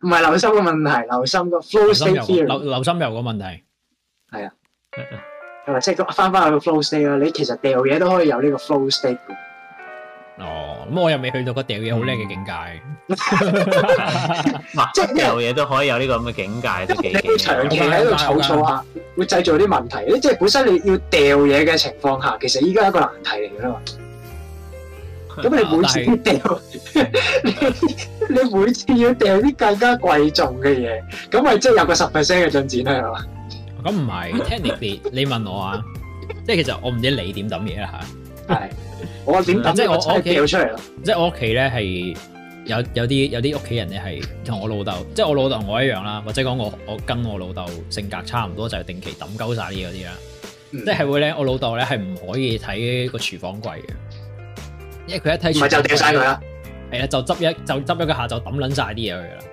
唔係留心嘅問題，留心個 flow state here 留心油嘅問題，係啊，係咪即係翻翻去 flow state 啦？你其實掉嘢都可以有呢個 flow state。哦，咁我又未去到個掉嘢好叻嘅境界，即係掉嘢都可以有呢個咁嘅境界，都幾長期喺度儲儲下，會製造啲問題。即係本身你要掉嘢嘅情況下，其實依家係一個難題嚟嘅啦嘛。咁你每次掉，你你每次要掉啲更加貴重嘅嘢，咁咪即係有個十 percent 嘅進展咯？係嘛？咁唔係，technically，你問我啊，即係其實我唔知你點諗嘢啦嚇，係。我點即係我屋企掉出嚟咯。即係我屋企咧，係家有有啲有啲屋企人咧，係同我老豆，即係我老豆同我一樣啦。或者講我我跟我老豆性格差唔多，就定期抌鳩晒啲嘢嗰啲啦。嗯、即係會咧，我老豆咧係唔可以睇個廚房櫃嘅，因為佢一睇廚房櫃唔係就掉晒佢啦。係啊了，就執一就執一個下晝抌捻晒啲嘢去啦。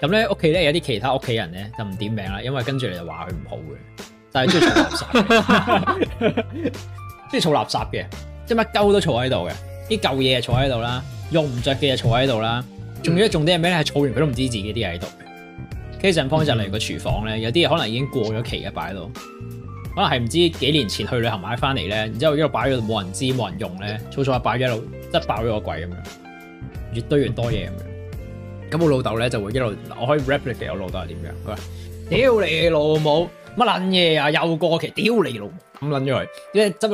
咁咧屋企咧有啲其他屋企人咧就唔點名啦，因為跟住嚟就話佢唔好嘅，但係即係儲垃圾，即係儲垃圾嘅。即乜鳩都坐喺度嘅，啲舊嘢坐喺度啦，用唔着嘅嘢坐喺度啦，仲要重點係咩咧？係坐完佢都唔知自己啲嘢喺度。其實 Case in point 係例如個廚房咧，有啲嘢可能已經過咗期嘅擺喺度。可能係唔知幾年前去旅行買翻嚟咧，然之後一路擺喺度冇人知冇人用咧，粗粗下擺一路，即爆咗喺個櫃咁樣，越堆越多嘢咁樣。咁我老豆咧就會一路，我可以 replicate 嘅我老豆係點樣，佢話：屌你老母，乜捻嘢啊又過期，屌你老母！咁掹咗佢，跟住執到，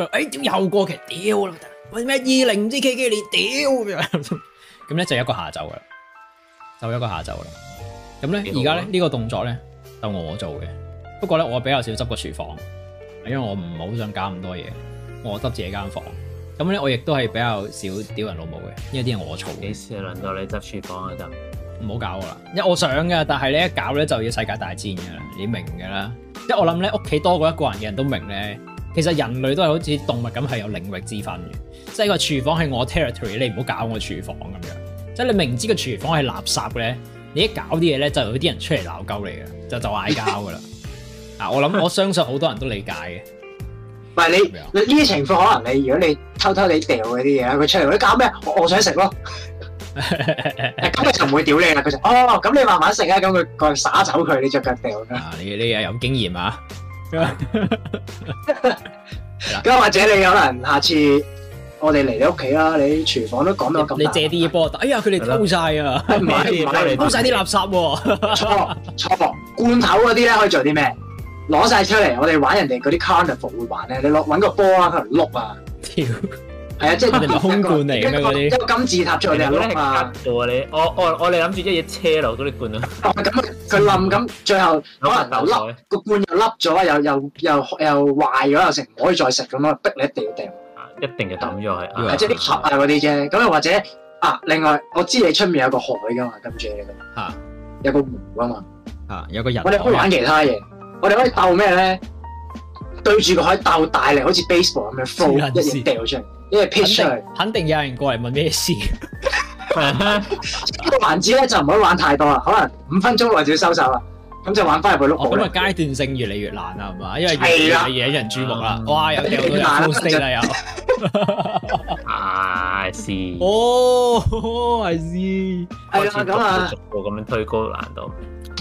誒，點、哎、又過期？屌啦！揾啲咩二零之 K K 你屌咁，咁咧 就一個下晝噶啦，就一個下晝啦。咁咧而家咧呢，呢、呢個動作咧，就我做嘅。不過咧，我比較少執個廚房，因為我唔好想搞咁多嘢。我執自己間房。咁咧，我亦都係比較少屌人老母嘅，因為啲人我嘈。幾時輪到你執廚房啊？得？唔好搞我啦，因為我想嘅，但係你一搞咧就要世界大戰嘅啦，你明嘅啦。即係我諗咧，屋企多過一個人嘅人都明咧。其實人類都係好似動物咁，係有領域之分嘅，即係個廚房係我 territory，你唔好搞我廚房咁樣。即係你明知個廚房係垃圾嘅咧，你一搞啲嘢咧，就有啲人出嚟鬧鳩你嘅，就就嗌交噶啦。我諗我相信好多人都理解嘅。唔係 樣你呢啲情況，可能如你如果你偷偷哋掉嗰啲嘢，佢出嚟，你搞咩？我想食咯。 今日就唔會屌你啦，佢就哦咁，你慢慢食啦。咁佢佢灑走佢，你隻腳掉噶。你你有經驗啊？咁， 或者你可能下次我哋嚟你屋企啦，你廚房都講到咁，你借啲嘢幫我，哎呀，佢哋偷晒啊！唔係，唔係偷曬啲垃圾喎。錯錯，罐頭嗰啲咧可以做啲咩？攞晒出嚟，我哋玩人哋嗰啲 carnival 會玩咧。你攞揾個波啊，可能碌啊。 係啊，即係一個空罐嚟嘅嗰啲，一個金字塔出去你啊嘛，我我我哋諗住一嘢車流到啲罐啊，咁佢冧咁，最後可能又凹，個罐又凹咗，又又又又壞咗，又成唔可以再食咁咯，逼你一定要掉。一定嘅抌咗係，係即係啲盒啊嗰啲啫。咁又或者啊，另外我知你出面有個海噶嘛，跟住你吓有個湖啊嘛，吓有個人，我哋可以玩其他嘢，我哋可以鬥咩咧？對住個海鬥大力，好似 baseball 咁樣 throw 一嘢掉出嚟。因為撇出嚟，肯定有人過嚟問咩事。呢個環節咧就唔可以玩太多啦，可能五分鐘內就要收手啦。咁就玩翻入去碌盤。咁啊，階段性越嚟越難啦，係嘛？因為越嚟、啊、越引人注目啦。嗯、哇，又有又多咗啦，又。I see 哦，I see 係啦，咁啊。逐步咁樣推高難度。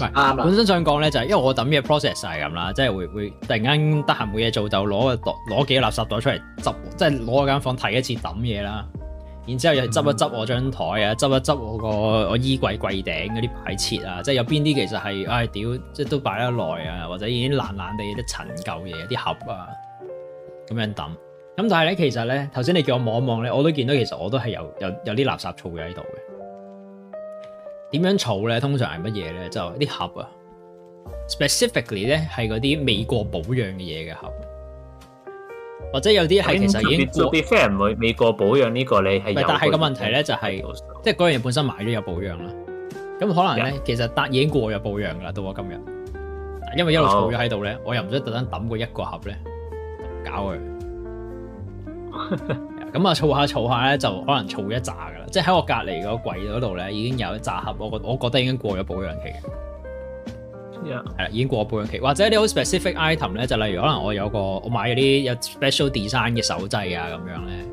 唔係啱啦。啊、本身想講咧，就係、是、因為我抌嘢 process 曬咁啦，即、就、係、是、會會突然間得閒冇嘢做就，就攞個袋攞幾個垃圾袋出嚟執，即係攞我間房睇一次抌嘢啦。然之後又執一執我張台啊，執、嗯、一執我個我衣櫃櫃頂嗰啲擺設啊，即、就、係、是、有邊啲其實係唉屌，即、哎、係、就是、都擺得耐啊，或者已經爛爛地啲陳舊嘢、啲盒啊咁樣抌。咁但係咧，其實咧頭先你叫我望一望咧，我都見到其實我都係有有有啲垃圾儲喺度嘅。點樣儲咧？通常係乜嘢咧？就啲盒啊，specifically 咧係嗰啲未過保養嘅嘢嘅盒，或者有啲係其實已經過。特別 fair 唔會未過保養呢個你係，但係個問題咧就係、是，即係嗰樣嘢本身買咗有保養啦，咁可能咧、嗯、其實達已經過咗保養噶啦，到我今日，因為一路儲咗喺度咧，哦、我又唔想特登抌過一個盒咧搞佢。 咁啊，儲下儲下咧，就可能儲一扎噶啦。即係喺我隔離個櫃嗰度咧，已經有一紮盒。我覺我覺得已經過咗保養期。係啦 Yeah.，已經過咗保養期。或者啲好 specific item 咧，就例如可能我有個我買啲有 special design 嘅手製啊咁樣咧。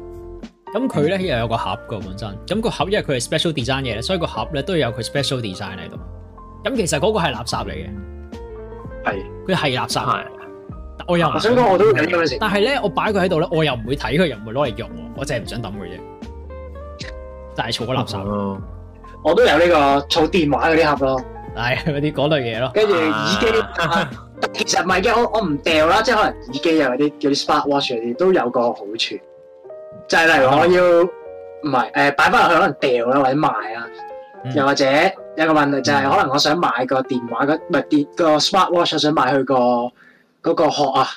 咁佢咧又有一個盒噶本身。咁個盒因為佢係 special design 嘅，所以個盒咧都有佢 special design 喺度。咁其實嗰個係垃圾嚟嘅，係佢係垃圾。我又唔想講，我都唔睇嗰陣時，但係咧，我擺佢喺度咧，我又唔會睇佢，又唔會攞嚟用，我真係唔想抌佢啫。但係儲嗰垃圾咯、嗯啊。我都有呢、這個儲電話嗰啲盒咯，係嗰啲嗰類嘢咯。跟住耳機，啊、其實唔係嘅，我我唔掉啦，即係可能耳機啊，嗰啲叫啲 smart watch 嗰啲都有個好處，就係、是、例如我要唔係誒擺翻落去，可能掉啦或者賣啊。又或者有個問題就係、是、可能我想買個電話嗰唔係電個 smart watch，我想買佢個。嗰個殼啊，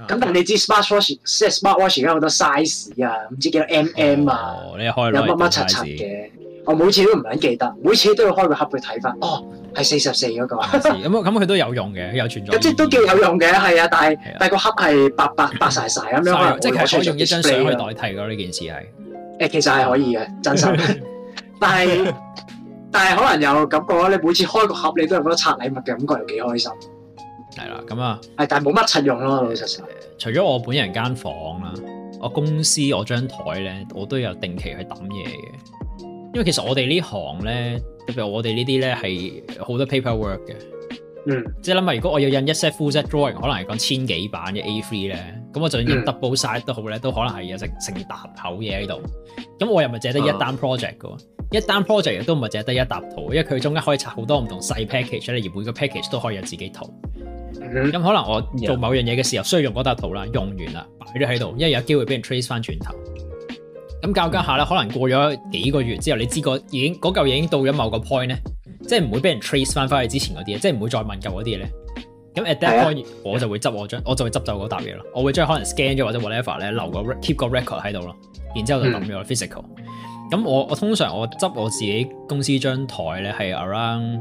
咁但係你知 Smart Watch，即係 Smart Watch 而家好多 size 啊，唔知幾多 mm 啊，有乜乜柒柒嘅，我每次都唔想記得，每次都要開個盒去睇翻。哦，係四十四嗰個，咁咁佢都有用嘅，有存在，即係都幾有用嘅，係啊，但係但係個盒係白白白晒晒咁樣，即係其實可以用一張相去代替咯，呢件事係，誒其實係可以嘅，真實，但係但係可能又感覺你每次開個盒，你都係覺得拆禮物嘅感覺又幾開心。係啦，咁啊，係但係冇乜實用咯，老老實實。除咗我本人間房啦，我公司我張台咧，我都有定期去抌嘢嘅。因為其實我哋呢行咧，特別我哋呢啲咧係好多 paperwork 嘅。嗯。即係諗下，如果我要印一 set full set drawing，可能係講千幾版嘅 A3 咧，咁我就算印 double side 都好咧，嗯、都可能係有成成沓厚嘢喺度。咁我又咪借得一單 project 噶？啊一單 project 亦都唔係凈係得一沓圖，因為佢中間可以拆好多唔同細 package 咧，而每個 package 都可以有自己圖。咁、嗯、可能我做某樣嘢嘅時候需要、嗯、用嗰沓圖啦，用完啦擺咗喺度，因為有機會俾人 trace 翻轉頭。咁交隔下咧，可能過咗幾個月之後，你知個已經嗰嚿嘢已經到咗某個 point 咧，即係唔會俾人 trace 翻翻去之前嗰啲嘢，即係唔會再問舊嗰啲嘢咧。咁 at that point 我就會執我將我就會執走嗰沓嘢咯，我會將可能 scan 咗或者 whatever 咧，留個 keep 個 record 喺度咯，然之後就抌咗、嗯、physical。咁我我通常我執我自己公司張台咧係 around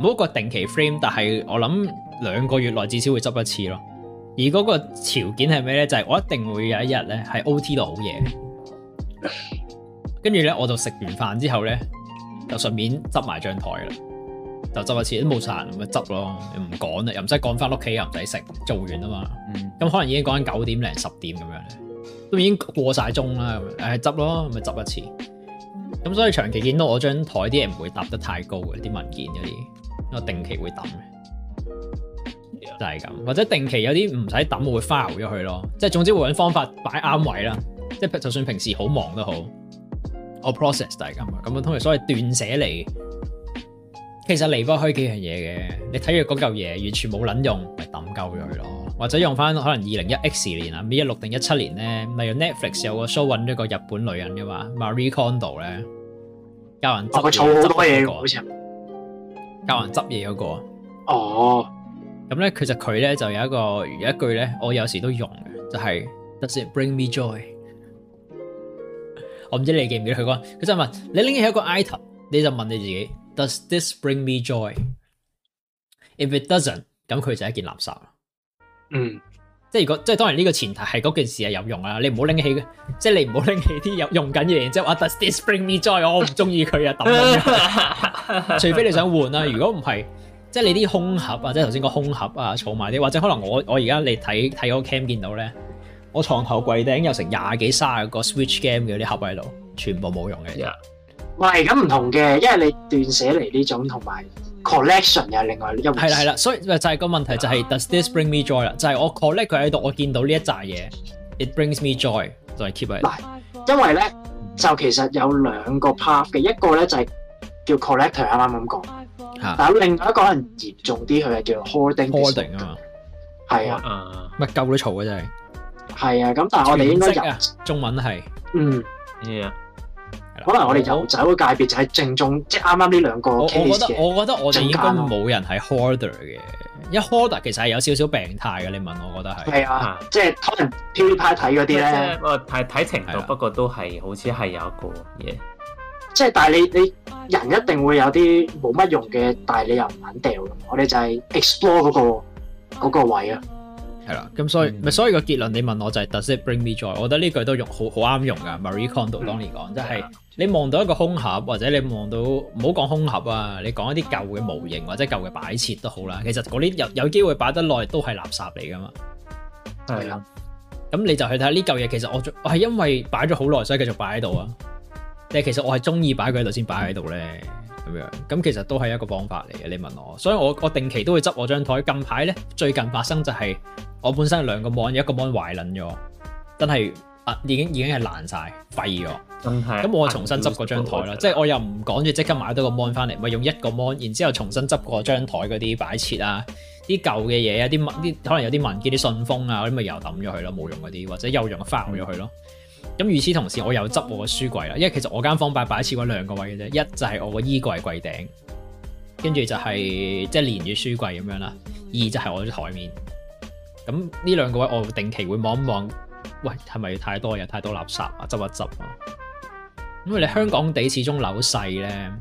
冇一個定期 frame，但係我諗兩個月內至少會執一次咯。而嗰個條件係咩咧？就係、是、我一定會有一日咧係 OT 到好夜。跟住咧我就食完飯之後咧就順便執埋張台啦，就執一次都冇曬咁咪執咯，唔趕啦，又唔使趕翻屋企，又唔使食，做完啊嘛。咁、嗯、可能已經講緊九點零十點咁樣。都已經過晒鐘啦，誒執咯，咪執一次。咁所以長期見到我張台啲嘢唔會搭得太高嘅，啲文件嗰啲，我定期會抌嘅，就係咁。或者定期有啲唔使抌，我會翻回咗去咯。即係總之會揾方法擺啱位啦。即係就算平時好忙都好，我 process 就係咁啊。咁啊，通常所謂斷捨離，其實離不開幾樣嘢嘅。你睇住嗰嚿嘢完全冇撚用，咪抌鳩咗佢咯。或者用翻可能二零一 X 年啊，咪一六定一七年咧，咪 Netflix 有個 show 揾咗個日本女人嘅嘛，Marie Kondo 咧教人執嘢嗰個，教人執嘢嗰個。哦，咁咧其實佢咧就有一個有一句咧，我有時都用嘅，就係 Does it bring me joy？我唔知你記唔記得佢講，佢就問你拎起一個 item，你就問你自己 Does this bring me joy？If it doesn't，咁佢就係一件垃圾。嗯，即係如果，即係當然呢個前提係嗰件事係有用啊，你唔好拎起，即係你唔好拎起啲有用緊嘢，然之後我 does this bring me joy？我唔中意佢啊，抌咗。 除非你想換啊。如果唔係，即係你啲空盒、盒啊，即係頭先個空盒啊，儲埋啲，或者可能我我而家你睇睇個 cam 見到咧，我床頭櫃頂有成廿幾卅個 switch game 嘅啲盒喺度，全部冇用嘅。唔係咁唔同嘅，因為你斷捨離呢種同埋。collection 啊，另外一，係啦係啦，所以就係個問題就係、是啊、does this bring me joy 啦？就係我 collect 佢喺度，我見到呢一紮嘢，it brings me joy，就、so、係 keep it。因為咧就其實有兩個 part 嘅，一個咧就係叫 collector 啱啱咁講，吓、啊，但另外一個人嚴重啲，佢係叫 hoarding 啊嘛，係啊，乜鳩都嘈嘅真係，係啊，咁、uh, 但係我哋應該入、啊、中文係，嗯，yeah. 可能我哋遊走嘅界別就係正中，我即係啱啱呢兩個 case 我覺，我覺得我覺得我哋應該冇人係 hoarder 嘅，因為 hoarder 其實係有少少病態嘅。你問我，我覺得係。係啊，即係可能偏呢派睇嗰啲咧，即係睇睇程度，啊、不過都係好似係有一個嘢。即、yeah. 係，但係你你人一定會有啲冇乜用嘅，但係你又唔肯掉。我哋就係 explore 嗰、嗰個、嗰個位啊。係啦，咁所以咪、嗯、所以個結論，你問我就係 Does it bring me joy，我覺得呢句都很很用好好啱用噶。Marie Kondo 當年講，即係、嗯、你望到一個空盒，或者你望到唔好講空盒啊，你講一啲舊嘅模型或者舊嘅擺設都好啦。其實嗰啲有有機會擺得耐都係垃圾嚟噶嘛。係啊，咁你就去睇下呢嚿嘢，其實我我係因為擺咗好耐，所以繼續擺喺度啊。但係其實我係中意擺佢喺度先擺喺度咧。咁樣，咁其實都係一個方法嚟嘅。你問我，所以我我定期都會執我張台。近排咧，最近發生就係我本身兩個 mon，有一個 mon 壞撚咗，但係啊，已經已經係爛晒、廢咗。真係。咁我重新執過張台啦，即係我又唔趕住即刻買多個 mon 翻嚟，咪用一個 mon，然之後重新執過張台嗰啲擺設啊，啲舊嘅嘢啊，啲啲可能有啲文件、啲信封啊，咁咪又抌咗佢咯，冇用嗰啲，或者又用翻我入去咯。嗯咁與此同時，我又執我個書櫃啦，因為其實我間房擺擺設嗰兩個位嘅啫，一就係我個衣櫃櫃頂，跟住就係即係連住書櫃咁樣啦，二就係我啲台面。咁呢兩個位，我定期會望一望，喂，係咪太多有太多垃圾啊？執一執啊！因為你香港地始終樓細咧，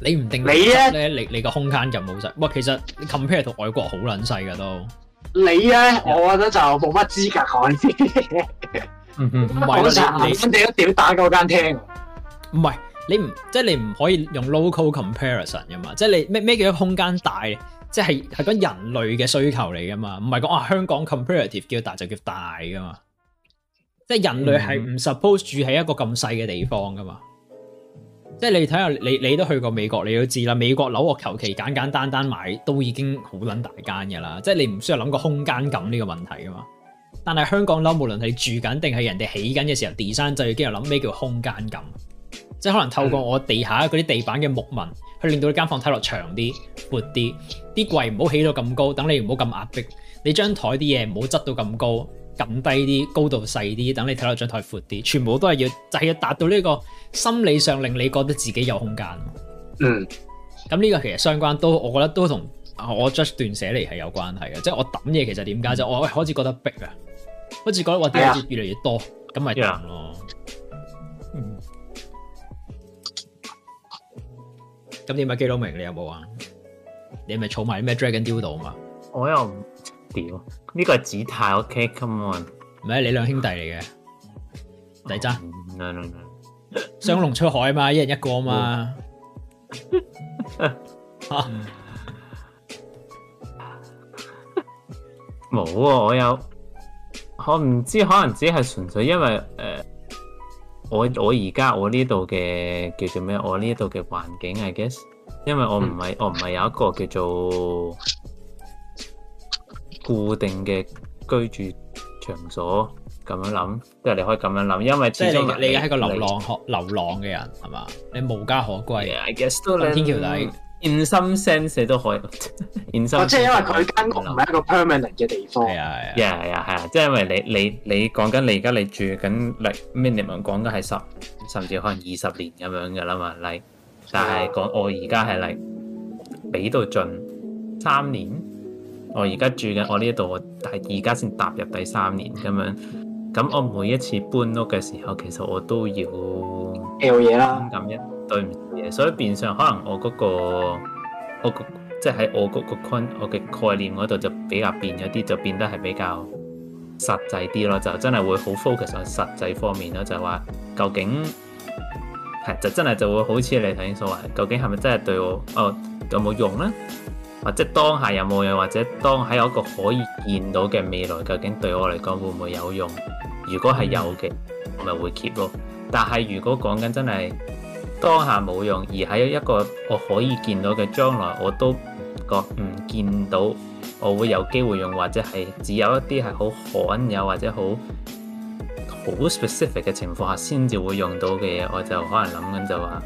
你唔定你咧呢，你你個空間就冇晒。喂，其實你 compare 到外國好撚細噶都。你咧呢，一我覺得就冇乜資格講 嗯嗯，唔係，你一定要打嗰間廳。唔係，你唔即係你唔可以用 local comparison 噶嘛？即係你咩咩叫空間大？即係係講人類嘅需求嚟噶嘛？唔係講香港 comparative 叫大就叫大噶嘛？即係人類係唔 suppose 住喺一個咁細嘅地方噶嘛？即係、嗯、你睇下，你你都去過美國，你都知啦。美國樓我求其簡簡單單買都已經好撚大間噶啦。即係你唔需要諗個空間感呢個問題噶嘛？但係香港樓，無論係住緊定係人哋起緊嘅時候，design 就要兼有諗咩叫空間感，即係可能透過我地地下嗰啲地板嘅木紋，去令到你間房睇落長啲、闊啲。啲櫃唔好起到咁高，等你唔好咁壓迫。你張台啲嘢唔好執到咁高，撳低啲高度細啲，等你睇落張台闊啲。全部都係要就係要達到呢個心理上，令你覺得自己有空間。嗯，咁呢個其實相關都，我覺得都同我 just 斷捨離係有關係嘅，即係我揼嘢其實點解就我開始覺得逼的。啊。好似覺得哇，啲嘢越嚟越多，咁咪同咯。Yeah. 嗯，咁點啊 Gilmore 你有冇啊？你咪儲埋啲咩 Dragon Dealer 啊嘛？我又屌，呢個係姿態 O，K，Come on，唔係你兩兄弟嚟嘅，第爭雙龍出海啊嘛，一人一個啊嘛。冇 啊，我有。我唔知，可能只係純粹因為誒、呃，我我而家我呢度嘅叫做咩？我呢度嘅環境，I guess，因為我唔係我唔係有一個叫做固定嘅居住場所，咁樣諗，即係你可以咁樣諗，因為始終你而家係個流浪、流浪嘅人係嘛，你無家可歸、yeah，I guess 都喺天橋底。in some sense 都可以，in some。哦，即係因為佢間屋唔係一個 permanent 嘅地方。係啊係啊係啊，即係因為你你你講緊你而家你住緊嚟咩？你、like、minimum 講緊嘅係十甚至可能二十年咁樣嘅啦嘛嚟，like, Yeah. 但係講我而家係嚟俾到盡三年。我而家住緊我呢一度，我但係而家先踏入第三年咁樣。咁我每一次搬屋嘅時候，其實我都要 sell 嘢啦咁樣。對唔住，所以變相可能我嗰、嗰個即係喺我嗰個 con 我嘅概念嗰度就比較變咗啲，就變得係比較實際啲咯。就真係會好 focus 喺實際方面咯，就話、係、究竟係就真係就會好似你頭先所話，究竟係咪真係對我哦有冇用呢？或者當下有冇用，或者當喺嗰個可以見到嘅未來，究竟對我嚟講會唔會有用？如果係有嘅，我咪會 keep 咯。但係如果講緊真係。當下冇用，而喺一個我可以見到嘅將來，我都覺唔見到我會有機會用，或者係只有一啲係好罕有或者好好 specific 嘅情況下先至會用到嘅嘢，我就可能諗緊就話，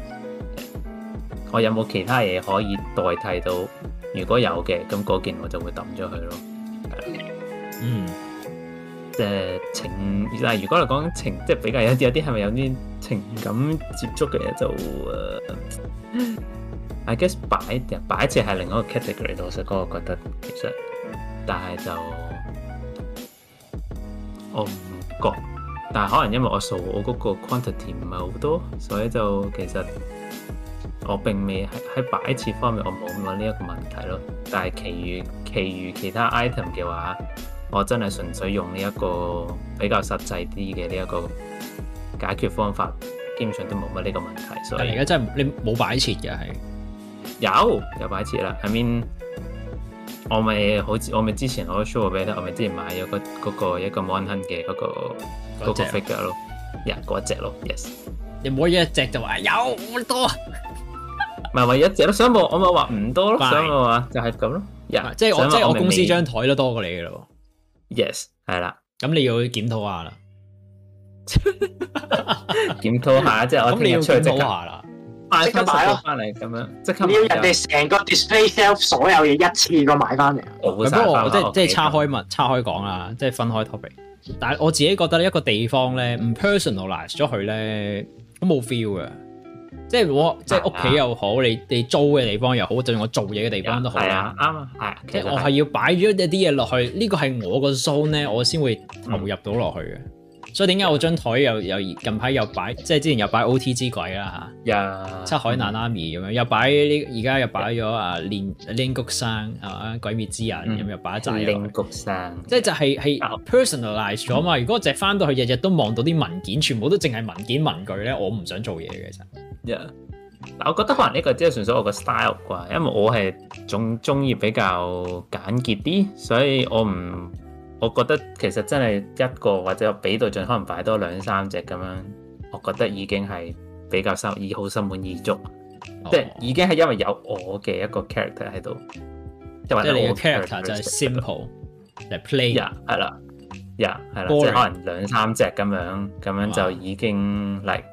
我有冇其他嘢可以代替到？如果有嘅，咁嗰件我就會抌咗佢咯。嗯。誒、呃、情，嗱，如果嚟講情，即係比較有啲有啲係咪有啲情感接觸嘅嘢，就、呃、誒，I guess 擺設，擺設係另一個 category 老實嗰我覺得其實，但係就我唔覺，但係可能因為我數，我嗰個 quantity 唔係好多，所以就其實我並未喺擺設方面我冇諗呢一個問題咯，但係其餘其餘其他,他 item 嘅話。我真係純粹用呢一個比較實際啲嘅呢一個解決方法，基本上都冇乜呢個問題。所以而家真係你冇擺設嘅係有擺有擺設啦。I mean, 我咪好似我咪之前我 show 過俾你，我咪之前買咗、那個買、那個那個、一個 mon 嘅嗰個嗰個 figure 咯，嗰、yeah, 一隻咯，yes 你。你每一隻就話有多，唔係我一隻咯。想我我咪話唔多咯，Bye. 想我話就係咁咯。Yeah, 啊、即係我，我即係我公司張台都多過你嘅咯。Yes，係啦，咁你要去檢討下啦， 檢討下，即係我聽日出去即刻買咯，翻嚟咁樣即刻了。你要人哋成個 display shelf 所有嘢一次過買翻嚟？咁不過即即係叉開物，叉開講啦，即係分開 topic。但係我自己覺得一個地方咧唔 personalize 咗佢咧，都冇 feel 嘅。即係我，即係屋企又好，你、啊、你租嘅地方又好，對我做嘢嘅地方都好啦。啱啊，啊啊啊即係我係要擺咗一啲嘢落去，呢個係我個 zone 咧，我先會投入到落去嘅。嗯、所以點解我張台又又近排又擺，即係之前又擺 OT 之鬼啦嚇，嗯、七海娜阿咪咁樣又擺呢，而家又擺咗啊，煉煉獄さん啊，鬼滅之刃咁、嗯、又擺了一紮。煉獄さん即係就係、是、係 personalize 咗嘛。嗯、如果我淨係返到去日日都望到啲文件，全部都淨係文件文具咧，我唔想做嘢嘅。其實。Yeah. 我覺得可能呢個只係純粹我個 style 啩，因為我係仲中意比較簡潔啲，所以我唔，我覺得其實真係一個或者我俾到盡，可能擺多兩三隻咁樣，我覺得已經係比較心意好心滿意足，Oh. 即係已經係因為有我嘅一個 character 喺度，即或者你個 character 就係 simple player 係啦，係啦，即係可能兩三隻咁樣，咁樣就已經嚟。Oh. Like,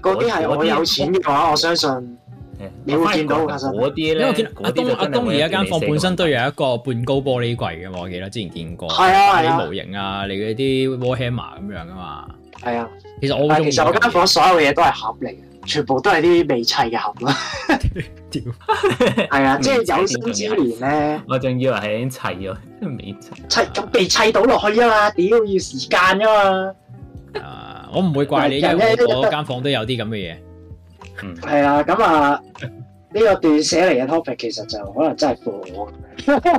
嗰啲係我有錢嘅話，我相信你會見到。嗰啲咧，因為見阿東阿東而家間房本身都有一個半高玻璃櫃嘅嘛，我記得之前見過。係啊係啊，啲模型啊，你嗰啲 Warhammer 咁樣噶嘛。係啊。其實我其實我間房所有嘢都係盒嚟嘅，全部都係啲未砌嘅盒咯。屌，係啊，即係有生之年咧，我仲以為係已經砌咗，未砌砌咁被砌到落去啊嘛，屌要時間啊嘛。我唔會怪你，因 我間房間都有啲咁嘅嘢。係啊。咁啊呢 個段寫嚟嘅 topic 其實就可能真係符合我，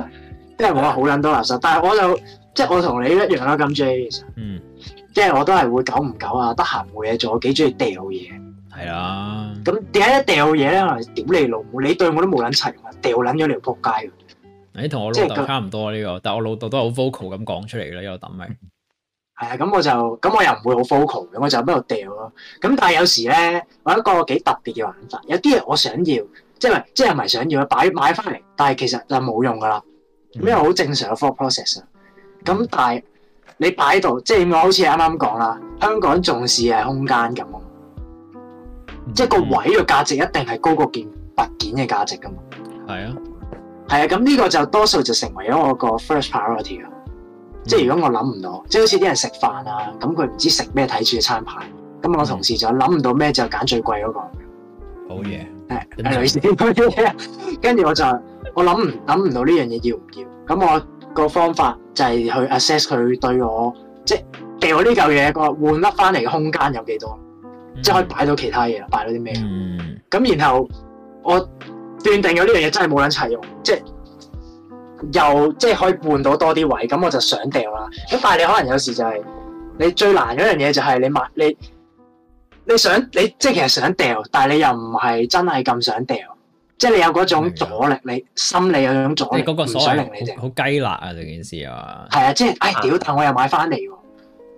因為我係好捻多垃圾。但係我就即係我同你一樣啦，金 J 其實，嗯，即係我都係會久唔久啊，得閒冇嘢做，我幾中意掉嘢。係啦。咁點解一掉嘢咧？屌你老母，你對我都冇捻柒，掉捻咗你要扑街。你同、哎、我老豆差唔多呢是、這個，但係我老豆都好 vocal 咁講出嚟嘅呢個等位。這個 係啊，咁我就咁我又唔會好 focus 咁我就喺度掉咯。咁但係有時咧，我有一個幾特別嘅玩法，有啲嘢我想要，即係即係唔係想要啊？擺買翻嚟，但係其實就冇用噶啦，咩好正常嘅 full process 啊。咁但係你擺度，即係我好似啱啱講啦，香港重視係空間咁即係個位嘅價值一定係高過件物件嘅價值噶嘛。係是啊，係啊，咁呢個就多數就成為咗我個 first priority 啊。即係如果我諗唔到，即係好似啲人食飯啊，咁佢唔知食咩，睇住餐牌，咁我同事就諗唔到咩就揀最貴嗰、嗰個。好嘢。跟住我就我諗唔諗唔到呢樣嘢要唔要，咁我個方法就係去 assess 佢對我，即係掉呢嚿嘢個換甩翻嚟嘅空間有幾多少，mm hmm. 即係可以擺到其他嘢啦，擺到啲咩？咁、mm hmm. 然後我斷定咗呢樣嘢真係冇撚齊用，即係。又即係可以換到多啲位，咁我就想掉啦。咁但係你可能有時就係、是、你最難嗰樣嘢就係你買你你想你即係其實想掉，但係你又唔係真係咁想掉，即係你有嗰種阻力，嗯、你心理有種阻力，個唔想令你掉，好雞肋啊！呢件事啊，係啊，即係唉屌！但我又買翻嚟喎，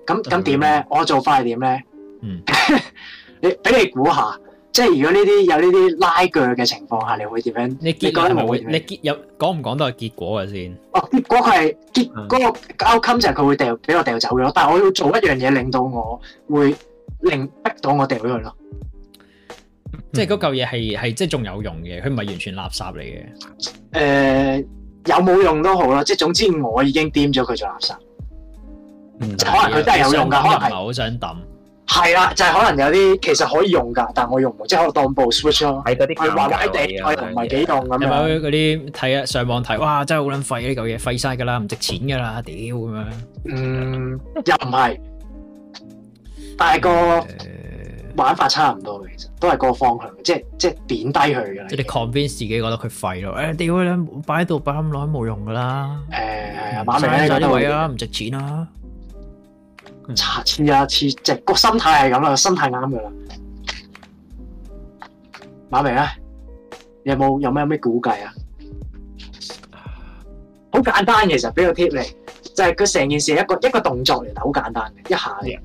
咁咁點咧？我做法係點咧？嗯， 你俾你估下。即係如果呢啲有呢啲拉鋸嘅情況下，你會點樣？你結果唔會，你，結樣你有講唔講都係結果嘅先。哦，結果佢係結嗰、嗯、個 outcome 就係佢會掉俾我掉走咗。但係我要做一樣嘢令到我會令逼到我掉俾佢咯。即係嗰嚿嘢係係即係仲有用嘅，佢唔係完全垃圾嚟嘅。誒、呃，有冇用都好啦，即係總之我已經掂咗佢做垃圾。對可能佢真係有用㗎，想可能係好想抌。係啦、啊，就係、是、可能有啲其實可以用噶，但我用唔到，即係當部 switch 咯。係嗰啲玩唔抵，我又唔係幾用咁樣。有冇嗰啲睇啊？上網睇哇，真係好撚廢，呢嚿嘢廢晒㗎啦，唔值錢㗎啦，屌咁樣。嗯，又唔係。但係 個玩法差唔多嘅，其實都係個方向，即係即係貶低佢㗎啦。你 convince 自己覺得佢廢咯？誒屌啦，擺喺度擺咁耐都冇用㗎啦。誒，擺明就呢位啊，唔值錢啊。查似啊似，即係個心態係咁啦，心態啱噶啦。馬明咧、啊，有冇有咩有咩估計啊？好簡單其實，俾個 tip 你，就係佢成件事一個一個動作嚟，好簡單嘅，一下嘅。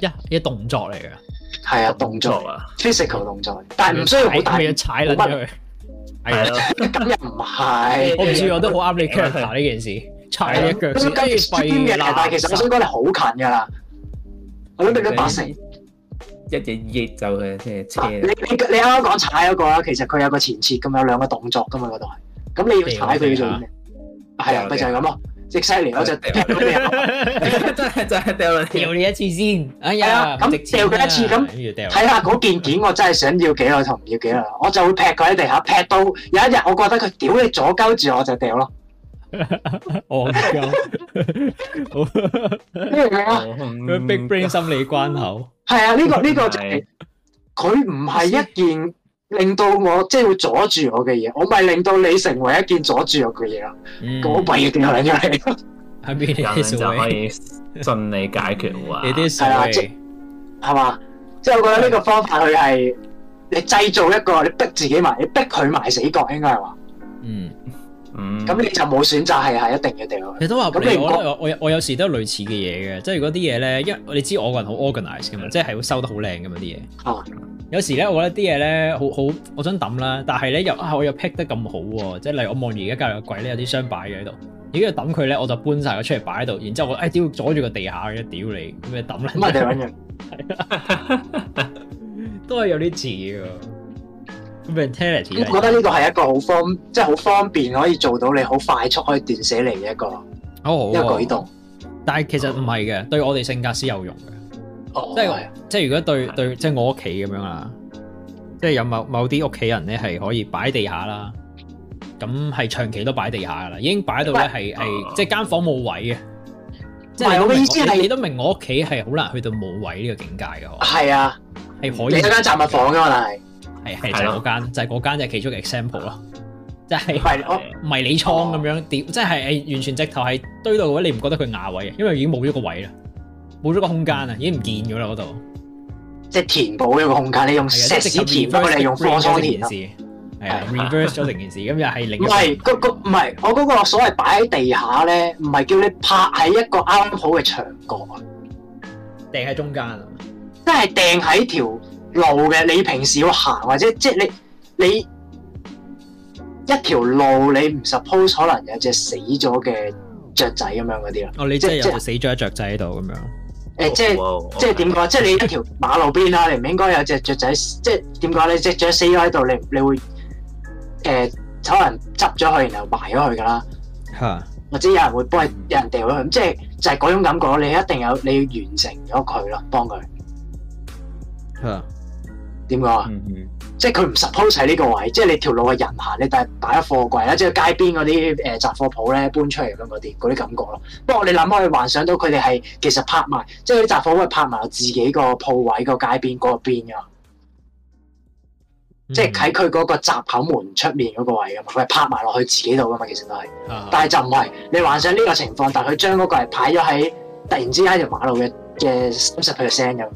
一啲、嗯 yeah, 動作嚟嘅，係啊，動作，動作啊，physical 動作，但係唔需要好大嘅踩落係今日唔係。 不我唔知， 我都好啱你 care 呢件事，踩一腳。嗰隻嘅，但係其實想、嗯、我想講你好近噶啦，我諗你佢百四，剛剛那個、一嘢一就係即係車。你你你啱啱講踩嗰個其實佢有個前設咁，有兩個動作噶嘛嗰度，咁你要踩佢做咩？係啊，咪、啊啊啊、就係咁咯。即犀利，我就真係掉你一次先。係啊，咁掉佢一次咁，睇下嗰件件我真係想要幾耐同唔要幾耐，我就會劈佢喺地下，劈到有一日我覺得佢屌你左鳩住我就掉咯。我嘅，好咩啊？佢 Big Brain 心理關口。係啊，呢個呢個就係。佢唔係一件。令到我即係會阻住我嘅嘢，我咪令到你成為一件阻住我嘅嘢咯。我唔係要調翻出嚟，喺邊啲就可以順利解決話。係啊，即係，係嘛？即係我覺得呢個方法佢係你製造一個，你逼自己埋，你逼佢埋死角，應該係話。嗯。咁、嗯、你就冇選擇，係係一定嘅地屌。你都話咁，你我我有我有時都係類似嘅嘢嘅，即係如果啲嘢咧，因為我你知我個人好 organize 嘅嘛、嗯，即係係會收得好靚嘅嘛啲嘢。啊、有時咧，我覺得啲嘢咧，好好，我想抌啦，但係咧又啊，我又 pick 得咁好，即係例如我望住而家隔籬個櫃咧有啲箱擺嘅喺度，如果要抌佢咧，我就搬晒佢出嚟擺喺度，然之後我誒點解阻住個地下嘅屌你，咁咪抌啦。乜嘢揾都係有啲似嘅。我覺得呢個係一個好方，即係好方便可以做到，你好快速可以斷捨離嘅一個，一個舉動。但係其實唔係嘅，對我哋性格先有用嘅。即係即係如果對對，即係我屋企咁樣啦，即係有某某啲屋企人咧係可以擺地下啦，咁係長期都擺地下噶啦，已經擺到咧係係，即係間房冇位嘅。即係我嘅意思係，你都明我屋企係好難去到冇位呢個境界嘅，係啊，係可以。你得間雜物房噶嘛？係。係係就嗰間，就係嗰間就係其中嘅 example 咯，即係迷你倉咁樣點，即係誒完全直頭係堆到嘅話，你唔覺得佢牙位嘅，因為已經冇咗個位啦，冇咗個空間啊，已經唔見咗啦嗰度。即係填補呢個空間，你用石屎填，不過你用貨倉填事。係啊 reverse 咗成件事，咁又係另一個。唔係嗰個唔係我嗰個所謂擺喺地下咧，唔係叫你拍喺一個啱好嘅牆角，掟喺中間啊，即係掟喺條。路嘅，你平時要行或者即係你你一條路，你唔 suppose 可能有隻死咗嘅雀仔咁樣嗰啲咯。哦，你即係有隻死咗嘅雀仔喺度咁樣。誒，即係即係點講？即係你一條馬路邊啦、啊，你唔應該有隻雀仔。 即係點講？你隻雀死咗喺度，你你會誒、呃，可能執咗佢然後埋咗佢噶啦。吓， 或者有人會幫你，有人掉咗佢。咁即係就係嗰種感覺，你一定有你要完成咗佢咯，幫佢。吓。 點講啊？即係佢唔 suppose 喺呢個位，即係你條路嘅人行，你但係擺咗貨櫃啦，即係街邊嗰啲誒雜貨鋪咧搬出嚟咁嗰啲啲感覺咯。不過你諗可以幻想到佢哋係其實拍埋，即係啲雜貨鋪係拍埋落自己個鋪位、個街邊嗰、那個、邊㗎嘛，mm hmm. 即係喺佢嗰個閘口門出面嗰個位㗎嘛，佢拍埋落去自己度㗎嘛，其實都係。Uh huh. 但係就唔係你幻想呢個情況，但係佢將嗰個係擺咗喺突然之間條馬路嘅嘅三十 percent 咁。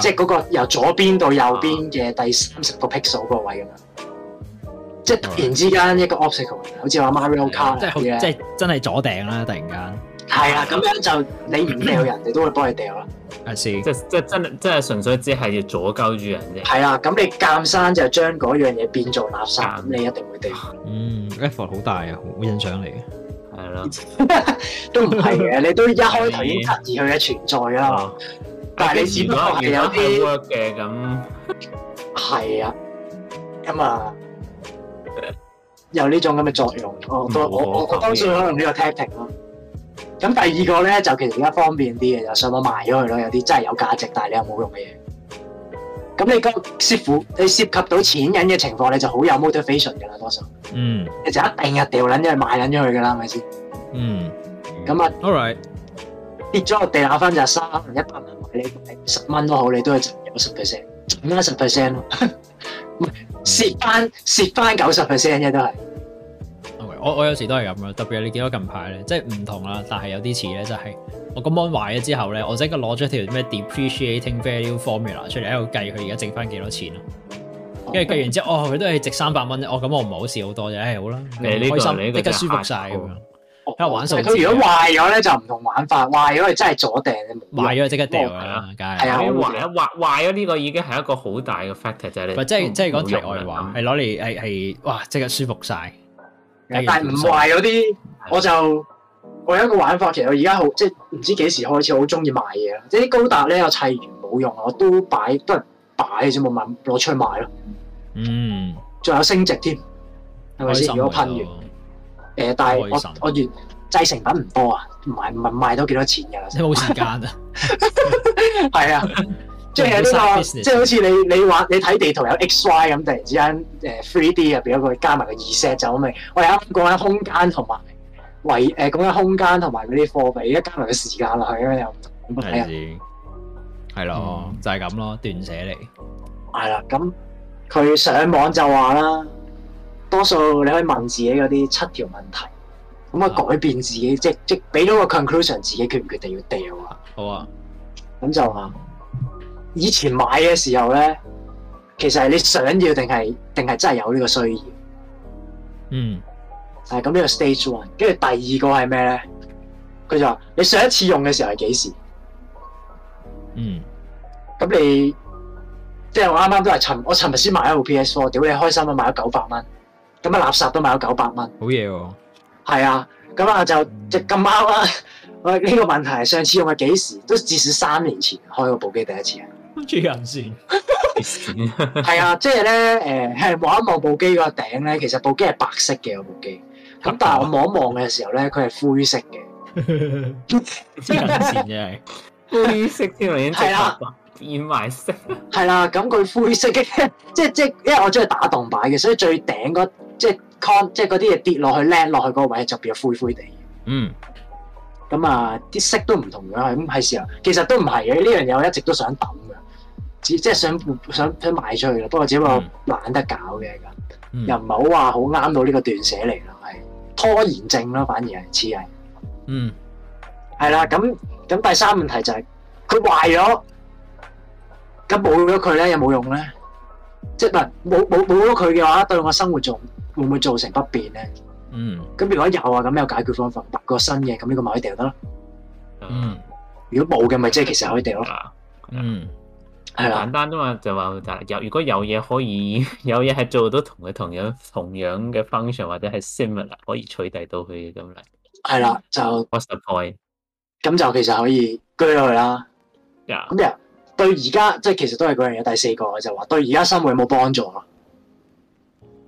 即係嗰個由左邊到右邊嘅第三十個 pixel 嗰個位咁樣，即係突然之間一個 obstacle，好似話 Mario Kart，即係真係阻頂啦！突然間係啊，咁樣就你唔掉，人哋都會幫你掉啦。阿 Sir，即係即係真係，即係純粹只係要阻隔住人啫。係啊，咁你夾硬生就將嗰樣嘢變做垃圾，咁你一定會掉。嗯，effort 好大啊，好印象嚟嘅，係咯，都唔係嘅，你都一開頭已經刻意去嘅存在啊。但係你只不過係有啲嘅咁，係啊咁啊，有呢種咁嘅作用。我我我我相信可能呢個 tactic 咯。咁第二個咧，就其實而家方便啲嘅就上網賣咗佢咯。有啲真係有價值，但係你有冇用嘅嘢。咁你個師傅你涉及到錢人嘅情況，你就好有 motivation 噶啦，多數。嗯。你就一定係掉撚咗去賣撚咗去噶啦，係咪先？嗯。咁啊。All right。跌咗個地下翻就三萬、一八你十蚊都好，你都係值九十 percent，五十 percent 咯，唔蝕翻蝕翻九十 percent 啫，都係。我我有時都係咁啊，特別你見到近排咧，即係唔同啦，但係有啲似咧，就係我個 mon 壞咗之後咧，我即刻攞咗條咩 depreciating value formula 出嚟喺度計佢而家剩翻幾多錢咯。跟住計完之後，哦，佢都係值三百蚊我哦，咁我唔係好蝕、就是、好多啫，唉、這個，好啦，開心，即刻舒服晒啊嘛。佢如果壞咗咧，就唔同玩法。壞咗，你真係左掟你冇。壞咗即刻掉佢啦，梗係。係啊，壞壞壞咗呢個已經係一個好大嘅 factor 啫。你即係即係講題外話，係攞嚟係係哇，即刻舒服晒。但係唔壞嗰啲，我就我有一個玩法。其實我而家好即係唔知幾時開始，好中意賣嘢即係啲高達咧，我砌完冇用，我都擺都係擺嘅啫，冇賣攞出去賣咯。嗯，仲有升值添，係咪先？如果噴完。誒、呃，但係我心、啊、我越製成品唔多啊，唔係唔係賣到幾多錢噶啦，你冇時間啊，係啊，即係即係好似你你玩你睇地圖有 x y 咁，突然之間誒 three d 入邊有個加埋個 z 就咁嘅，我哋啱啱講緊空間同埋位誒，咁嘅、呃那個、空間同埋嗰啲貨幣，而家加埋個時間係咁樣又唔同，係啊，係咯，就係咁咯，斷捨離，係啦，咁佢上網就話啦。多數你可以問自己嗰啲七條問題，咁啊改變自己，啊、即即俾到個 conclusion，自己決唔決定要掉啊。好啊，咁就話以前買嘅時候咧，其實係你想要定係定係真係有呢個需要。嗯，但係咁呢個 stage one，跟住第二個係咩咧？佢就話你上一次用嘅時候係幾時？嗯，咁你即係我啱啱都係尋，我尋日先買部 PS four，屌你開心啊，買咗九百蚊。咁啊！垃圾都買咗九百蚊，好嘢喎！係啊，咁啊就隻金貓啦。喂，呢個問題上次用係幾時？都至少三年前開個部機第一次 啊。黐人線，係、呃、啊，即係咧誒，望一望部機個頂咧，其實部機係白色嘅部機，咁、啊、但係我望一望嘅時候咧，佢係 灰色嘅。 灰色添嚟，係啊，染埋白色。係 啦、啊，咁佢灰色嘅，即係即係，因為我中意打洞擺嘅，所以最頂嗰。即係 con，即係嗰啲嘢跌落去靚落去嗰個位就變咗灰灰地。嗯。咁啊，啲色都唔同樣，咁係時候。其實都唔係嘅，呢樣嘢我一直都想抌嘅，只即係想想想賣出去啦。不過只不過懶得搞嘅，嗯、又唔係好話好啱到呢個斷捨嚟咯，係拖延症咯，反而係似係。嗯。係啦，咁咁第三問題就係佢壞咗，咁冇咗佢咧有冇用咧？即係但冇冇冇咗佢嘅話，對我生活仲？會唔會造成不便咧？嗯。咁如果有啊，咁有解決方法、個新嘅，咁呢個咪可以掉得咯。嗯。如果冇嘅，咪即係其實可以掉啦。嗯。嗯。係啊的。簡單啫嘛，就話有如果有嘢可以有嘢係做到同佢同樣同樣嘅 function 或者係 similar，可以取代到佢嘅咁嚟。係啦，就。What's the point？咁就其實可以居落去啦。咁 Yeah. 對而家即係其實都係嗰樣嘢。第四個就話對而家生活有冇幫助啊？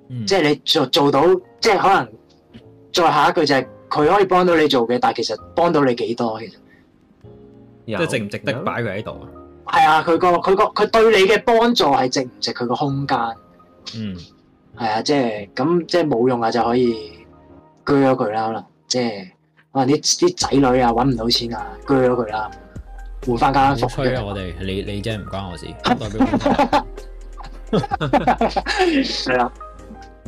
嗯、即係你做做到，即係可能再下一句就係佢可以幫到你做嘅，但係其實幫到你幾多其實？即係值唔值得擺佢喺度啊？係啊、嗰個，佢、嗰個佢個佢對你嘅幫助係值唔值佢個空間、嗯？嗯，係啊，即係咁即係冇用啊就可以鋸咗佢啦，可能即係可能啲啲仔女啊揾唔到錢啊，鋸咗佢啦，換翻間房俾、啊、吧我哋，你你真係唔關我事， 代表我係啊。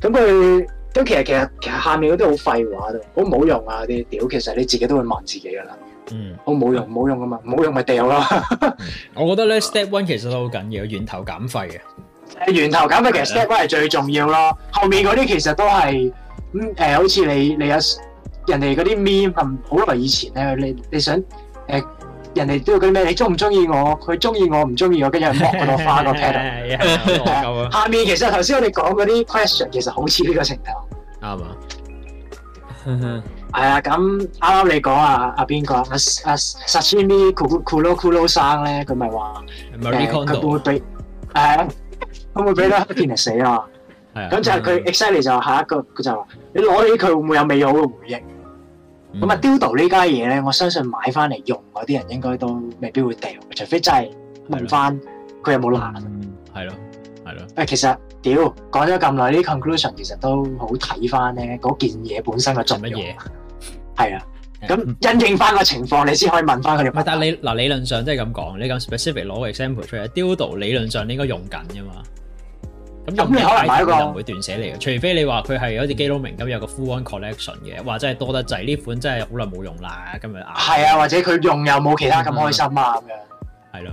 咁佢，咁其實其實其實下面嗰啲好廢話都好冇用啊，啲屌其實你自己都會問自己㗎喇，嗯，好冇用，冇用㗎嘛，冇用咪掉咯。 我覺得咧 step one 其實都好緊要，源頭減廢嘅。誒源頭減廢其實 step one 係最重要咯，的後面嗰啲其實都係咁誒，好似你你有人哋嗰啲 meme 好耐以前咧，你你想誒。呃人哋都要佢咩？你中唔中意我？佢中意我唔中意我？跟住摸嗰朵花個 pattern。下面其實頭先我哋講嗰啲 question，其實好似呢個程度。啱啊。係啊，咁啱啱你講啊啊邊個啊啊 Sashimi Kuro Kuro 生咧？佢咪話誒佢會俾誒佢會俾到 Happiness 死啊嘛。係啊。咁就係佢 excited 就下一個佢就話：你攞起佢會唔會有美好嘅回憶？咁啊，Dildo 呢家嘢咧，我相信買翻嚟用嗰啲人應該都未必會掉，除非真係問翻佢有冇爛？係咯，係咯。誒，其實屌講咗咁耐啲 conclusion，其實都好睇翻咧嗰件嘢本身係做乜嘢？係啊。咁因應翻個情況，你先可以問翻佢哋。唔但係你嗱、啊、理論上都係咁講。你講 specific 攞個 example 出嚟，Dildo 理論上你應該用緊㗎嘛。咁咁你可能買一個唔會斷捨離嘅，除非你話佢係好似基佬明咁有個 full on collection 嘅，或者係多得滯！呢款真係好耐冇用啦，咁樣。係啊，或者佢用又冇其他咁開心啊咁樣。係咯，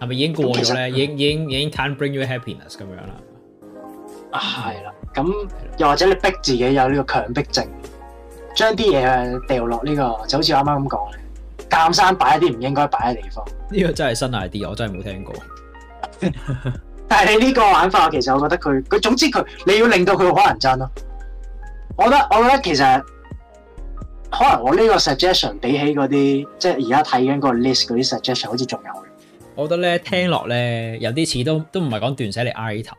係咪已經過咗咧、嗯？已經已經已經 can bring you happiness 咁樣啦。係啦、啊，咁、啊嗯、又或者你逼自己有呢個強迫症，將啲嘢掉落呢個就好似啱啱咁講咧，鑑生擺喺啲唔應該擺嘅地方。呢個真係新 idea 我真係冇聽過。 但係你呢個玩法，其實我覺得佢佢總之佢你要令到佢可能爭咯。我覺得我覺得其實可能我呢個 suggestion 比起嗰啲即係而家睇緊嗰個 list 嗰啲 suggestion 好似仲有嘅。我覺得咧聽落咧有啲似都都唔係講斷捨離 item，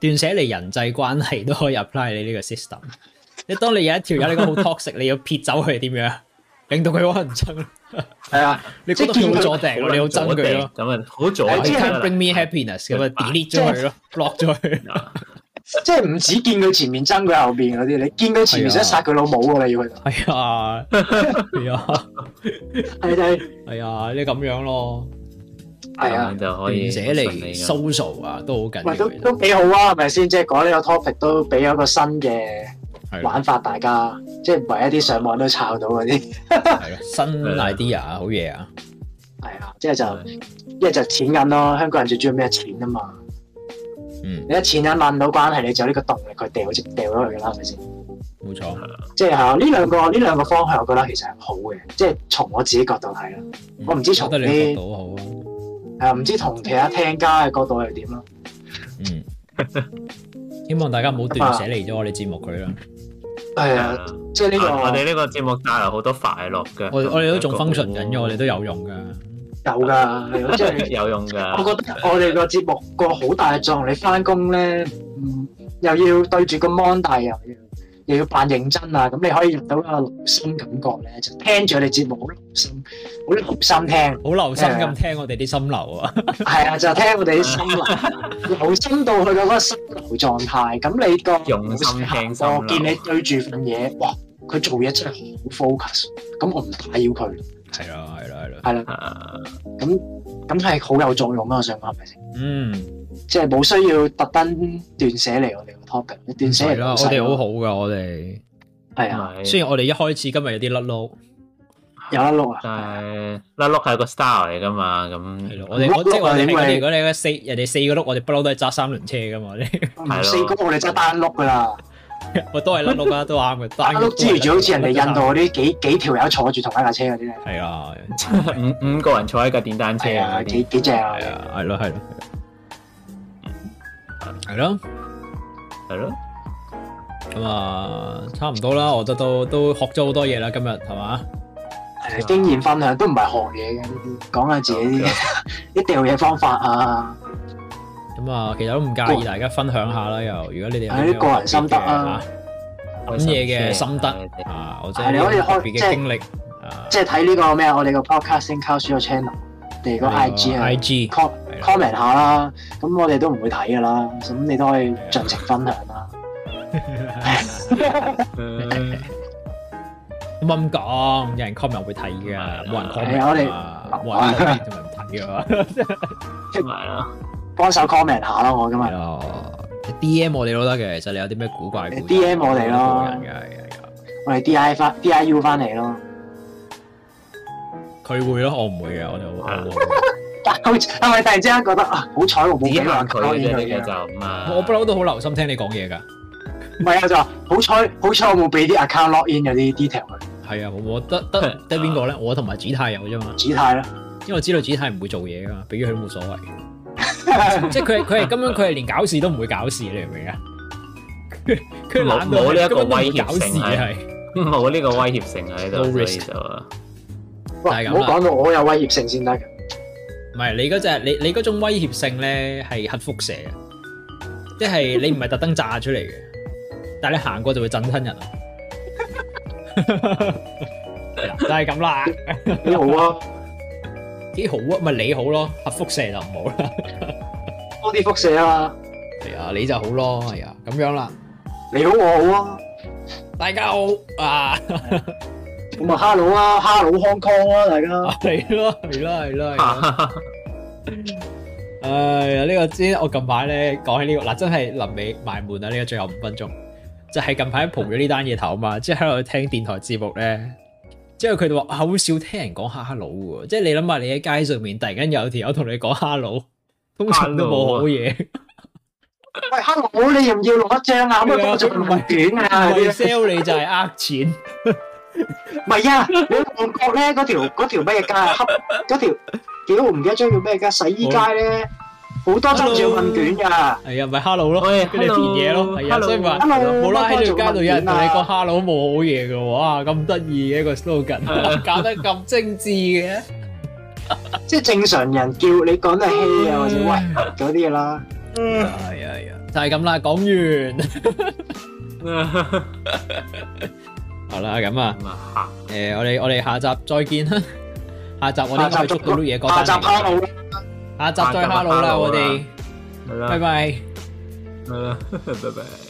斷捨離人際關係都可以 apply 你呢個 system。 你當你有一條友，你個好 toxic，你要撇走佢點樣？令到佢可能憎。係啊，你見咗定你好憎佢咯？咁啊，好咗啊！知係 bring me happiness 咁啊，delete 咗佢咯，lock 咗佢，即係唔止見佢前面憎佢後邊嗰啲，你見佢前面想殺佢老母噶啦，要佢係啊，係啊，係啊，你咁樣咯，係啊，就可以寫嚟 social 啊，都好緊要，都都幾好啊，係咪先？即係講呢個 topic 都俾咗個新嘅。玩法大家，即係唔係一啲上網都抄到嗰啲，新 idea 好嘢啊！係啊，即係就，一係就錢銀咯。香港人最中意咩錢啊嘛？嗯，你一錢銀問到關係，你就有呢個動力，佢掉即掉咗佢噶啦，係咪先？冇錯，即係啊！呢兩個呢兩個方向，我覺得其實係好嘅。即係從我自己角度睇啦，我唔知從好？係啊，唔知同其他聽家嘅角度係點咯？嗯，希望大家唔好斷捨離咗我哋節目佢啦。係啊，哎嗯、即係、這、呢個我哋呢個節目帶來好多快樂嘅。我們、嗯、我哋都仲 function 緊嘅，個我哋都有用噶，有噶，即係有用噶。我覺得我哋個節目個好大作用，你翻工咧，嗯，又要對住個 mon 大的，又要。又要扮認真啊！咁你可以用到嗰個留心感覺咧，就聽住我哋節目好留心，好留心聽，好留心咁聽我哋啲心流啊！係啊，就聽我哋啲心流，留心到去嗰個心流狀態。咁你個用心聽，我見你對住份嘢，哇！佢做嘢真係好 focus，咁我唔打擾佢。係啦，係啦，係啦，係啦。咁咁係好有作用咯，我想講係咪先？嗯。即係冇需要特登斷捨離，我哋個 topic，斷捨離。係啦，我哋好好噶，我哋係啊。雖然我哋一開始今日有啲甩碌，有甩碌啊。但係甩碌係個 style 嚟噶嘛，咁。我哋我即係話如果你四人哋四個碌，我哋不嬲都係揸三輪車噶嘛。唔係四公，我哋揸單碌噶啦。我都係甩碌啊，都啱嘅。單碌之餘，仲好似人哋印度嗰啲幾幾條友坐住同一架車嗰啲啊。係啊，五五個人坐喺架電單車啊，幾幾正啊。係啊，係咯，係咯。係咯，係咯，咁啊的、嗯，差唔多啦，我都都都學咗好多嘢啦，今日係嘛？係經驗分享都唔係學嘢嘅呢啲，講下自己啲掉嘢方法啊。咁啊、嗯，其實都唔介意大家分享下啦，又人如果你哋有啲個人心得啊，啲嘢嘅心得心的啊，我真係你可以開即係經歷啊，即係睇呢個咩我哋個 podcast casual 嘅 channel。你個 IG IG，comment 下啦，咁我哋都唔會睇噶啦，咁你都可以盡情分享啦。點解咁講，有人 comment 會睇噶，冇人 comment 啊，冇人 comment 睇嘅。即係幫手 comment 下啦，我今日。D M 我哋都得嘅，其實你有啲咩古怪？D M 我哋咯。我哋 D I 翻 D I U 翻嚟咯。佢會咯，我唔會嘅，我就但係我突然之間覺得啊？好彩我冇影響佢嘅就啊！我不嬲都好留心聽你講嘢㗎。唔係啊，就好彩，好彩我冇俾啲 account log in 嗰啲 detail。係啊，我得得得邊個咧？我同埋子太有啫嘛。子太啦，因為我知道子太唔會做嘢㗎嘛，俾佢都冇所謂。即係佢係佢係咁樣，佢係連搞事都唔會搞事，你明唔明啊？佢佢冇冇呢一個威脅性係，冇呢個威脅性喺度，唔好講我有威脅性先得，唔係你嗰隻，你你你嗰種威脅性咧係核輻射嘅，即、就、係、是、你唔係特登炸出嚟嘅， 但係你行過就會震親人 就係咁啦，幾 好啊？幾 好啊？咪你好咯、啊，核輻射就唔好啦， 多啲輻射啊！係啊，你就好咯，係啊，咁、啊、樣啦，你好我好啊，大家好啊！ 咁啊，Hello 啦，Hello Hong Kong 啊，大家嚟啦，嚟啦，嚟啦，哎呀，呢個我近排咧講起呢個，嗱真係臨尾埋門啦，呢個最後五分鐘就係近排捧咗呢單嘢頭啊嘛，即係喺度聽電台節目咧，之後佢哋話好少聽人講 Hello，即係你諗下，你喺街上面突然間有條友同你講 Hello，通常都冇好嘢。喂，Hello，你要唔要攞一張啊？咁啊，邊度做問卷啊？賣 sell 你就係呃錢。唔係啊，你韓國咧嗰條嗰條咩嘢街啊？嗰條叫唔記得咗叫咩街？洗衣街咧，好多針線問卷噶。係啊，咪哈囉咯，跟住填嘢咯。係啊，所以咪話冇拉喺條街度有人同你講哈囉冇好嘢噶。哇，咁得意嘅一個 slogan，搞得咁精致嘅，即係正常人叫你講都係 hi 啊，或者喂嗰啲嘢啦。係啊係啊，就係咁啦，講完。好啦，咁啊，嗯，誒，我哋我哋下集再見啦， 下集我哋可以捉到啲嘢，下集 Hello 拜無。下集再 Hello 啦，啊，我哋 bye， 拜拜，拜拜，拜拜。